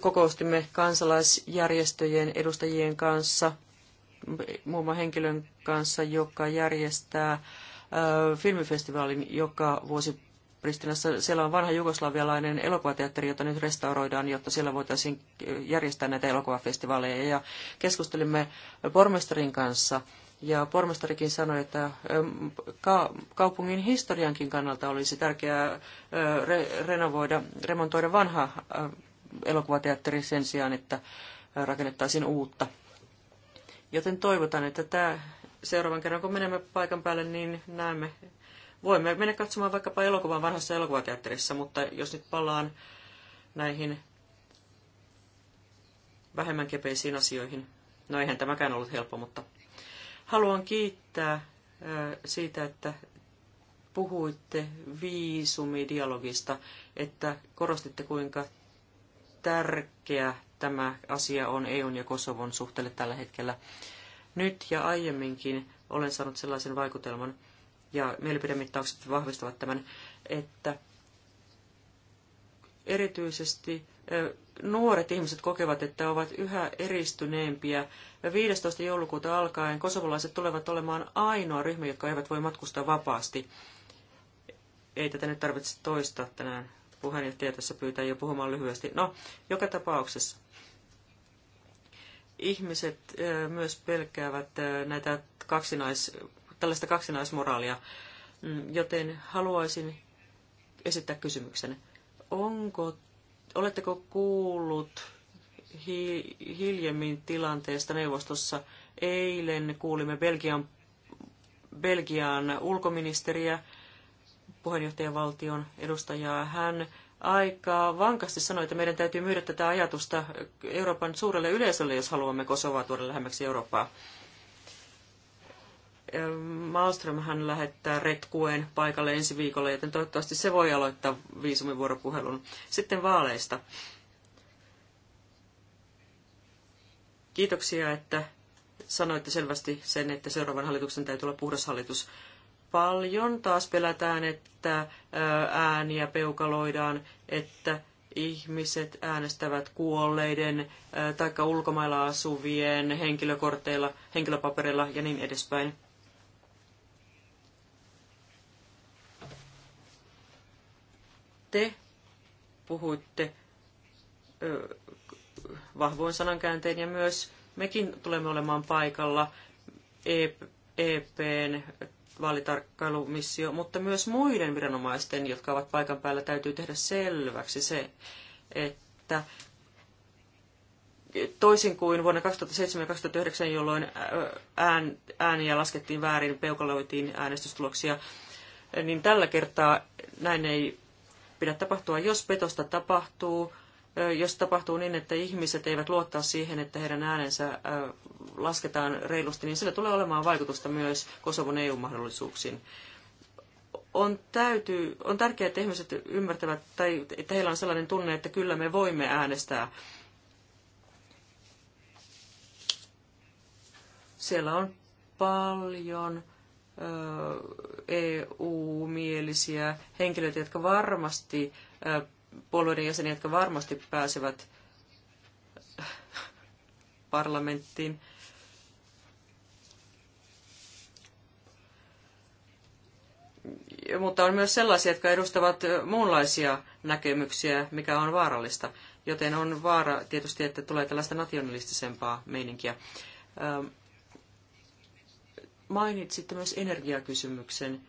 kokoustimme kansalaisjärjestöjen edustajien kanssa, muun muassa henkilön kanssa, joka järjestää filmifestivaalin joka vuosi Pristinassa. Siellä on vanha jugoslavialainen elokuvateatteri, jota nyt restauroidaan, jotta siellä voitaisiin järjestää näitä elokuvafestivaaleja. Ja keskustelimme pormestarin kanssa ja pormestarikin sanoi, että kaupungin historiankin kannalta olisi tärkeää re- renovoida, remontoida vanha elokuvateatteri sen sijaan, että rakennettaisiin uutta. Joten toivotan, että tämä, seuraavan kerran kun menemme paikan päälle, niin näemme, voimme mennä katsomaan vaikkapa elokuvan vanhassa elokuvateatterissa, mutta jos nyt palaan näihin vähemmän kepeisiin asioihin. No eihän tämäkään ollut helppo, mutta Haluan kiittää siitä, että puhuitte viisumidialogista, että korostitte kuinka tärkeä tämä asia on EUn ja Kosovon suhteelle tällä hetkellä. Nyt ja aiemminkin olen saanut sellaisen vaikutelman, ja mielipidemittaukset vahvistavat tämän, että Erityisesti nuoret ihmiset kokevat, että ovat yhä eristyneempiä. 15. joulukuuta alkaen kosovolaiset tulevat olemaan ainoa ryhmä, jotka eivät voi matkustaa vapaasti. Ei tätä nyt tarvitse toistaa tänään. Puheenjohtaja tässä pyytää jo puhumaan lyhyesti. No, joka tapauksessa. Ihmiset myös pelkäävät näitä kaksinais, tällaista kaksinaismoraalia, mm, joten haluaisin esittää kysymyksen onko, oletteko kuullut hi, hiljemmin tilanteesta neuvostossa? Eilen kuulimme Belgian, Belgian ulkoministeriä, puheenjohtajavaltion edustajaa. Hän aika vankasti sanoi, että meidän täytyy myydä tätä ajatusta Euroopan suurelle yleisölle, jos haluamme Kosovaa tuoda lähemmäksi Eurooppaa hän lähettää retkuen paikalle ensi viikolla, joten toivottavasti se voi aloittaa viisumivuoropuhelun. Sitten vaaleista. Kiitoksia, että sanoitte selvästi sen, että seuraavan hallituksen täytyy olla puhdas hallitus. Paljon taas pelätään, että ääniä peukaloidaan, että ihmiset äänestävät kuolleiden tai ulkomailla asuvien henkilökorteilla, henkilöpapereilla ja niin edespäin Te puhuitte ö, vahvoin sanankääntein ja myös mekin tulemme olemaan paikalla EPn e vaalitarkkailumissio, mutta myös muiden viranomaisten, jotka ovat paikan päällä, täytyy tehdä selväksi se, että toisin kuin vuonna 2007 ja 2009, jolloin ääniä laskettiin väärin, peukaloitiin äänestystuloksia, niin tällä kertaa näin ei pidä tapahtua. Jos petosta tapahtuu, jos tapahtuu niin, että ihmiset eivät luottaa siihen, että heidän äänensä lasketaan reilusti, niin sillä tulee olemaan vaikutusta myös Kosovon EU-mahdollisuuksiin. On, täytyy, on tärkeää, että ihmiset ymmärtävät, tai että heillä on sellainen tunne, että kyllä me voimme äänestää. Siellä on paljon EU-mielisiä henkilöitä, jotka varmasti, puolueiden jäseniä, jotka varmasti pääsevät parlamenttiin. Mutta on myös sellaisia, jotka edustavat muunlaisia näkemyksiä, mikä on vaarallista. Joten on vaara tietysti, että tulee tällaista nationalistisempaa meininkiä. Mainitsitte myös energiakysymyksen.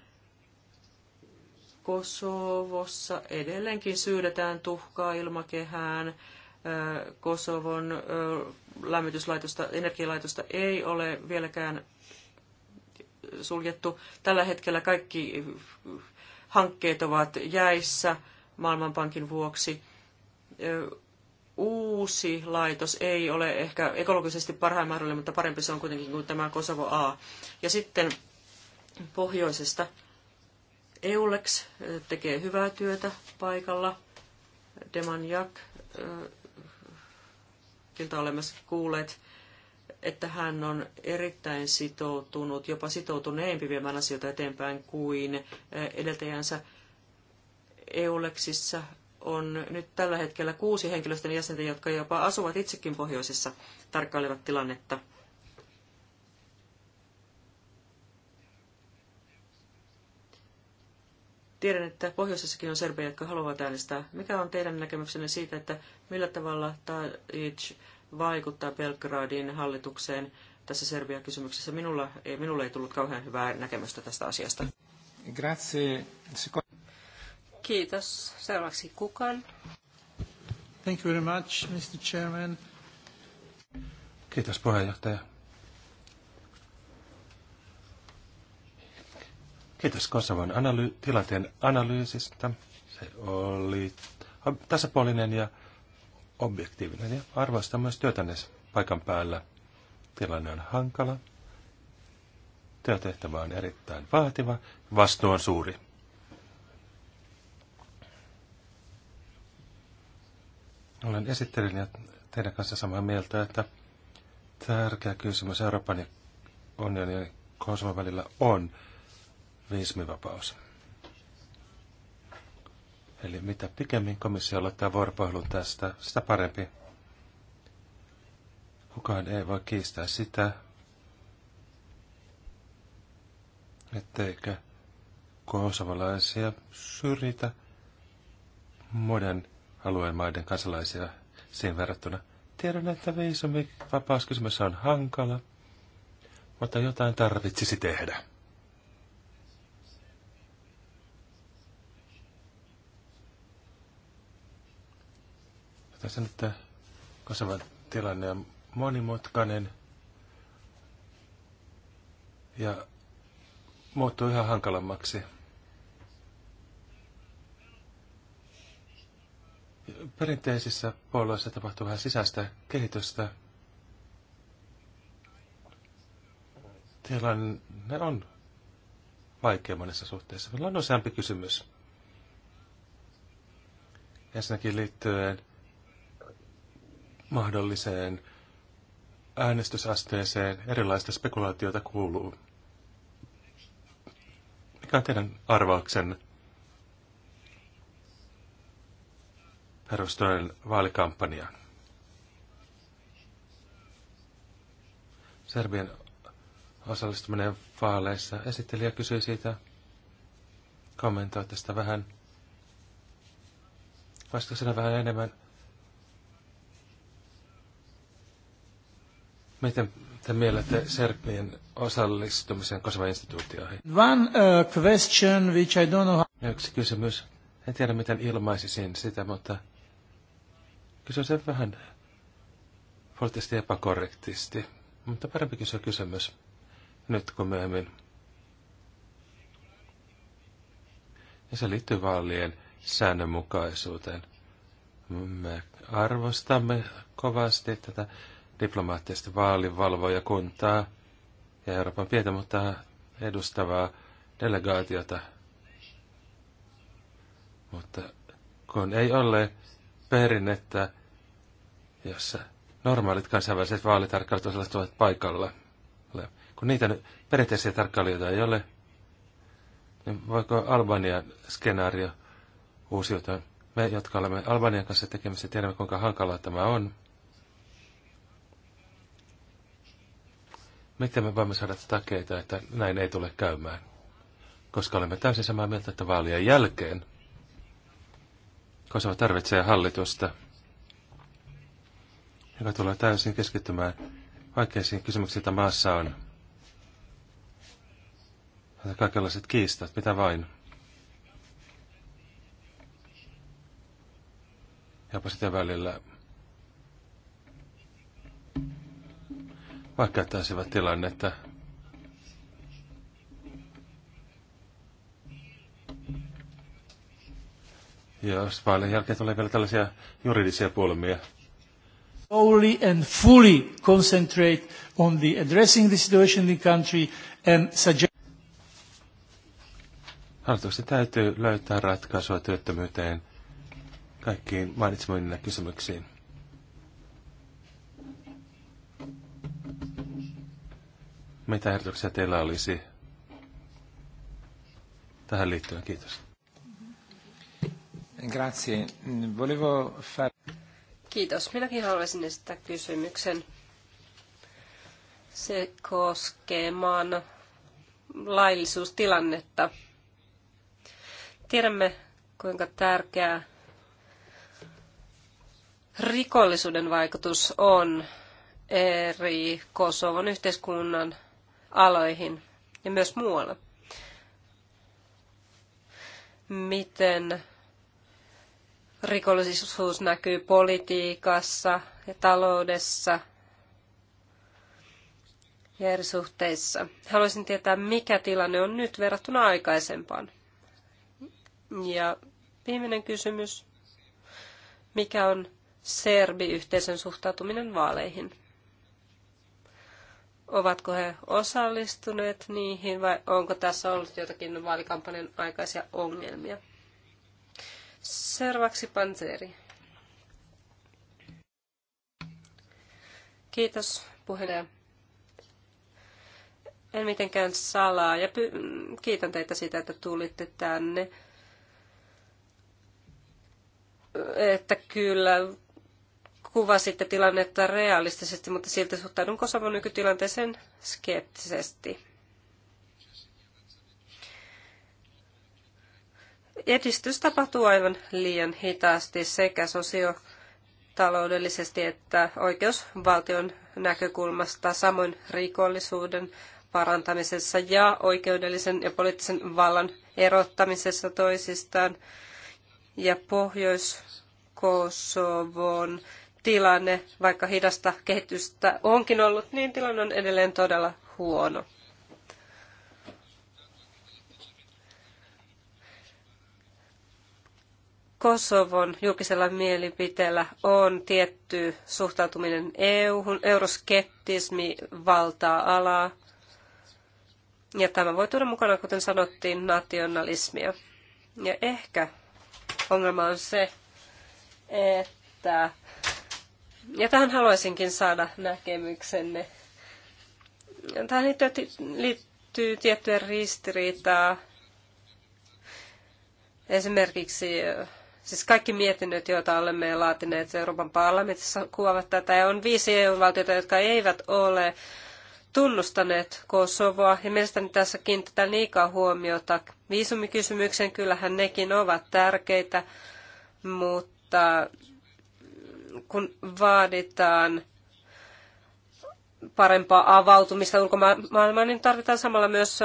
Kosovossa edelleenkin syydetään tuhkaa ilmakehään. Kosovon lämmityslaitosta, energialaitosta ei ole vieläkään suljettu. Tällä hetkellä kaikki hankkeet ovat jäissä Maailmanpankin vuoksi uusi laitos ei ole ehkä ekologisesti parhain mahdollinen, mutta parempi se on kuitenkin kuin tämä Kosovo A. Ja sitten pohjoisesta EULEX tekee hyvää työtä paikalla. Demanjak, kiltä olemme kuulleet, että hän on erittäin sitoutunut, jopa sitoutuneempi viemään asioita eteenpäin kuin edeltäjänsä. EULEXissa on nyt tällä hetkellä kuusi henkilöstön jäsentä, jotka jopa asuvat itsekin pohjoisessa, tarkkailevat tilannetta. Tiedän, että pohjoisessakin on serbejä, jotka haluavat äänestää. Mikä on teidän näkemyksenne siitä, että millä tavalla Tadic vaikuttaa Belgradin hallitukseen tässä Serbia-kysymyksessä? Minulla ei, minulla ei tullut kauhean hyvää näkemystä tästä asiasta. Grazie. Kiitos. Seuraavaksi Kukan. Thank you very much, Mr. Chairman. Kiitos puheenjohtaja. Kiitos Kosovon analy- tilanteen analyysistä. Se oli tasapuolinen ja objektiivinen ja arvoista myös työtänne paikan päällä. Tilanne on hankala. Työtehtävä on erittäin vaativa. Vastuu on suuri. Olen esittelin ja teidän kanssa samaa mieltä, että tärkeä kysymys Euroopan ja unionin ja Kosovan välillä on viisumivapaus. Eli mitä pikemmin komissio aloittaa vuoropuhelun tästä, sitä parempi. Kukaan ei voi kiistää sitä, etteikö kosovalaisia syrjitä muiden alueen maiden kansalaisia sen verrattuna. Tiedän, että vapauskysymys on hankala, mutta jotain tarvitsisi tehdä. Tässä nyt Kosovan tilanne on monimutkainen ja muuttuu ihan hankalammaksi. perinteisissä puolueissa tapahtuu vähän sisäistä kehitystä. Tilanne on vaikea monessa suhteessa. Meillä on useampi kysymys. Ensinnäkin liittyen mahdolliseen äänestysasteeseen erilaista spekulaatiota kuuluu. Mikä on teidän arvauksenne? perustuen vaalikampanjaan. Serbian osallistuminen vaaleissa. Esittelijä kysyi siitä, kommentoi tästä vähän. Voisitko sinä vähän enemmän, miten te mielette Serbian osallistumisen Kosovan instituutioihin? One uh, question which I don't know how... Yksi kysymys. En tiedä, miten ilmaisisin sitä, mutta kysyä sen vähän poliittisesti epäkorrektisti, mutta parempi kysyä kysymys nyt kuin myöhemmin. Ja se liittyy vaalien säännönmukaisuuteen. Me arvostamme kovasti tätä diplomaattista vaalivalvojakuntaa ja Euroopan pientä, mutta edustavaa delegaatiota. Mutta kun ei ole perinnettä jossa normaalit kansainväliset vaalitarkkailut osallistuvat paikalla. Kun niitä nyt perinteisiä tarkkailijoita ei ole, niin voiko Albanian skenaario uusiutua? Me, jotka olemme Albanian kanssa tekemässä, tiedämme, kuinka hankalaa tämä on. Miten me voimme saada takeita, että näin ei tule käymään? Koska olemme täysin samaa mieltä, että vaalien jälkeen Kosovo tarvitsee hallitusta – joka tulee täysin keskittymään vaikeisiin kysymyksiin, joita maassa on. Kaikenlaiset kiistat, mitä vain. Jopa sitä välillä Vaikka vaikeuttaisivat tilannetta. Jos vaalien jälkeen tulee vielä tällaisia juridisia pulmia solely and fully concentrate on the addressing the situation in the country and suggest Hallituksen täytyy löytää ratkaisua työttömyyteen kaikkiin mainitsemoinnille kysymyksiin. Mitä ehdotuksia teillä olisi tähän liittyen? Kiitos. Grazie. Volevo fare... Kiitos. Minäkin haluaisin esittää kysymyksen. Se koskee maan laillisuustilannetta. Tiedämme, kuinka tärkeää rikollisuuden vaikutus on eri Kosovon yhteiskunnan aloihin ja myös muualla. Miten rikollisuus näkyy politiikassa ja taloudessa ja eri suhteissa. Haluaisin tietää, mikä tilanne on nyt verrattuna aikaisempaan. Ja viimeinen kysymys. Mikä on serbiyhteisön suhtautuminen vaaleihin? Ovatko he osallistuneet niihin vai onko tässä ollut jotakin vaalikampanjan aikaisia ongelmia? Seuraavaksi Panzeri. Kiitos puheenjohtaja. En mitenkään salaa ja kiitän teitä siitä, että tulitte tänne. Että kyllä kuvasitte tilannetta realistisesti, mutta silti suhtaudun Kosovon nykytilanteeseen skeptisesti. edistys tapahtuu aivan liian hitaasti sekä sosiotaloudellisesti että oikeusvaltion näkökulmasta, samoin rikollisuuden parantamisessa ja oikeudellisen ja poliittisen vallan erottamisessa toisistaan. Ja Pohjois-Kosovon tilanne, vaikka hidasta kehitystä onkin ollut, niin tilanne on edelleen todella huono. Kosovon julkisella mielipiteellä on tietty suhtautuminen EU-hun, euroskeptismi valtaa alaa. Ja tämä voi tuoda mukana, kuten sanottiin, nationalismia. Ja ehkä ongelma on se, että... Ja tähän haluaisinkin saada näkemyksenne. Tähän liittyy, liittyy tiettyä ristiriitaa. Esimerkiksi Siis kaikki mietinnöt, joita olemme laatineet Euroopan parlamentissa, kuvaavat tätä. Ja on viisi EU-valtiota, jotka eivät ole tunnustaneet Kosovoa. Ja mielestäni tässä kiinnitetään liikaa huomiota viisumikysymykseen. Kyllähän nekin ovat tärkeitä, mutta kun vaaditaan parempaa avautumista ulkomaailmaan, niin tarvitaan samalla myös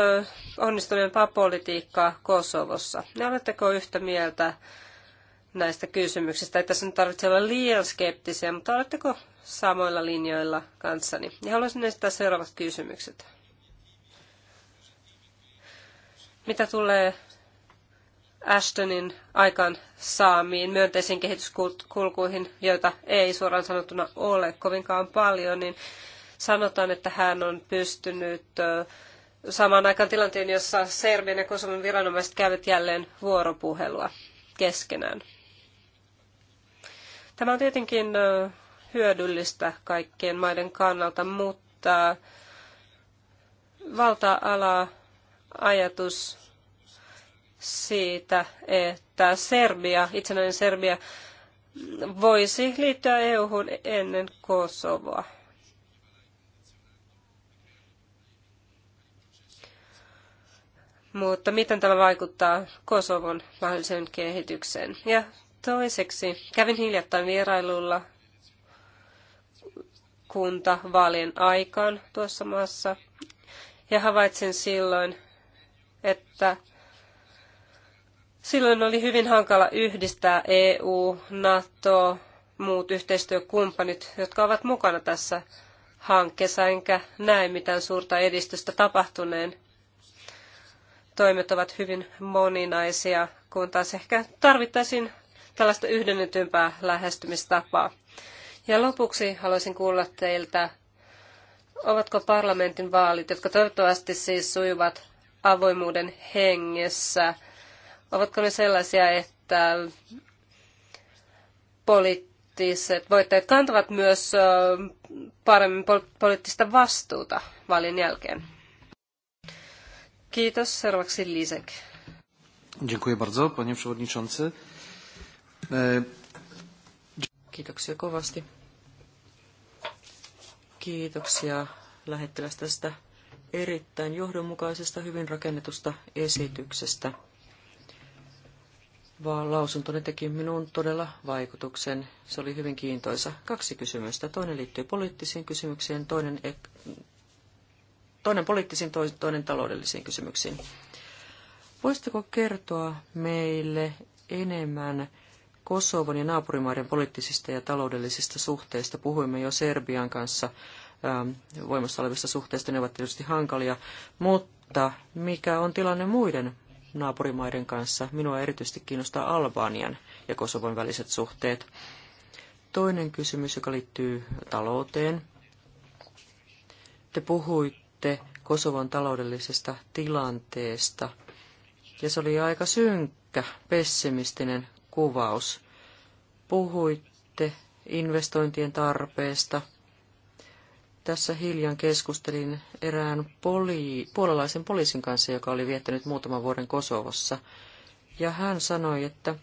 onnistuneempaa politiikkaa Kosovossa. Ja oletteko yhtä mieltä näistä kysymyksistä. Ei tässä nyt tarvitse olla liian skeptisiä, mutta oletteko samoilla linjoilla kanssani? Ja haluaisin esittää seuraavat kysymykset. Mitä tulee Ashtonin aikaan saamiin myönteisiin kehityskulkuihin, joita ei suoraan sanottuna ole kovinkaan paljon, niin sanotaan, että hän on pystynyt samaan aikaan tilanteen, jossa Serbian ja Kosovan viranomaiset käyvät jälleen vuoropuhelua keskenään. Tämä on tietenkin hyödyllistä kaikkien maiden kannalta, mutta valta-ala ajatus siitä, että Serbia, itsenäinen Serbia, voisi liittyä EU-hun ennen Kosovoa. Mutta miten tämä vaikuttaa Kosovon mahdolliseen kehitykseen? Ja Toiseksi kävin hiljattain vierailulla kuntavaalien aikaan tuossa maassa ja havaitsin silloin, että silloin oli hyvin hankala yhdistää EU, NATO, muut yhteistyökumppanit, jotka ovat mukana tässä hankkeessa, enkä näe mitään suurta edistystä tapahtuneen. Toimet ovat hyvin moninaisia, kun taas ehkä tarvittaisiin tällaista yhdennetympää lähestymistapaa. Ja lopuksi haluaisin kuulla teiltä, ovatko parlamentin vaalit, jotka toivottavasti siis sujuvat avoimuuden hengessä, ovatko ne sellaisia, että poliittiset voittajat kantavat myös paremmin poliittista vastuuta vaalien jälkeen? Kiitos. Seuraavaksi Lisek. Dziękuję bardzo, panie przewodniczący. Kiitoksia kovasti. Kiitoksia lähettiläs tästä erittäin johdonmukaisesta, hyvin rakennetusta esityksestä. Vaan lausuntoni teki minun todella vaikutuksen. Se oli hyvin kiintoisa. Kaksi kysymystä. Toinen liittyy poliittisiin kysymyksiin, toinen, toinen poliittisiin, toinen taloudellisiin kysymyksiin. Voisitteko kertoa meille enemmän Kosovon ja naapurimaiden poliittisista ja taloudellisista suhteista. Puhuimme jo Serbian kanssa ähm, voimassa olevista suhteista, ne ovat tietysti hankalia, mutta mikä on tilanne muiden naapurimaiden kanssa? Minua erityisesti kiinnostaa Albanian ja Kosovon väliset suhteet. Toinen kysymys, joka liittyy talouteen. Te puhuitte Kosovon taloudellisesta tilanteesta, ja se oli aika synkkä, pessimistinen kuvaus. Puhuitte investointien tarpeesta. Tässä hiljan keskustelin erään poli- puolalaisen poliisin kanssa, joka oli viettänyt muutaman vuoden Kosovossa. Ja hän sanoi, että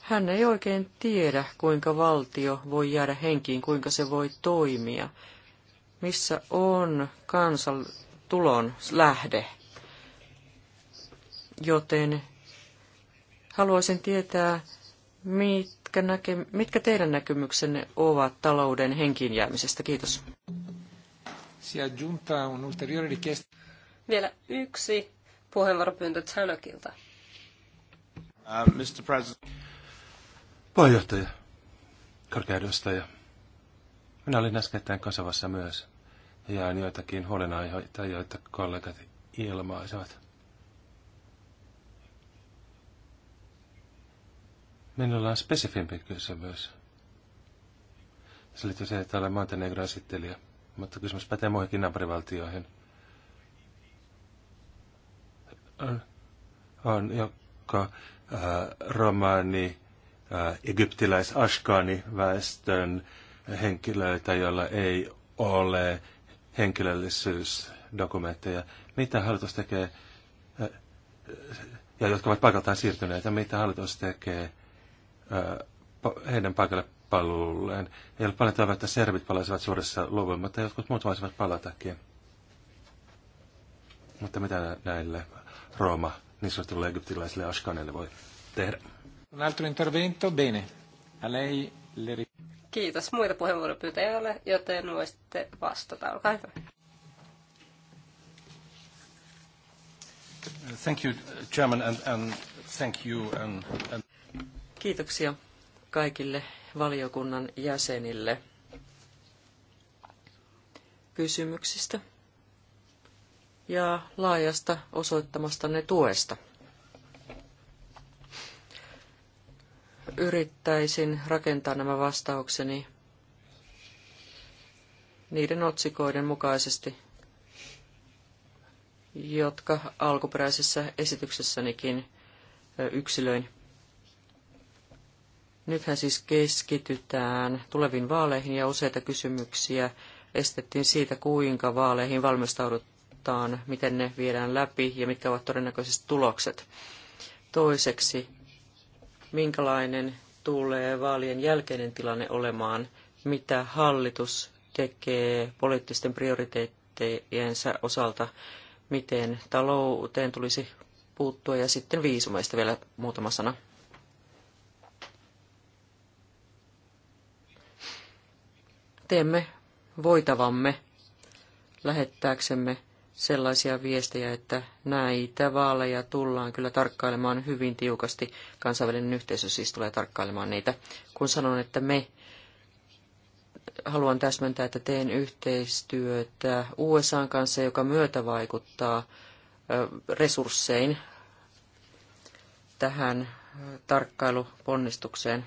hän ei oikein tiedä, kuinka valtio voi jäädä henkiin, kuinka se voi toimia, missä on kansan tulon lähde. Joten Haluaisin tietää, mitkä, näke, mitkä teidän näkemyksenne ovat talouden henkiinjäämisestä. Kiitos. Vielä yksi puheenvuoropyyntö Tanakilta. Uh, Mr. President. Puheenjohtaja, korkea edustaja. Minä olin äskettäin kasavassa myös. Ja joitakin huolenaiheita, joita kollegat ilmaisivat. Minulla on spesifimpi kysymys. Se liittyy siihen, että olen Montenegron esittelijä, mutta kysymys pätee muihinkin naapurivaltioihin. On, on joko äh, romaani, äh, egyptiläis ashkani väestön henkilöitä, joilla ei ole henkilöllisyysdokumentteja. Mitä hallitus tekee, äh, ja jotka ovat paikaltaan siirtyneitä, mitä hallitus tekee heidän paikalle palulleen. Ei ole paljon toivoa, että servit palaisivat suuressa luvun, mutta jotkut muut voisivat palatakin. Mutta mitä näille Rooma, niin sanotulle egyptiläisille ashkaneille voi tehdä? Un altro intervento, bene. A lei le... Kiitos. Muita puheenvuoropyyntöjä ei ole, joten voisitte vastata. Olkaa hyvä. Thank you, Chairman, and, and thank you. And, and... Kiitoksia kaikille valiokunnan jäsenille kysymyksistä ja laajasta osoittamastanne tuesta. Yrittäisin rakentaa nämä vastaukseni niiden otsikoiden mukaisesti, jotka alkuperäisessä esityksessänikin yksilöin. Nythän siis keskitytään tuleviin vaaleihin ja useita kysymyksiä estettiin siitä, kuinka vaaleihin valmistaudutaan, miten ne viedään läpi ja mitkä ovat todennäköiset tulokset. Toiseksi, minkälainen tulee vaalien jälkeinen tilanne olemaan, mitä hallitus tekee poliittisten prioriteettiensa osalta, miten talouteen tulisi puuttua ja sitten viisumeista vielä muutama sana. teemme voitavamme lähettääksemme sellaisia viestejä, että näitä vaaleja tullaan kyllä tarkkailemaan hyvin tiukasti. Kansainvälinen yhteisö siis tulee tarkkailemaan niitä. Kun sanon, että me haluan täsmentää, että teen yhteistyötä USA kanssa, joka myötä vaikuttaa resurssein tähän tarkkailuponnistukseen.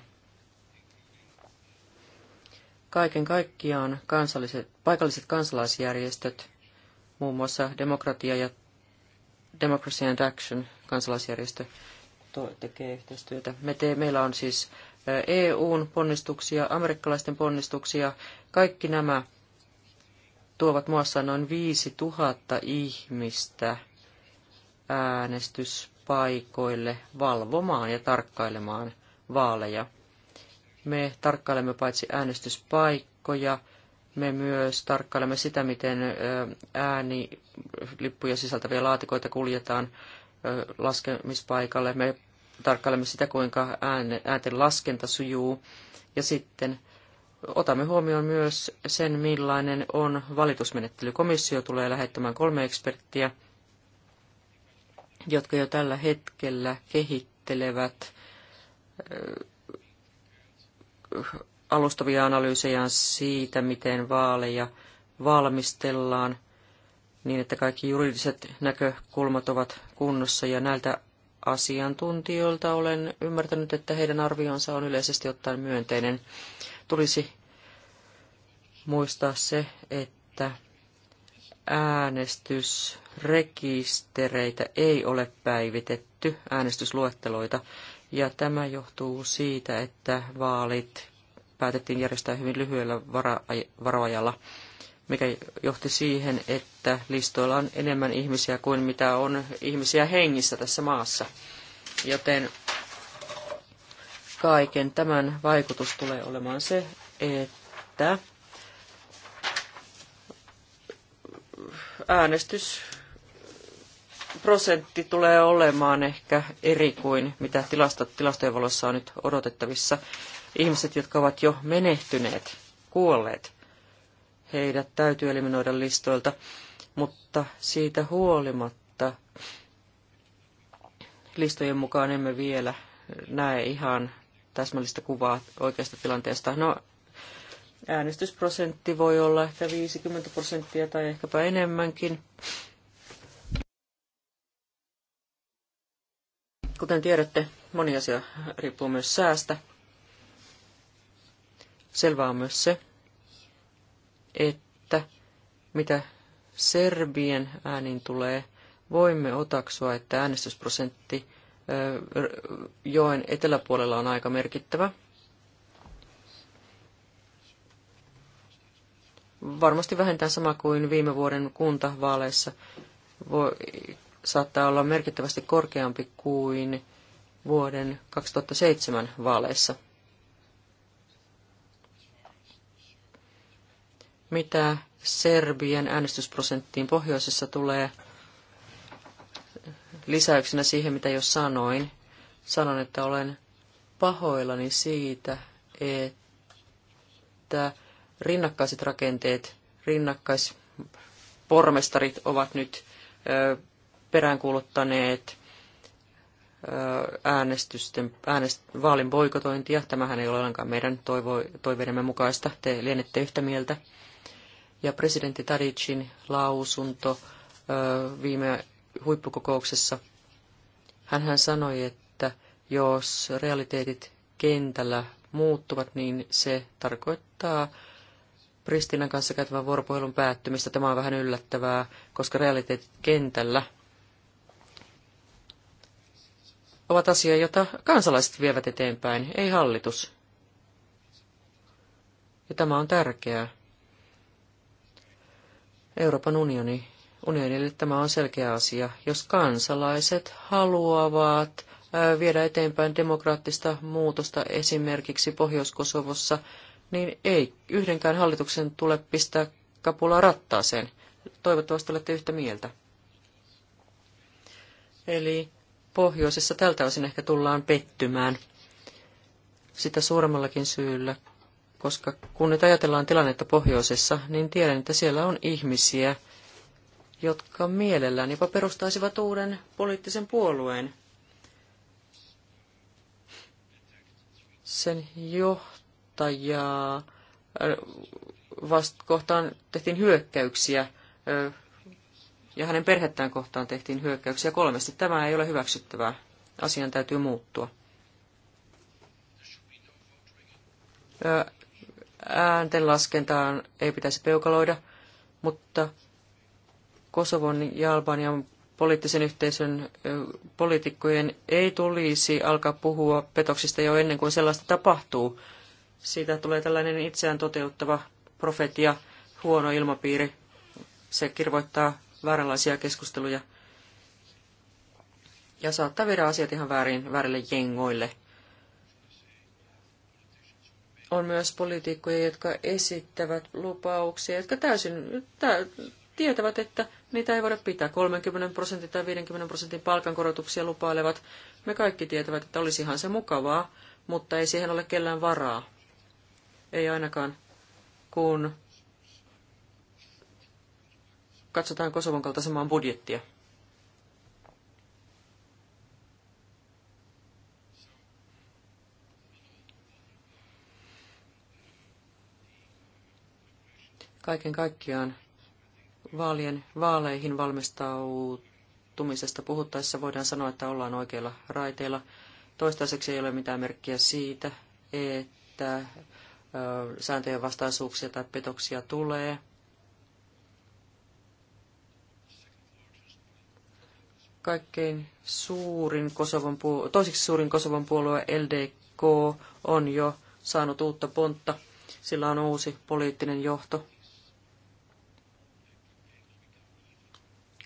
Kaiken kaikkiaan kansalliset, paikalliset kansalaisjärjestöt, muun muassa Demokratia ja Democracy and Action kansalaisjärjestö to, tekee yhteistyötä. Me te, meillä on siis EUn ponnistuksia, amerikkalaisten ponnistuksia. Kaikki nämä tuovat muassa noin 5000 ihmistä äänestyspaikoille valvomaan ja tarkkailemaan vaaleja. Me tarkkailemme paitsi äänestyspaikkoja, me myös tarkkailemme sitä, miten äänilippuja sisältäviä laatikoita kuljetaan laskemispaikalle. Me tarkkailemme sitä, kuinka äänten laskenta sujuu. Ja sitten otamme huomioon myös sen, millainen on valitusmenettely. Komissio tulee lähettämään kolme eksperttiä, jotka jo tällä hetkellä kehittelevät alustavia analyysejään siitä, miten vaaleja valmistellaan niin, että kaikki juridiset näkökulmat ovat kunnossa ja näiltä asiantuntijoilta olen ymmärtänyt, että heidän arvionsa on yleisesti ottaen myönteinen. Tulisi muistaa se, että äänestysrekistereitä ei ole päivitetty, äänestysluetteloita, ja tämä johtuu siitä, että vaalit päätettiin järjestää hyvin lyhyellä varoajalla, mikä johti siihen, että listoilla on enemmän ihmisiä kuin mitä on ihmisiä hengissä tässä maassa. Joten kaiken tämän vaikutus tulee olemaan se, että äänestys prosentti tulee olemaan ehkä eri kuin mitä tilastot, tilastojen valossa on nyt odotettavissa. Ihmiset, jotka ovat jo menehtyneet, kuolleet, heidät täytyy eliminoida listoilta, mutta siitä huolimatta listojen mukaan emme vielä näe ihan täsmällistä kuvaa oikeasta tilanteesta. No, äänestysprosentti voi olla ehkä 50 prosenttia tai ehkäpä enemmänkin. Kuten tiedätte, moni asia riippuu myös säästä. Selvää on myös se, että mitä Serbien ääniin tulee, voimme otaksua, että äänestysprosentti joen eteläpuolella on aika merkittävä. Varmasti vähintään sama kuin viime vuoden kuntavaaleissa saattaa olla merkittävästi korkeampi kuin vuoden 2007 vaaleissa. Mitä Serbien äänestysprosenttiin pohjoisessa tulee lisäyksenä siihen, mitä jo sanoin, sanon, että olen pahoillani siitä, että rinnakkaiset rakenteet, rinnakkaispormestarit ovat nyt peräänkuuluttaneet äänestysten, äänest, vaalin boikotointia. Tämähän ei ole ollenkaan meidän toivo, toiveidemme mukaista. Te lienette yhtä mieltä. Ja presidentti Tadicin lausunto viime huippukokouksessa. hän sanoi, että jos realiteetit kentällä muuttuvat, niin se tarkoittaa Pristinan kanssa käytävän vuoropuhelun päättymistä. Tämä on vähän yllättävää, koska realiteetit kentällä – ovat asia, jota kansalaiset vievät eteenpäin, ei hallitus. Ja tämä on tärkeää. Euroopan unioni, unionille tämä on selkeä asia. Jos kansalaiset haluavat viedä eteenpäin demokraattista muutosta esimerkiksi Pohjois-Kosovossa, niin ei yhdenkään hallituksen tule pistää kapulaa rattaaseen. Toivottavasti olette yhtä mieltä. Eli pohjoisessa tältä osin ehkä tullaan pettymään. Sitä suuremmallakin syyllä, koska kun nyt ajatellaan tilannetta pohjoisessa, niin tiedän, että siellä on ihmisiä, jotka mielellään jopa perustaisivat uuden poliittisen puolueen. Sen johtajaa äh, vasta kohtaan tehtiin hyökkäyksiä äh, ja hänen perhettään kohtaan tehtiin hyökkäyksiä kolmesti. Tämä ei ole hyväksyttävää. Asian täytyy muuttua. Äänten laskentaan ei pitäisi peukaloida, mutta Kosovon ja Albanian poliittisen yhteisön poliitikkojen ei tulisi alkaa puhua petoksista jo ennen kuin sellaista tapahtuu. Siitä tulee tällainen itseään toteuttava profetia, huono ilmapiiri. Se kirvoittaa vääränlaisia keskusteluja ja saattaa viedä asiat ihan väärin, väärille jengoille. On myös poliitikkoja, jotka esittävät lupauksia, jotka täysin tä, tietävät, että niitä ei voida pitää. 30 prosentin tai 50 prosentin palkankorotuksia lupailevat. Me kaikki tietävät, että olisihan se mukavaa, mutta ei siihen ole kellään varaa. Ei ainakaan, kun katsotaan Kosovon kaltaisen maan budjettia. Kaiken kaikkiaan vaalien, vaaleihin valmistautumisesta puhuttaessa voidaan sanoa, että ollaan oikeilla raiteilla. Toistaiseksi ei ole mitään merkkiä siitä, että sääntöjen vastaisuuksia tai petoksia tulee. kaikkein suurin Kosovon, toiseksi suurin Kosovon puolue LDK on jo saanut uutta pontta. Sillä on uusi poliittinen johto.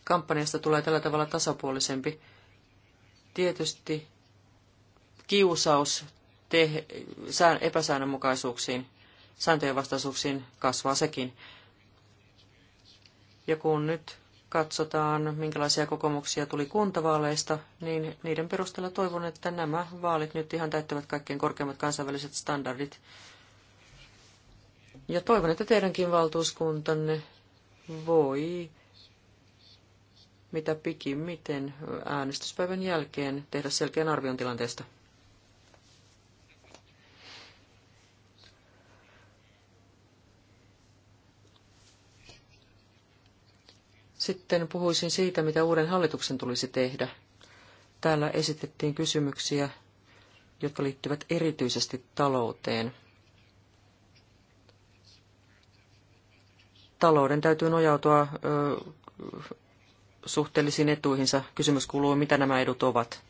Kampanjasta tulee tällä tavalla tasapuolisempi. Tietysti kiusaus te- epäsäännönmukaisuuksiin, sääntöjen vastaisuuksiin kasvaa sekin. Ja kun nyt katsotaan, minkälaisia kokemuksia tuli kuntavaaleista, niin niiden perusteella toivon, että nämä vaalit nyt ihan täyttävät kaikkein korkeimmat kansainväliset standardit. Ja toivon, että teidänkin valtuuskuntanne voi mitä pikimmiten äänestyspäivän jälkeen tehdä selkeän arvion tilanteesta. Sitten puhuisin siitä, mitä uuden hallituksen tulisi tehdä. Täällä esitettiin kysymyksiä, jotka liittyvät erityisesti talouteen. Talouden täytyy nojautua ö, suhteellisiin etuihinsa. Kysymys kuuluu, mitä nämä edut ovat.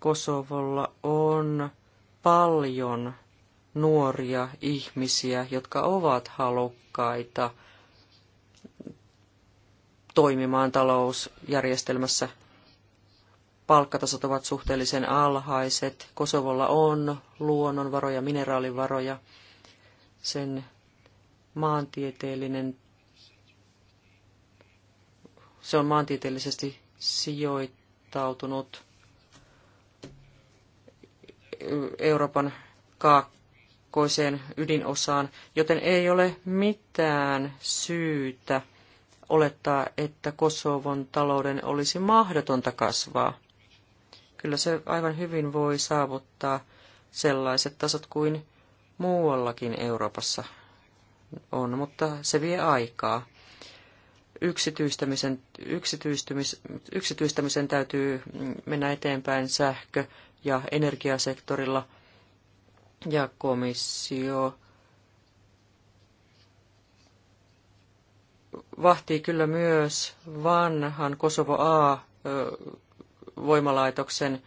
Kosovolla on paljon nuoria ihmisiä, jotka ovat halukkaita – toimimaan talousjärjestelmässä. Palkkatasot ovat suhteellisen alhaiset. Kosovolla on luonnonvaroja, mineraalivaroja. Sen maantieteellinen, se on maantieteellisesti sijoittautunut Euroopan kaakkoiseen ydinosaan, joten ei ole mitään syytä – olettaa, että Kosovon talouden olisi mahdotonta kasvaa. Kyllä se aivan hyvin voi saavuttaa sellaiset tasot kuin muuallakin Euroopassa on, mutta se vie aikaa. Yksityistämisen, yksityistymis, yksityistämisen täytyy mennä eteenpäin sähkö- ja energiasektorilla, ja komissio vahtii kyllä myös vanhan Kosovo A-voimalaitoksen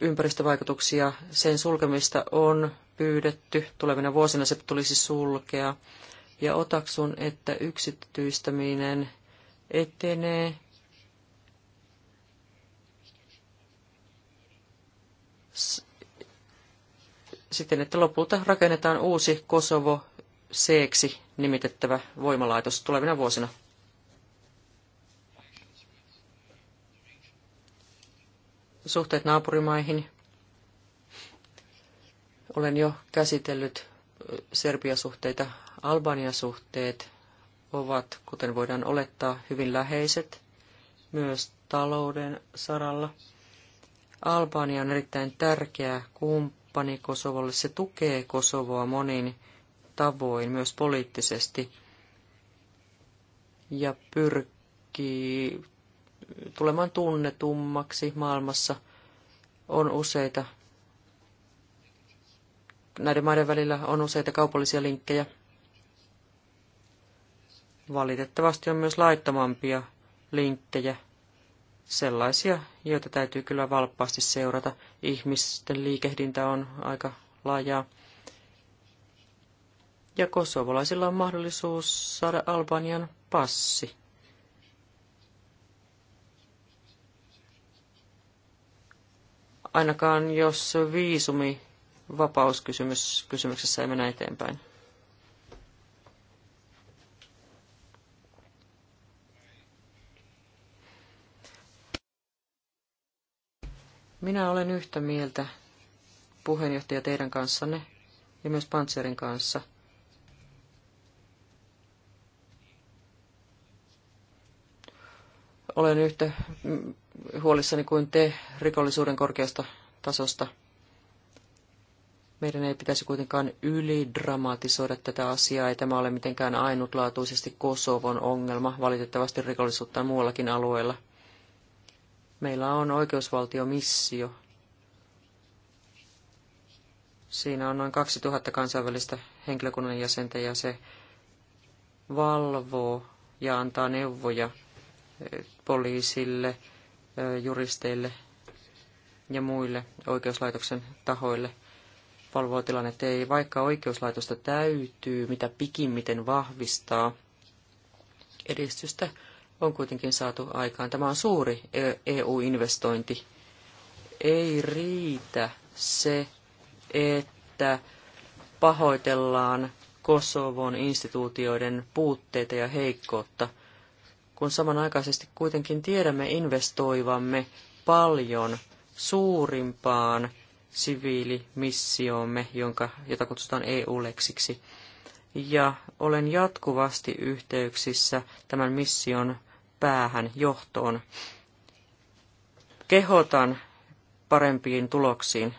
ympäristövaikutuksia. Sen sulkemista on pyydetty. Tulevina vuosina se tulisi sulkea. Ja otaksun, että yksityistäminen etenee. Siten, että lopulta rakennetaan uusi Kosovo seeksi nimitettävä voimalaitos tulevina vuosina. Suhteet naapurimaihin. Olen jo käsitellyt Serbia-suhteita. Albania-suhteet ovat, kuten voidaan olettaa, hyvin läheiset myös talouden saralla. Albania on erittäin tärkeä kumppani Kosovolle. Se tukee Kosovoa monin tavoin myös poliittisesti ja pyrkii tulemaan tunnetummaksi maailmassa. On useita, näiden maiden välillä on useita kaupallisia linkkejä. Valitettavasti on myös laittomampia linkkejä, sellaisia, joita täytyy kyllä valppaasti seurata. Ihmisten liikehdintä on aika laajaa ja kosovolaisilla on mahdollisuus saada Albanian passi. Ainakaan jos viisumi vapauskysymys kysymyksessä ei mennä eteenpäin. Minä olen yhtä mieltä puheenjohtaja teidän kanssanne ja myös Pantserin kanssa – Olen yhtä huolissani kuin te rikollisuuden korkeasta tasosta. Meidän ei pitäisi kuitenkaan ylidramatisoida tätä asiaa, ei tämä ole mitenkään ainutlaatuisesti Kosovon ongelma, valitettavasti rikollisuutta on muuallakin alueella. Meillä on oikeusvaltiomissio. Siinä on noin 2000 kansainvälistä henkilökunnan jäsentä ja se valvoo ja antaa neuvoja poliisille, juristeille ja muille oikeuslaitoksen tahoille valvoa tilannetta. Ei, vaikka oikeuslaitosta täytyy mitä pikimmiten vahvistaa, edistystä on kuitenkin saatu aikaan. Tämä on suuri EU-investointi. E Ei riitä se, että pahoitellaan Kosovon instituutioiden puutteita ja heikkoutta – kun samanaikaisesti kuitenkin tiedämme investoivamme paljon suurimpaan siviilimissioomme, jonka, jota kutsutaan EU-leksiksi. Ja olen jatkuvasti yhteyksissä tämän mission päähän johtoon. Kehotan parempiin tuloksiin.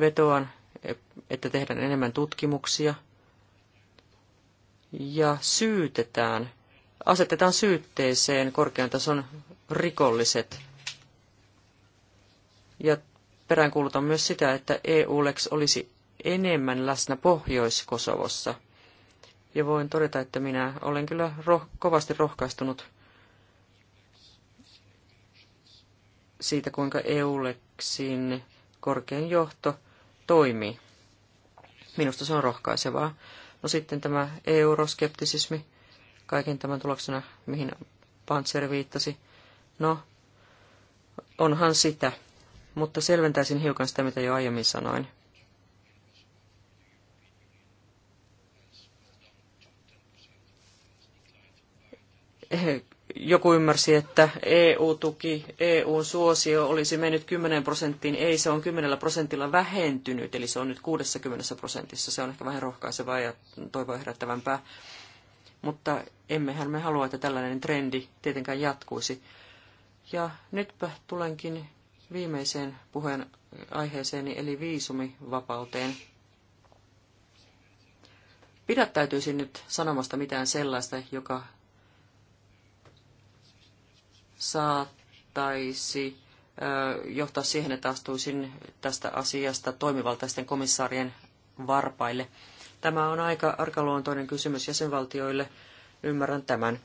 Vetoan, että tehdään enemmän tutkimuksia ja syytetään asetetaan syytteeseen korkean tason rikolliset. Ja peräänkuulutan myös sitä, että EU-lex olisi enemmän läsnä Pohjois-Kosovossa. Ja voin todeta, että minä olen kyllä roh- kovasti rohkaistunut siitä, kuinka EULEXin korkein johto toimii. Minusta se on rohkaisevaa. No sitten tämä euroskeptisismi kaiken tämän tuloksena, mihin Panzer viittasi. No, onhan sitä, mutta selventäisin hiukan sitä, mitä jo aiemmin sanoin. Joku ymmärsi, että EU-tuki, EU-suosio olisi mennyt 10 prosenttiin. Ei, se on 10 prosentilla vähentynyt, eli se on nyt 60 prosentissa. Se on ehkä vähän rohkaisevaa ja toivoa herättävämpää mutta emmehän me halua, että tällainen trendi tietenkään jatkuisi. Ja nytpä tulenkin viimeiseen puheen aiheeseeni, eli viisumivapauteen. Pidättäytyisin nyt sanomasta mitään sellaista, joka saattaisi johtaa siihen, että astuisin tästä asiasta toimivaltaisten komissaarien varpaille. Tämä on aika arkaluontoinen kysymys jäsenvaltioille, ymmärrän tämän.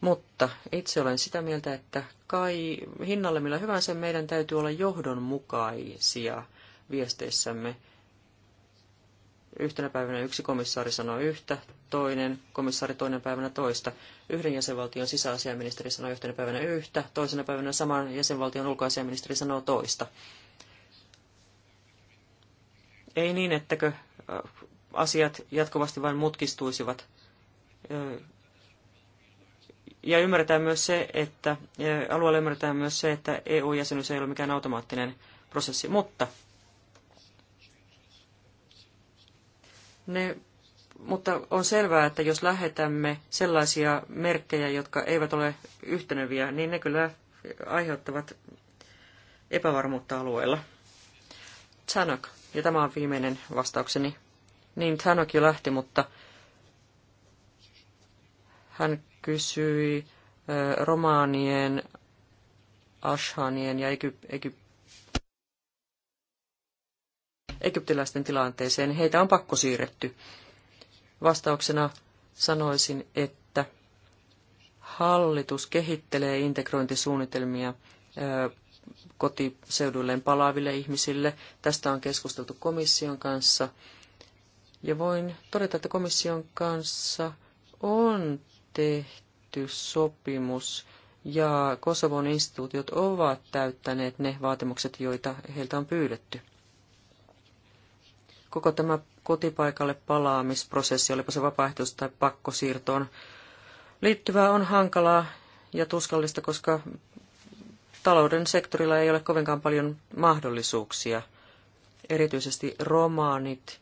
Mutta itse olen sitä mieltä, että kai hinnalle millä hyvänsä meidän täytyy olla johdonmukaisia viesteissämme. Yhtenä päivänä yksi komissaari sanoi yhtä, toinen komissaari toinen päivänä toista. Yhden jäsenvaltion sisäasiaministeri sanoi yhtenä päivänä yhtä, toisena päivänä saman jäsenvaltion ulkoasiaministeri sanoo toista. Ei niin, ettäkö asiat jatkuvasti vain mutkistuisivat. Ja ymmärretään myös se, että alueella ymmärretään myös se, että EU-jäsenyys ei ole mikään automaattinen prosessi, mutta ne, mutta on selvää, että jos lähetämme sellaisia merkkejä, jotka eivät ole yhteneviä, niin ne kyllä aiheuttavat epävarmuutta alueella. Chanak, ja tämä on viimeinen vastaukseni niin, Tanoki lähti, mutta hän kysyi romaanien, ashanien ja Egyp- Egyp- egyptiläisten tilanteeseen. Heitä on pakko siirretty. Vastauksena sanoisin, että hallitus kehittelee integrointisuunnitelmia kotiseuduilleen palaaville ihmisille. Tästä on keskusteltu komission kanssa – ja voin todeta, että komission kanssa on tehty sopimus ja Kosovon instituutiot ovat täyttäneet ne vaatimukset, joita heiltä on pyydetty. Koko tämä kotipaikalle palaamisprosessi, olipa se vapaaehtois- tai pakkosiirtoon liittyvää, on hankalaa ja tuskallista, koska talouden sektorilla ei ole kovinkaan paljon mahdollisuuksia. Erityisesti romaanit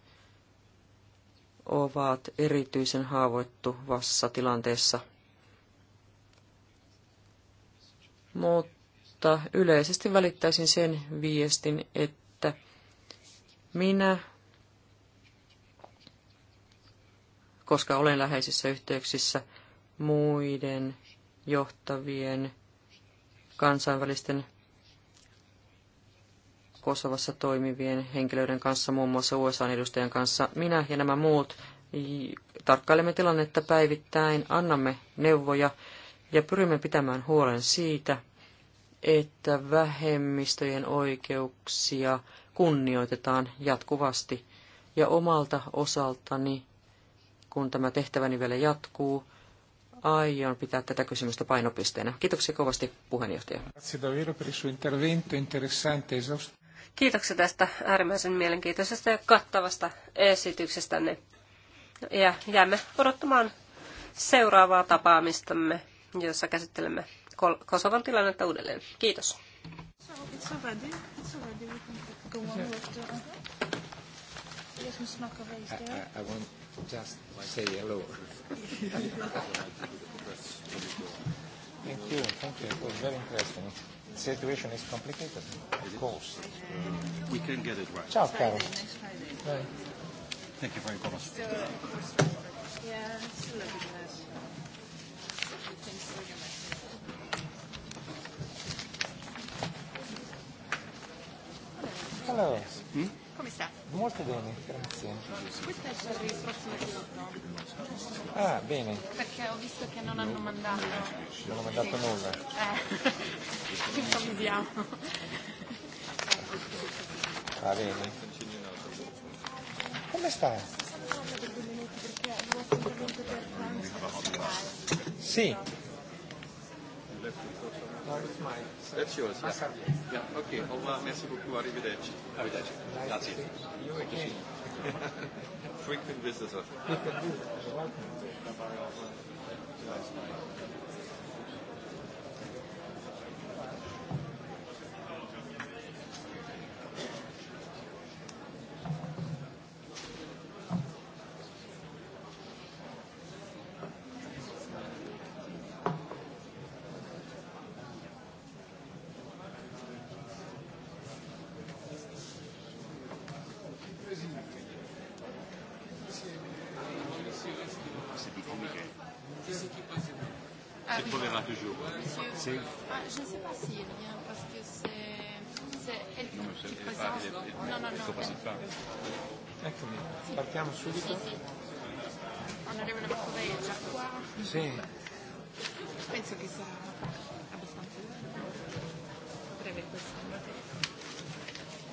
ovat erityisen haavoittuvassa tilanteessa. Mutta yleisesti välittäisin sen viestin, että minä, koska olen läheisissä yhteyksissä muiden johtavien kansainvälisten Kosovassa toimivien henkilöiden kanssa, muun muassa USA-edustajan kanssa. Minä ja nämä muut tarkkailemme tilannetta päivittäin, annamme neuvoja ja pyrimme pitämään huolen siitä, että vähemmistöjen oikeuksia kunnioitetaan jatkuvasti. Ja omalta osaltani, kun tämä tehtäväni vielä jatkuu, aion pitää tätä kysymystä painopisteenä. Kiitoksia kovasti puheenjohtaja. Kiitoksia tästä äärimmäisen mielenkiintoisesta ja kattavasta esityksestänne. Ja jäämme odottamaan seuraavaa tapaamistamme, jossa käsittelemme Kosovan tilannetta uudelleen. Kiitos. Thank you. Thank you. It was very interesting situation is complicated, of course. we can get it right. Ciao, Carlo. Bye. Thank you very much. So, yeah, still a bit less. Thanks very much. Hello. Hmm? sta? Molto bene, grazie. Questo è per il prossimo giorno. Ah, bene. Perché ho visto che non hanno mandato. Non hanno mandato sì. nulla. Eh, ci improvvisiamo. Va bene. Come sta? Sì. No, it's my. That's yours. Yeah. yeah. yeah. Okay. Au revoir. Merci beaucoup. Arrivederci. Arrivederci. Grazie. You again. Frequent visitor. Welcome. C'est... Ah, je ne sais pas s'il vient parce que c'est, elle qui, présente. Pas, non, non, non. Il ne pas. Eccomi, partiamo subito. Sì, sì. Onorevole Correa è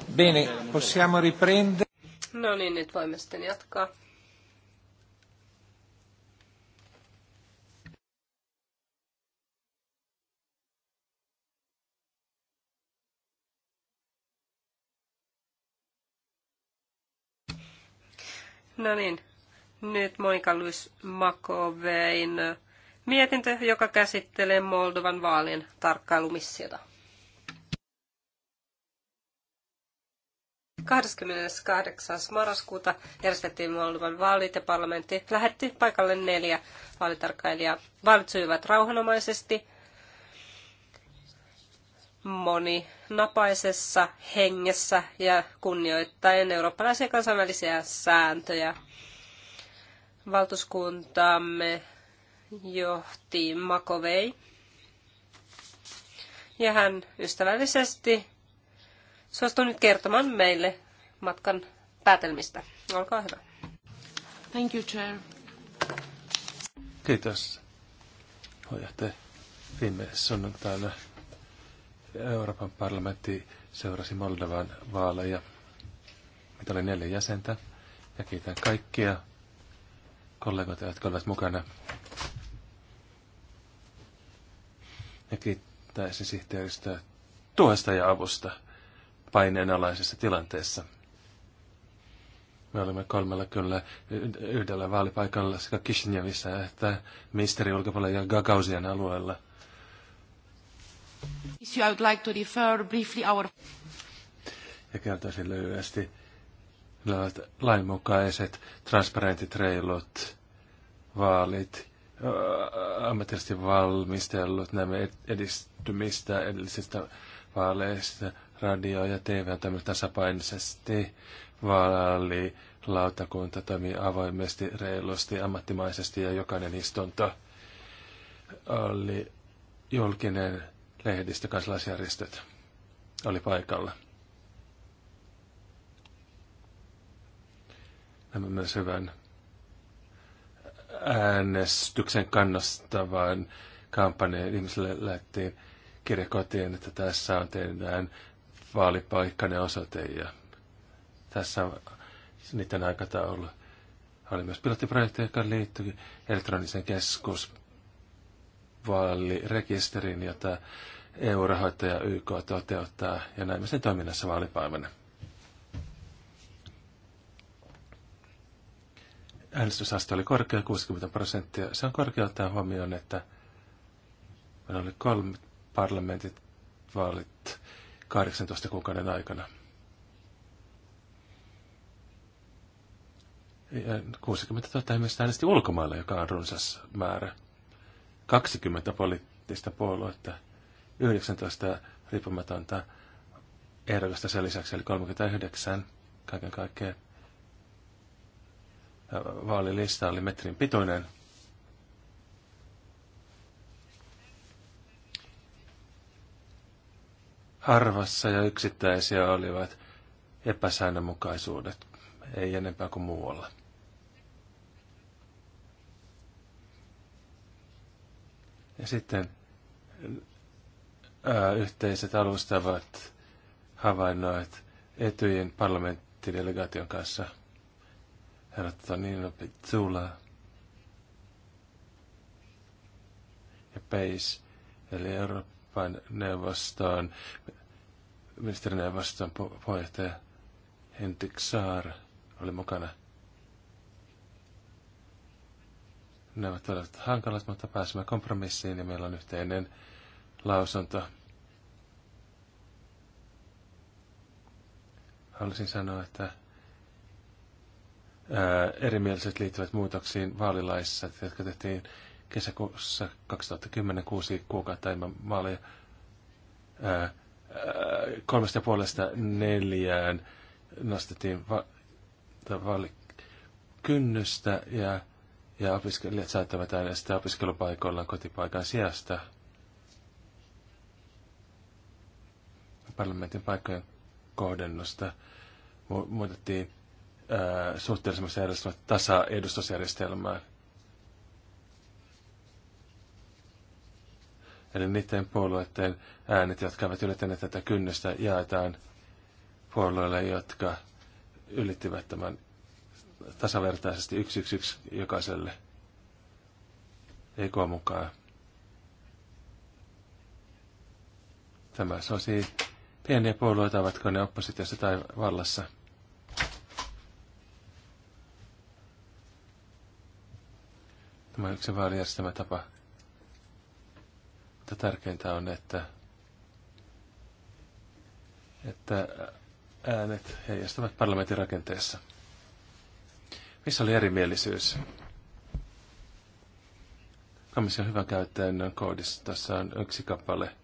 Bene, possiamo riprendere. No niin, nyt voimme sitten jatkaa. No niin, nyt Monika Luis Makovein mietintö, joka käsittelee Moldovan vaalien tarkkailumissiota. 28. marraskuuta järjestettiin Moldovan vaalit ja parlamentti lähetti paikalle neljä vaalitarkkailijaa. Vaalit sujuivat rauhanomaisesti – moni napaisessa hengessä ja kunnioittaen eurooppalaisia kansainvälisiä sääntöjä. Valtuuskuntaamme johti Makovei. Ja hän ystävällisesti suostui nyt kertomaan meille matkan päätelmistä. Olkaa hyvä. Thank you, Chair. Kiitos. Puheenjohtaja viime sunnuntaina Euroopan parlamentti seurasi Moldovan vaaleja. Meitä oli neljä jäsentä ja kiitän kaikkia kollegoita, jotka olivat mukana. Ja kiittäisin sihteeristöä tuesta ja avusta paineenalaisessa tilanteessa. Me olimme kolmella kyllä yhdellä vaalipaikalla sekä Kishinjavissa että ministeri ulkopuolella ja Gagausian alueella – I would like to refer briefly our... Ja kertoisin lyhyesti lainmukaiset, transparentit, reilut vaalit, ammatillisesti valmistellut nämä edistymistä edellisistä vaaleista, radio ja TV on tämmöinen tasapainoisesti, vaali, lautakunta toimii avoimesti, reilusti, ammattimaisesti ja jokainen istunto oli julkinen lehdistö, kansalaisjärjestöt oli paikalla. Nämä myös hyvän äänestyksen kannastavan kampanjan ihmisille lähettiin kirjakotiin, että tässä on teidän vaalipaikkainen osoite ja tässä on niiden aikataulu. Oli myös pilottiprojekti, joka liittyi elektronisen keskusvaalirekisteriin, jota EU-rahoittaja YK toteuttaa ja näemme sen toiminnassa vaalipäivänä. Äänestysaste oli korkea, 60 prosenttia. Se on korkea ottaen huomioon, että meillä oli kolme parlamentit vaalit 18 kuukauden aikana. 60 000 ihmistä äänesti ulkomailla, joka on runsas määrä. 20 poliittista puoluetta – 19 riippumatonta ehdokasta sen lisäksi, eli 39 kaiken kaikkiaan. Vaalilista oli metrin pitoinen. Harvassa ja yksittäisiä olivat epäsäännönmukaisuudet, ei enempää kuin muualla. Ja sitten ää, yhteiset alustavat havainnoit etyjen parlamenttidelegaation kanssa. Herra Tonino Pizzula ja PEIS, eli Euroopan neuvoston ministerineuvoston puheenjohtaja Henrik Saar oli mukana. Ne ovat hankalat, mutta pääsemme kompromissiin ja meillä on yhteinen lausunto. halusin sanoa, että ää, erimieliset liittyvät muutoksiin vaalilaissa, jotka tehtiin kesäkuussa 2010 kuusi kuukautta ilman maaleja ää, ää, kolmesta ja puolesta neljään nostettiin va- vaalikynnystä ja, ja opiskelijat saattavat äänestää opiskelupaikoilla kotipaikan sijasta parlamentin paikkojen kohdennusta. muutettiin suhteellisemmassa järjestelmässä tasa-edustusjärjestelmään. Eli niiden puolueiden äänet, jotka ovat ylittäneet tätä kynnystä, jaetaan puolueille, jotka ylittivät tämän tasavertaisesti yksi yksi yksi jokaiselle ekoa mukaan. Tämä sosi pieniä puolueita, ovatko ne oppositiossa tai vallassa. Tämä on yksi vaalijärjestelmä tapa. Mutta tärkeintä on, että, että äänet heijastavat parlamentin rakenteessa. Missä oli erimielisyys? Komission hyvä käyttäjän koodissa tässä on yksi kappale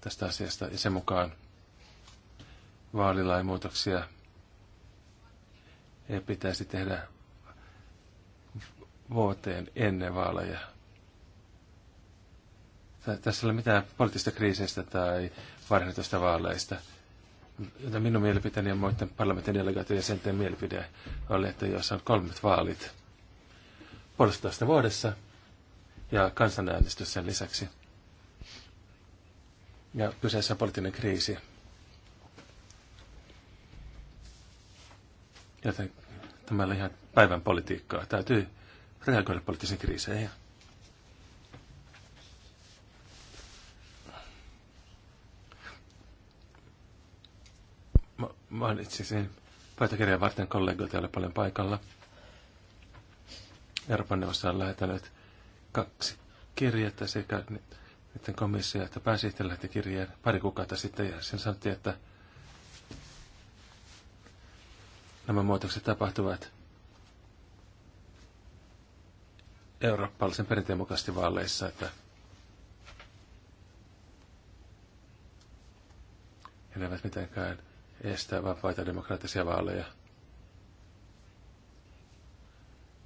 tästä asiasta ja sen mukaan vaalilain muutoksia ei pitäisi tehdä vuoteen ennen vaaleja. Tässä ei ole mitään poliittista kriisistä tai varhaisista vaaleista. minun mielipiteeni ja muiden parlamentin delegaatioiden jäsenten mielipide oli, että jos on kolmet vaalit puolestatoista vuodessa ja kansanäänestys sen lisäksi. Ja kyseessä on poliittinen kriisi. Joten tämä oli ihan päivän politiikkaa. Täytyy reagoida poliittisiin kriiseihin. Mä mainitsisin pöytäkirjan varten kollegoita, joilla paljon paikalla. Euroopan neuvosto on lähettänyt kaksi kirjettä sekä niiden komissio että pääsihteeri lähti kirjeen pari kuukautta sitten ja sen sanottiin, että nämä muutokset tapahtuvat eurooppalaisen perinteen mukaisesti vaaleissa, että he eivät mitenkään estää vapaita demokraattisia vaaleja.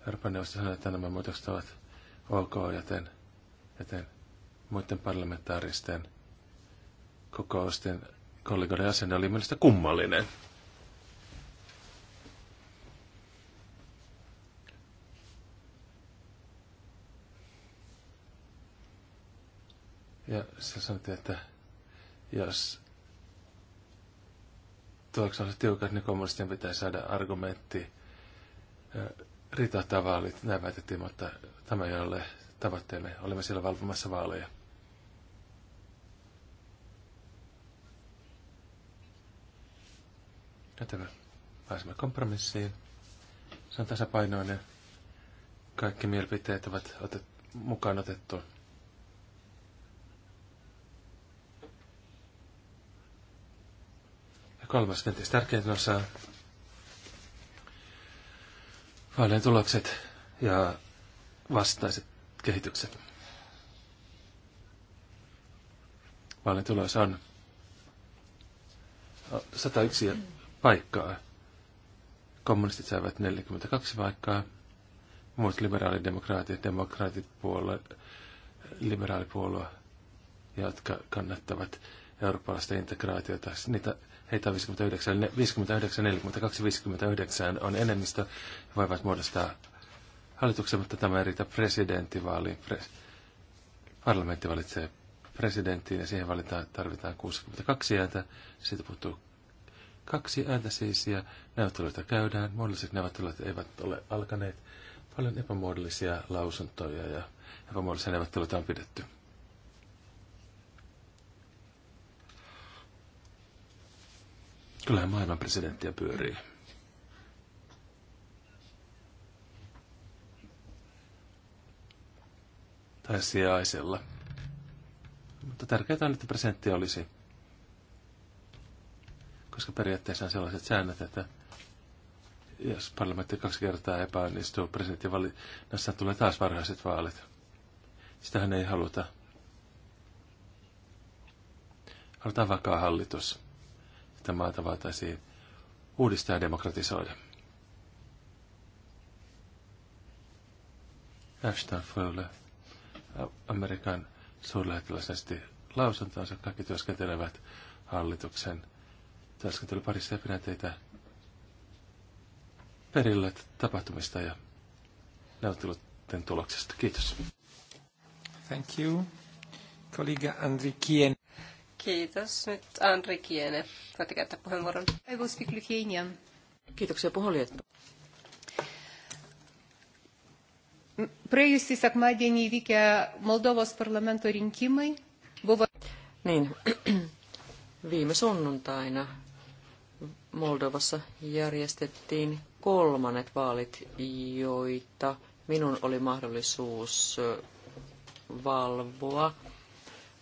Euroopan neuvosto sanoi, että nämä muutokset ovat ok, joten, joten muiden parlamentaaristen kokousten kollegoiden asenne oli mielestäni kummallinen. se sanottiin, että jos tuoksi on se tiukat, niin kommunistien pitää saada argumentti Ritoittaa vaalit. Näin väitettiin, mutta tämä ei ole tavoitteemme. Olimme siellä valvomassa vaaleja. Joten me pääsemme kompromissiin. Se on tasapainoinen. Kaikki mielipiteet ovat otet, mukaan otettu. Ja kolmas kenties tärkein osa. Vaalien tulokset ja vastaiset kehitykset. Vaalien tulos on 101 paikkaa. Kommunistit saivat 42 paikkaa. Muut liberaalidemokraatit, demokraatit puolue, liberaalipuolue, jotka kannattavat eurooppalaista integraatiota. Niitä Heitä on 59, 59, 42, 59 on enemmistö ja voivat muodostaa hallituksen, mutta tämä ei riitä presidenttivaaliin. Pre, parlamentti valitsee presidenttiin ja siihen valitaan, tarvitaan 62 ääntä. Siitä puuttuu kaksi ääntä siis ja neuvotteluita käydään. Muodolliset neuvottelut eivät ole alkaneet. Paljon epämuodollisia lausuntoja ja epämuodollisia neuvotteluita on pidetty. Kyllähän maailman presidenttiä pyörii. Tai sijaisella. Mutta tärkeää on, että presidentti olisi. Koska periaatteessa on sellaiset säännöt, että jos parlamentti kaksi kertaa epäonnistuu presidentin valinnassa, tulee taas varhaiset vaalit. Sitähän ei haluta. Halutaan vakaa hallitus että maata voitaisiin uudistaa ja demokratisoida. Ashton Fowle, Amerikan suurlähettiläisesti lausuntonsa. Kaikki työskentelevät hallituksen työskentelyparissa ja pidän teitä perille tapahtumista ja neuvotteluiden tuloksesta. Kiitos. Thank you. Kollega Andri Kien. Kiitos. Nyt Andri Kiene. Voitte käyttää puheenvuoron. I will Kiitoksia puhulijat. Praėjusį sekmadienį įvykę Moldovos parlamento rinkimai buvo... Niin, viime sunnuntaina Moldovassa järjestettiin kolmannet vaalit, joita minun oli mahdollisuus valvoa.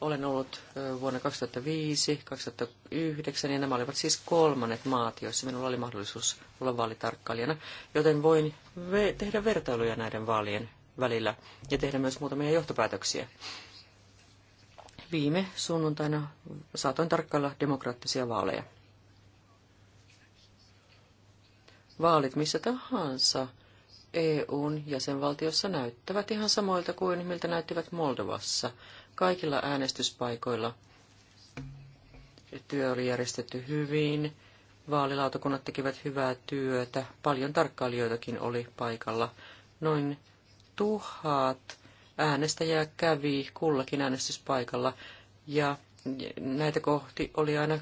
Olen ollut vuonna 2005, 2009 ja nämä olivat siis kolmannet maat, joissa minulla oli mahdollisuus olla vaalitarkkailijana, joten voin tehdä vertailuja näiden vaalien välillä ja tehdä myös muutamia johtopäätöksiä. Viime sunnuntaina saatoin tarkkailla demokraattisia vaaleja. Vaalit missä tahansa EUn jäsenvaltiossa näyttävät ihan samoilta kuin miltä näyttivät Moldovassa kaikilla äänestyspaikoilla. Työ oli järjestetty hyvin, vaalilautakunnat tekivät hyvää työtä, paljon tarkkailijoitakin oli paikalla. Noin tuhat äänestäjää kävi kullakin äänestyspaikalla ja näitä kohti oli aina 10-20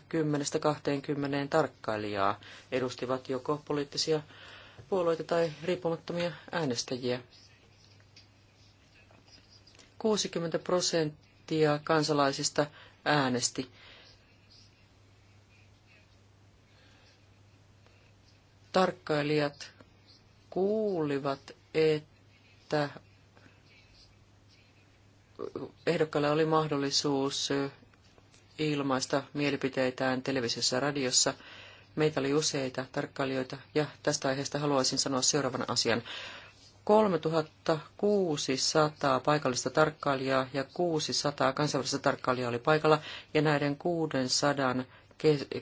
tarkkailijaa, edustivat joko poliittisia puolueita tai riippumattomia äänestäjiä. 60 prosenttia kansalaisista äänesti. Tarkkailijat kuulivat, että ehdokkailla oli mahdollisuus ilmaista mielipiteitään televisiossa ja radiossa. Meitä oli useita tarkkailijoita ja tästä aiheesta haluaisin sanoa seuraavan asian. 3600 paikallista tarkkailijaa ja 600 kansainvälistä tarkkailijaa oli paikalla, ja näiden 600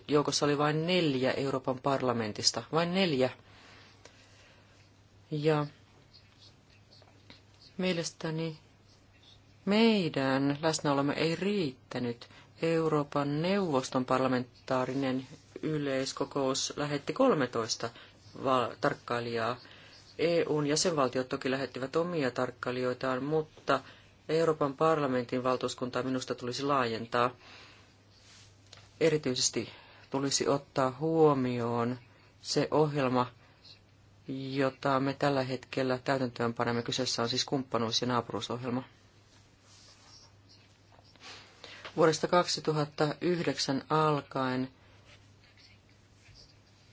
joukossa oli vain neljä Euroopan parlamentista, vain neljä. Ja mielestäni meidän läsnäolomme ei riittänyt. Euroopan neuvoston parlamentaarinen yleiskokous lähetti 13 tarkkailijaa EUn jäsenvaltiot toki lähettivät omia tarkkailijoitaan, mutta Euroopan parlamentin valtuuskuntaa minusta tulisi laajentaa. Erityisesti tulisi ottaa huomioon se ohjelma, jota me tällä hetkellä täytäntöön panemme. Kyseessä on siis kumppanuus- ja naapuruusohjelma. Vuodesta 2009 alkaen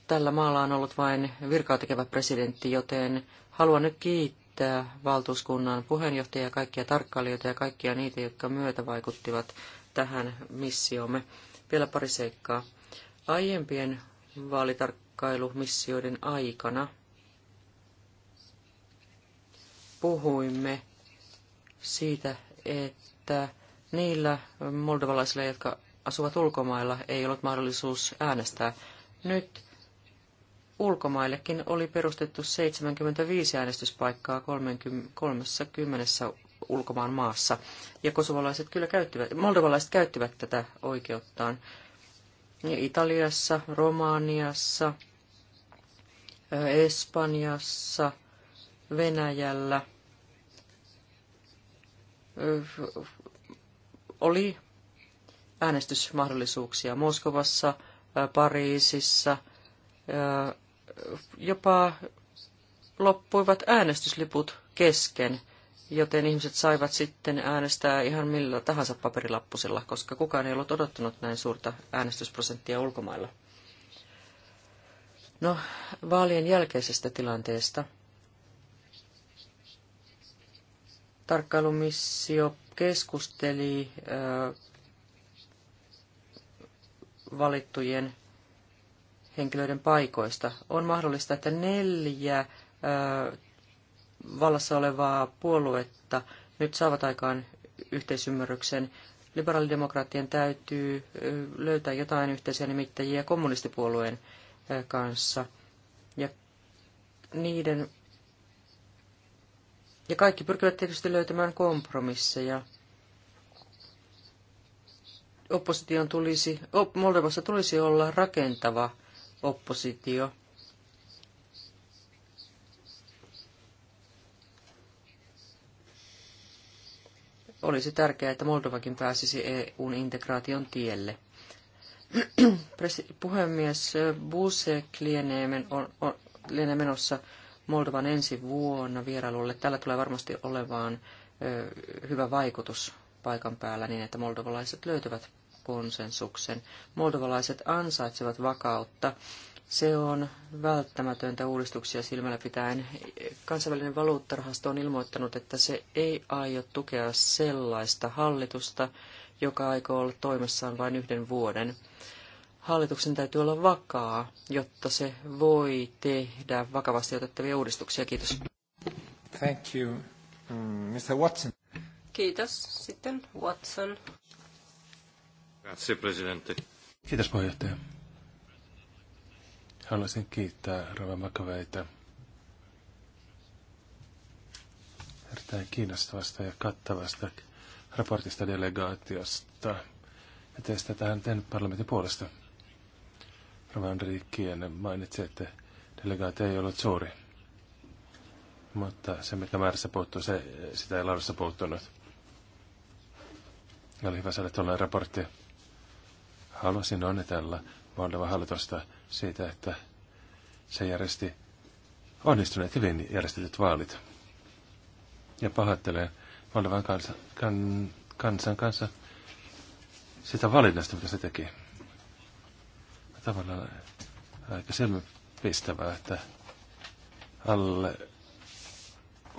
tällä maalla on ollut vain virkaa tekevä presidentti, joten haluan nyt kiittää valtuuskunnan puheenjohtajia, kaikkia tarkkailijoita ja kaikkia niitä, jotka myötä vaikuttivat tähän missioomme. Vielä pari seikkaa. Aiempien vaalitarkkailumissioiden aikana puhuimme siitä, että niillä moldovalaisilla, jotka asuvat ulkomailla, ei ollut mahdollisuus äänestää. Nyt Ulkomaillekin oli perustettu 75 äänestyspaikkaa 30, 30 ulkomaan maassa, ja kosovalaiset kyllä käyttivät, moldovalaiset käyttivät tätä oikeuttaan. Italiassa, Romaniassa, Espanjassa, Venäjällä oli äänestysmahdollisuuksia Moskovassa, Pariisissa, jopa loppuivat äänestysliput kesken, joten ihmiset saivat sitten äänestää ihan millä tahansa paperilappusilla, koska kukaan ei ollut odottanut näin suurta äänestysprosenttia ulkomailla. No, vaalien jälkeisestä tilanteesta. Tarkkailumissio keskusteli valittujen henkilöiden paikoista. On mahdollista, että neljä vallassa olevaa puoluetta nyt saavat aikaan yhteisymmärryksen. Liberaalidemokraattien täytyy löytää jotain yhteisiä nimittäjiä kommunistipuolueen kanssa. Ja niiden ja kaikki pyrkivät tietysti löytämään kompromisseja. Opposition tulisi, Moldovassa tulisi olla rakentava oppositio. Olisi tärkeää, että Moldovakin pääsisi EUn integraation tielle. Puhemies Busek lienee, lienee menossa Moldovan ensi vuonna vierailulle. Tällä tulee varmasti olevaan hyvä vaikutus paikan päällä niin, että moldovalaiset löytävät konsensuksen. Moldovalaiset ansaitsevat vakautta. Se on välttämätöntä uudistuksia silmällä pitäen. Kansainvälinen valuuttarahasto on ilmoittanut, että se ei aio tukea sellaista hallitusta, joka aikoo olla toimessaan vain yhden vuoden. Hallituksen täytyy olla vakaa, jotta se voi tehdä vakavasti otettavia uudistuksia. Kiitos. Thank you. Mr. Mm, Watson. Kiitos. Sitten Watson. Kiitos puheenjohtaja. Haluaisin kiittää Rova Makaveita erittäin kiinnostavasta ja kattavasta raportista delegaatiosta ja teistä tähän tehnyt parlamentin puolesta. Rova Andriikkien mainitsi, että delegaatio ei ollut suuri. Mutta se, mikä määrässä puuttuu, se, sitä ei laadussa puuttunut. Oli hyvä saada tuollainen raportti. Haluaisin onnitella Moldova hallitusta siitä, että se järjesti onnistuneet hyvin järjestetyt vaalit. Ja pahoittelee Moldovan kansa, kan, kansan kanssa sitä valinnasta, mitä se teki. Tavallaan aika silmäpistävää, että alle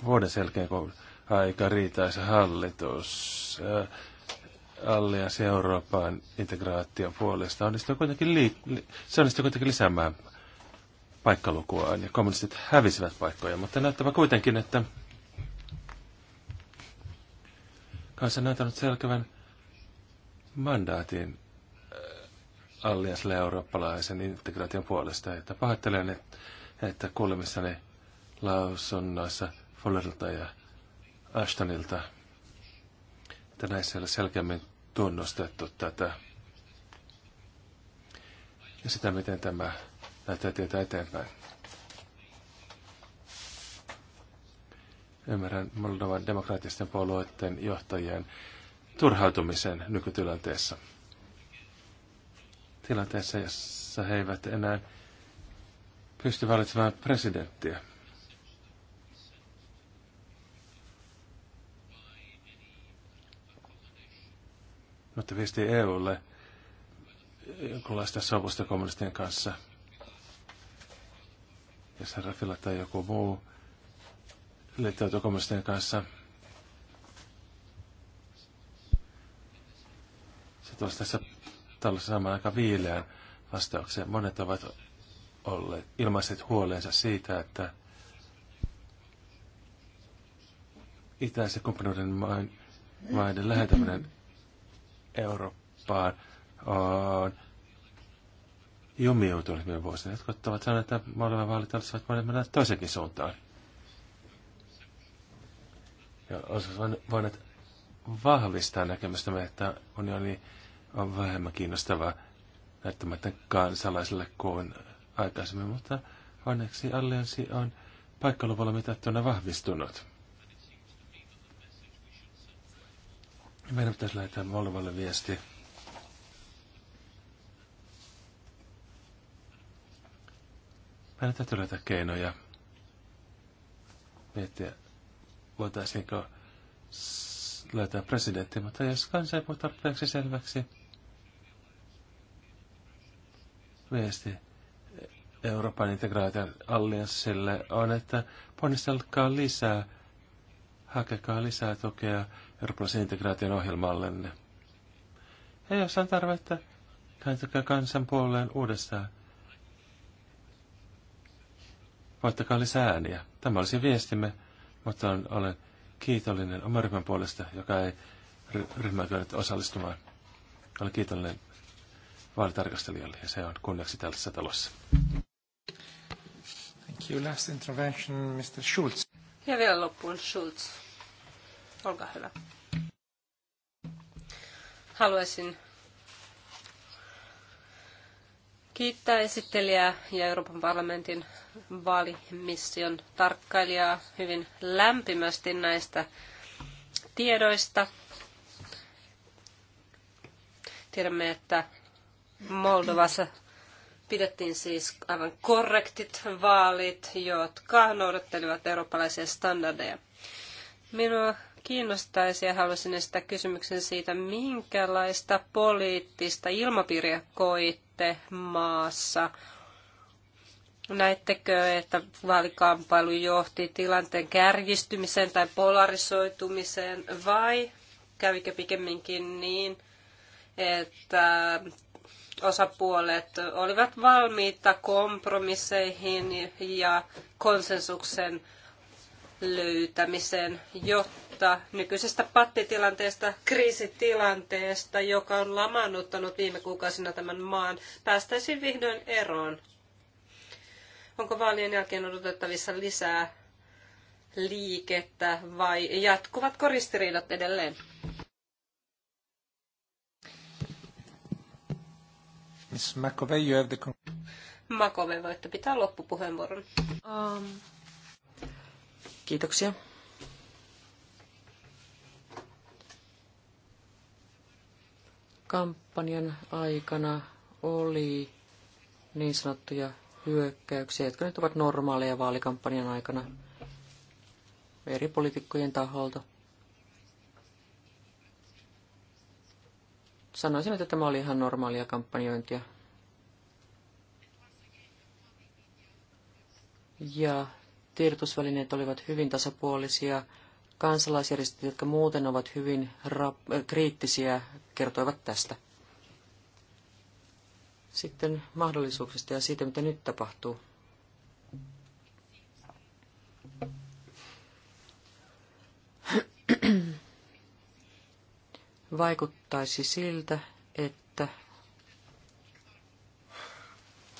vuoden selkeä, kun aika riitaisi hallitus äh, allianssi Euroopan integraation puolesta onnistui kuitenkin, li, se onnistui kuitenkin lisäämään paikkalukuaan ja kommunistit hävisivät paikkoja, mutta näyttävä kuitenkin, että kanssa on antanut selkevän mandaatin äh, alliansille eurooppalaisen integraation puolesta, että pahoittelen, että, että kuulemissani lausunnoissa Fullerilta ja Ashtonilta että näissä ei ole selkeämmin tunnustettu tätä ja sitä, miten tämä lähtee tietä eteenpäin. Ymmärrän Moldovan demokraattisten puolueiden johtajien turhautumisen nykytilanteessa. Tilanteessa, jossa he eivät enää pysty valitsemaan presidenttiä. mutta viesti EUlle jonkunlaista sovusta kommunistien kanssa. Ja Sarafilla tai joku muu liittyy kommunistien kanssa. Se tulisi tässä talossa samaan aika viileän vastaukseen. Monet ovat olleet ilmaiset huoleensa siitä, että itäisen kumppanuuden maiden lähetäminen Eurooppaan on jumiutunut viime vuosina. Jotkut ovat sanoneet, että molemmat vaalit olisivat voineet mennä toisenkin suuntaan. Ja olisivat voineet vahvistaa näkemystämme, että unioni on vähemmän kiinnostava näyttämättä kansalaisille kuin aikaisemmin, mutta onneksi allianssi on paikkaluvulla mitattuna vahvistunut. Ja meidän pitäisi lähettää Moldovalle viesti. Meidän täytyy löytää keinoja miettiä, voitaisiinko löytää presidentti, mutta jos kansa ei puhu tarpeeksi selväksi, viesti Euroopan integraation allianssille on, että ponnistelkaa lisää, hakekaa lisää tukea eurooppalaisen integraation ohjelmallenne. Ja jos on tarvetta, kääntäkää kansan puoleen uudestaan. Voittakaa lisää ääniä. Tämä olisi viestimme, mutta on, olen kiitollinen oman ryhmän puolesta, joka ei ryhmää kyennyt osallistumaan. Olen kiitollinen vaalitarkastelijalle ja se on kunniaksi tällaisessa talossa. Thank you. Last intervention, Mr. Schulz. Ja vielä loppuun Schulz. Olkaa hyvä. Haluaisin kiittää esittelijää ja Euroopan parlamentin vaalimission tarkkailijaa hyvin lämpimästi näistä tiedoista. Tiedämme, että Moldovassa pidettiin siis aivan korrektit vaalit, jotka noudattelivat eurooppalaisia standardeja. Minua kiinnostaisi ja haluaisin esittää kysymyksen siitä, minkälaista poliittista ilmapiiriä koitte maassa. Näettekö, että vaalikamppailu johti tilanteen kärjistymiseen tai polarisoitumiseen vai kävikö pikemminkin niin, että osapuolet olivat valmiita kompromisseihin ja konsensuksen löytämiseen, jotta muuta nykyisestä pattitilanteesta, kriisitilanteesta, joka on lamaannuttanut viime kuukausina tämän maan, päästäisiin vihdoin eroon? Onko vaalien jälkeen odotettavissa lisää liikettä vai jatkuvatko ristiriidat edelleen? Miss McAvey, you have the... voitte pitää loppupuheenvuoron. Um, kiitoksia. kampanjan aikana oli niin sanottuja hyökkäyksiä, jotka nyt ovat normaaleja vaalikampanjan aikana eri poliitikkojen taholta. Sanoisin, että tämä oli ihan normaalia kampanjointia. Ja tiedotusvälineet olivat hyvin tasapuolisia Kansalaisjärjestöt, jotka muuten ovat hyvin äh, kriittisiä, kertoivat tästä. Sitten mahdollisuuksista ja siitä, mitä nyt tapahtuu. Vaikuttaisi siltä, että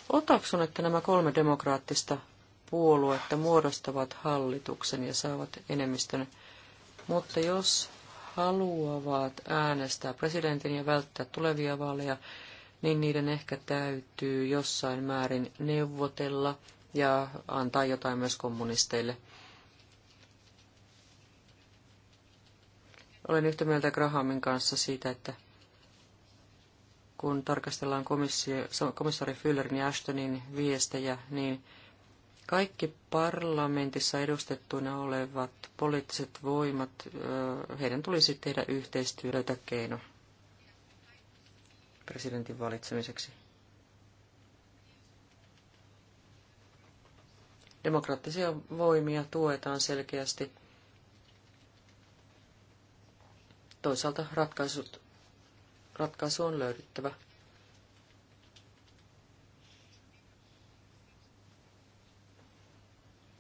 otaksun, että nämä kolme demokraattista puoluetta muodostavat hallituksen ja saavat enemmistön mutta jos haluavat äänestää presidentin ja välttää tulevia vaaleja, niin niiden ehkä täytyy jossain määrin neuvotella ja antaa jotain myös kommunisteille. Olen yhtä mieltä Grahamin kanssa siitä, että kun tarkastellaan komissio, komissaari Füllerin ja Ashtonin viestejä, niin kaikki parlamentissa edustettuina olevat poliittiset voimat, heidän tulisi tehdä yhteistyötä keino presidentin valitsemiseksi. Demokraattisia voimia tuetaan selkeästi. Toisaalta ratkaisut, ratkaisu on löydyttävä.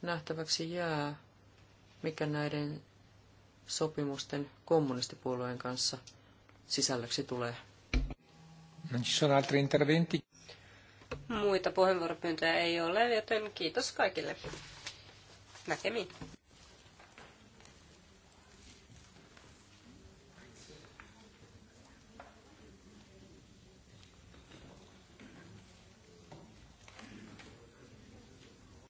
Nähtäväksi jää, mikä näiden sopimusten kommunistipuolueen kanssa sisällöksi tulee. Muita puheenvuoropyyntöjä ei ole, joten kiitos kaikille. Näkemiin.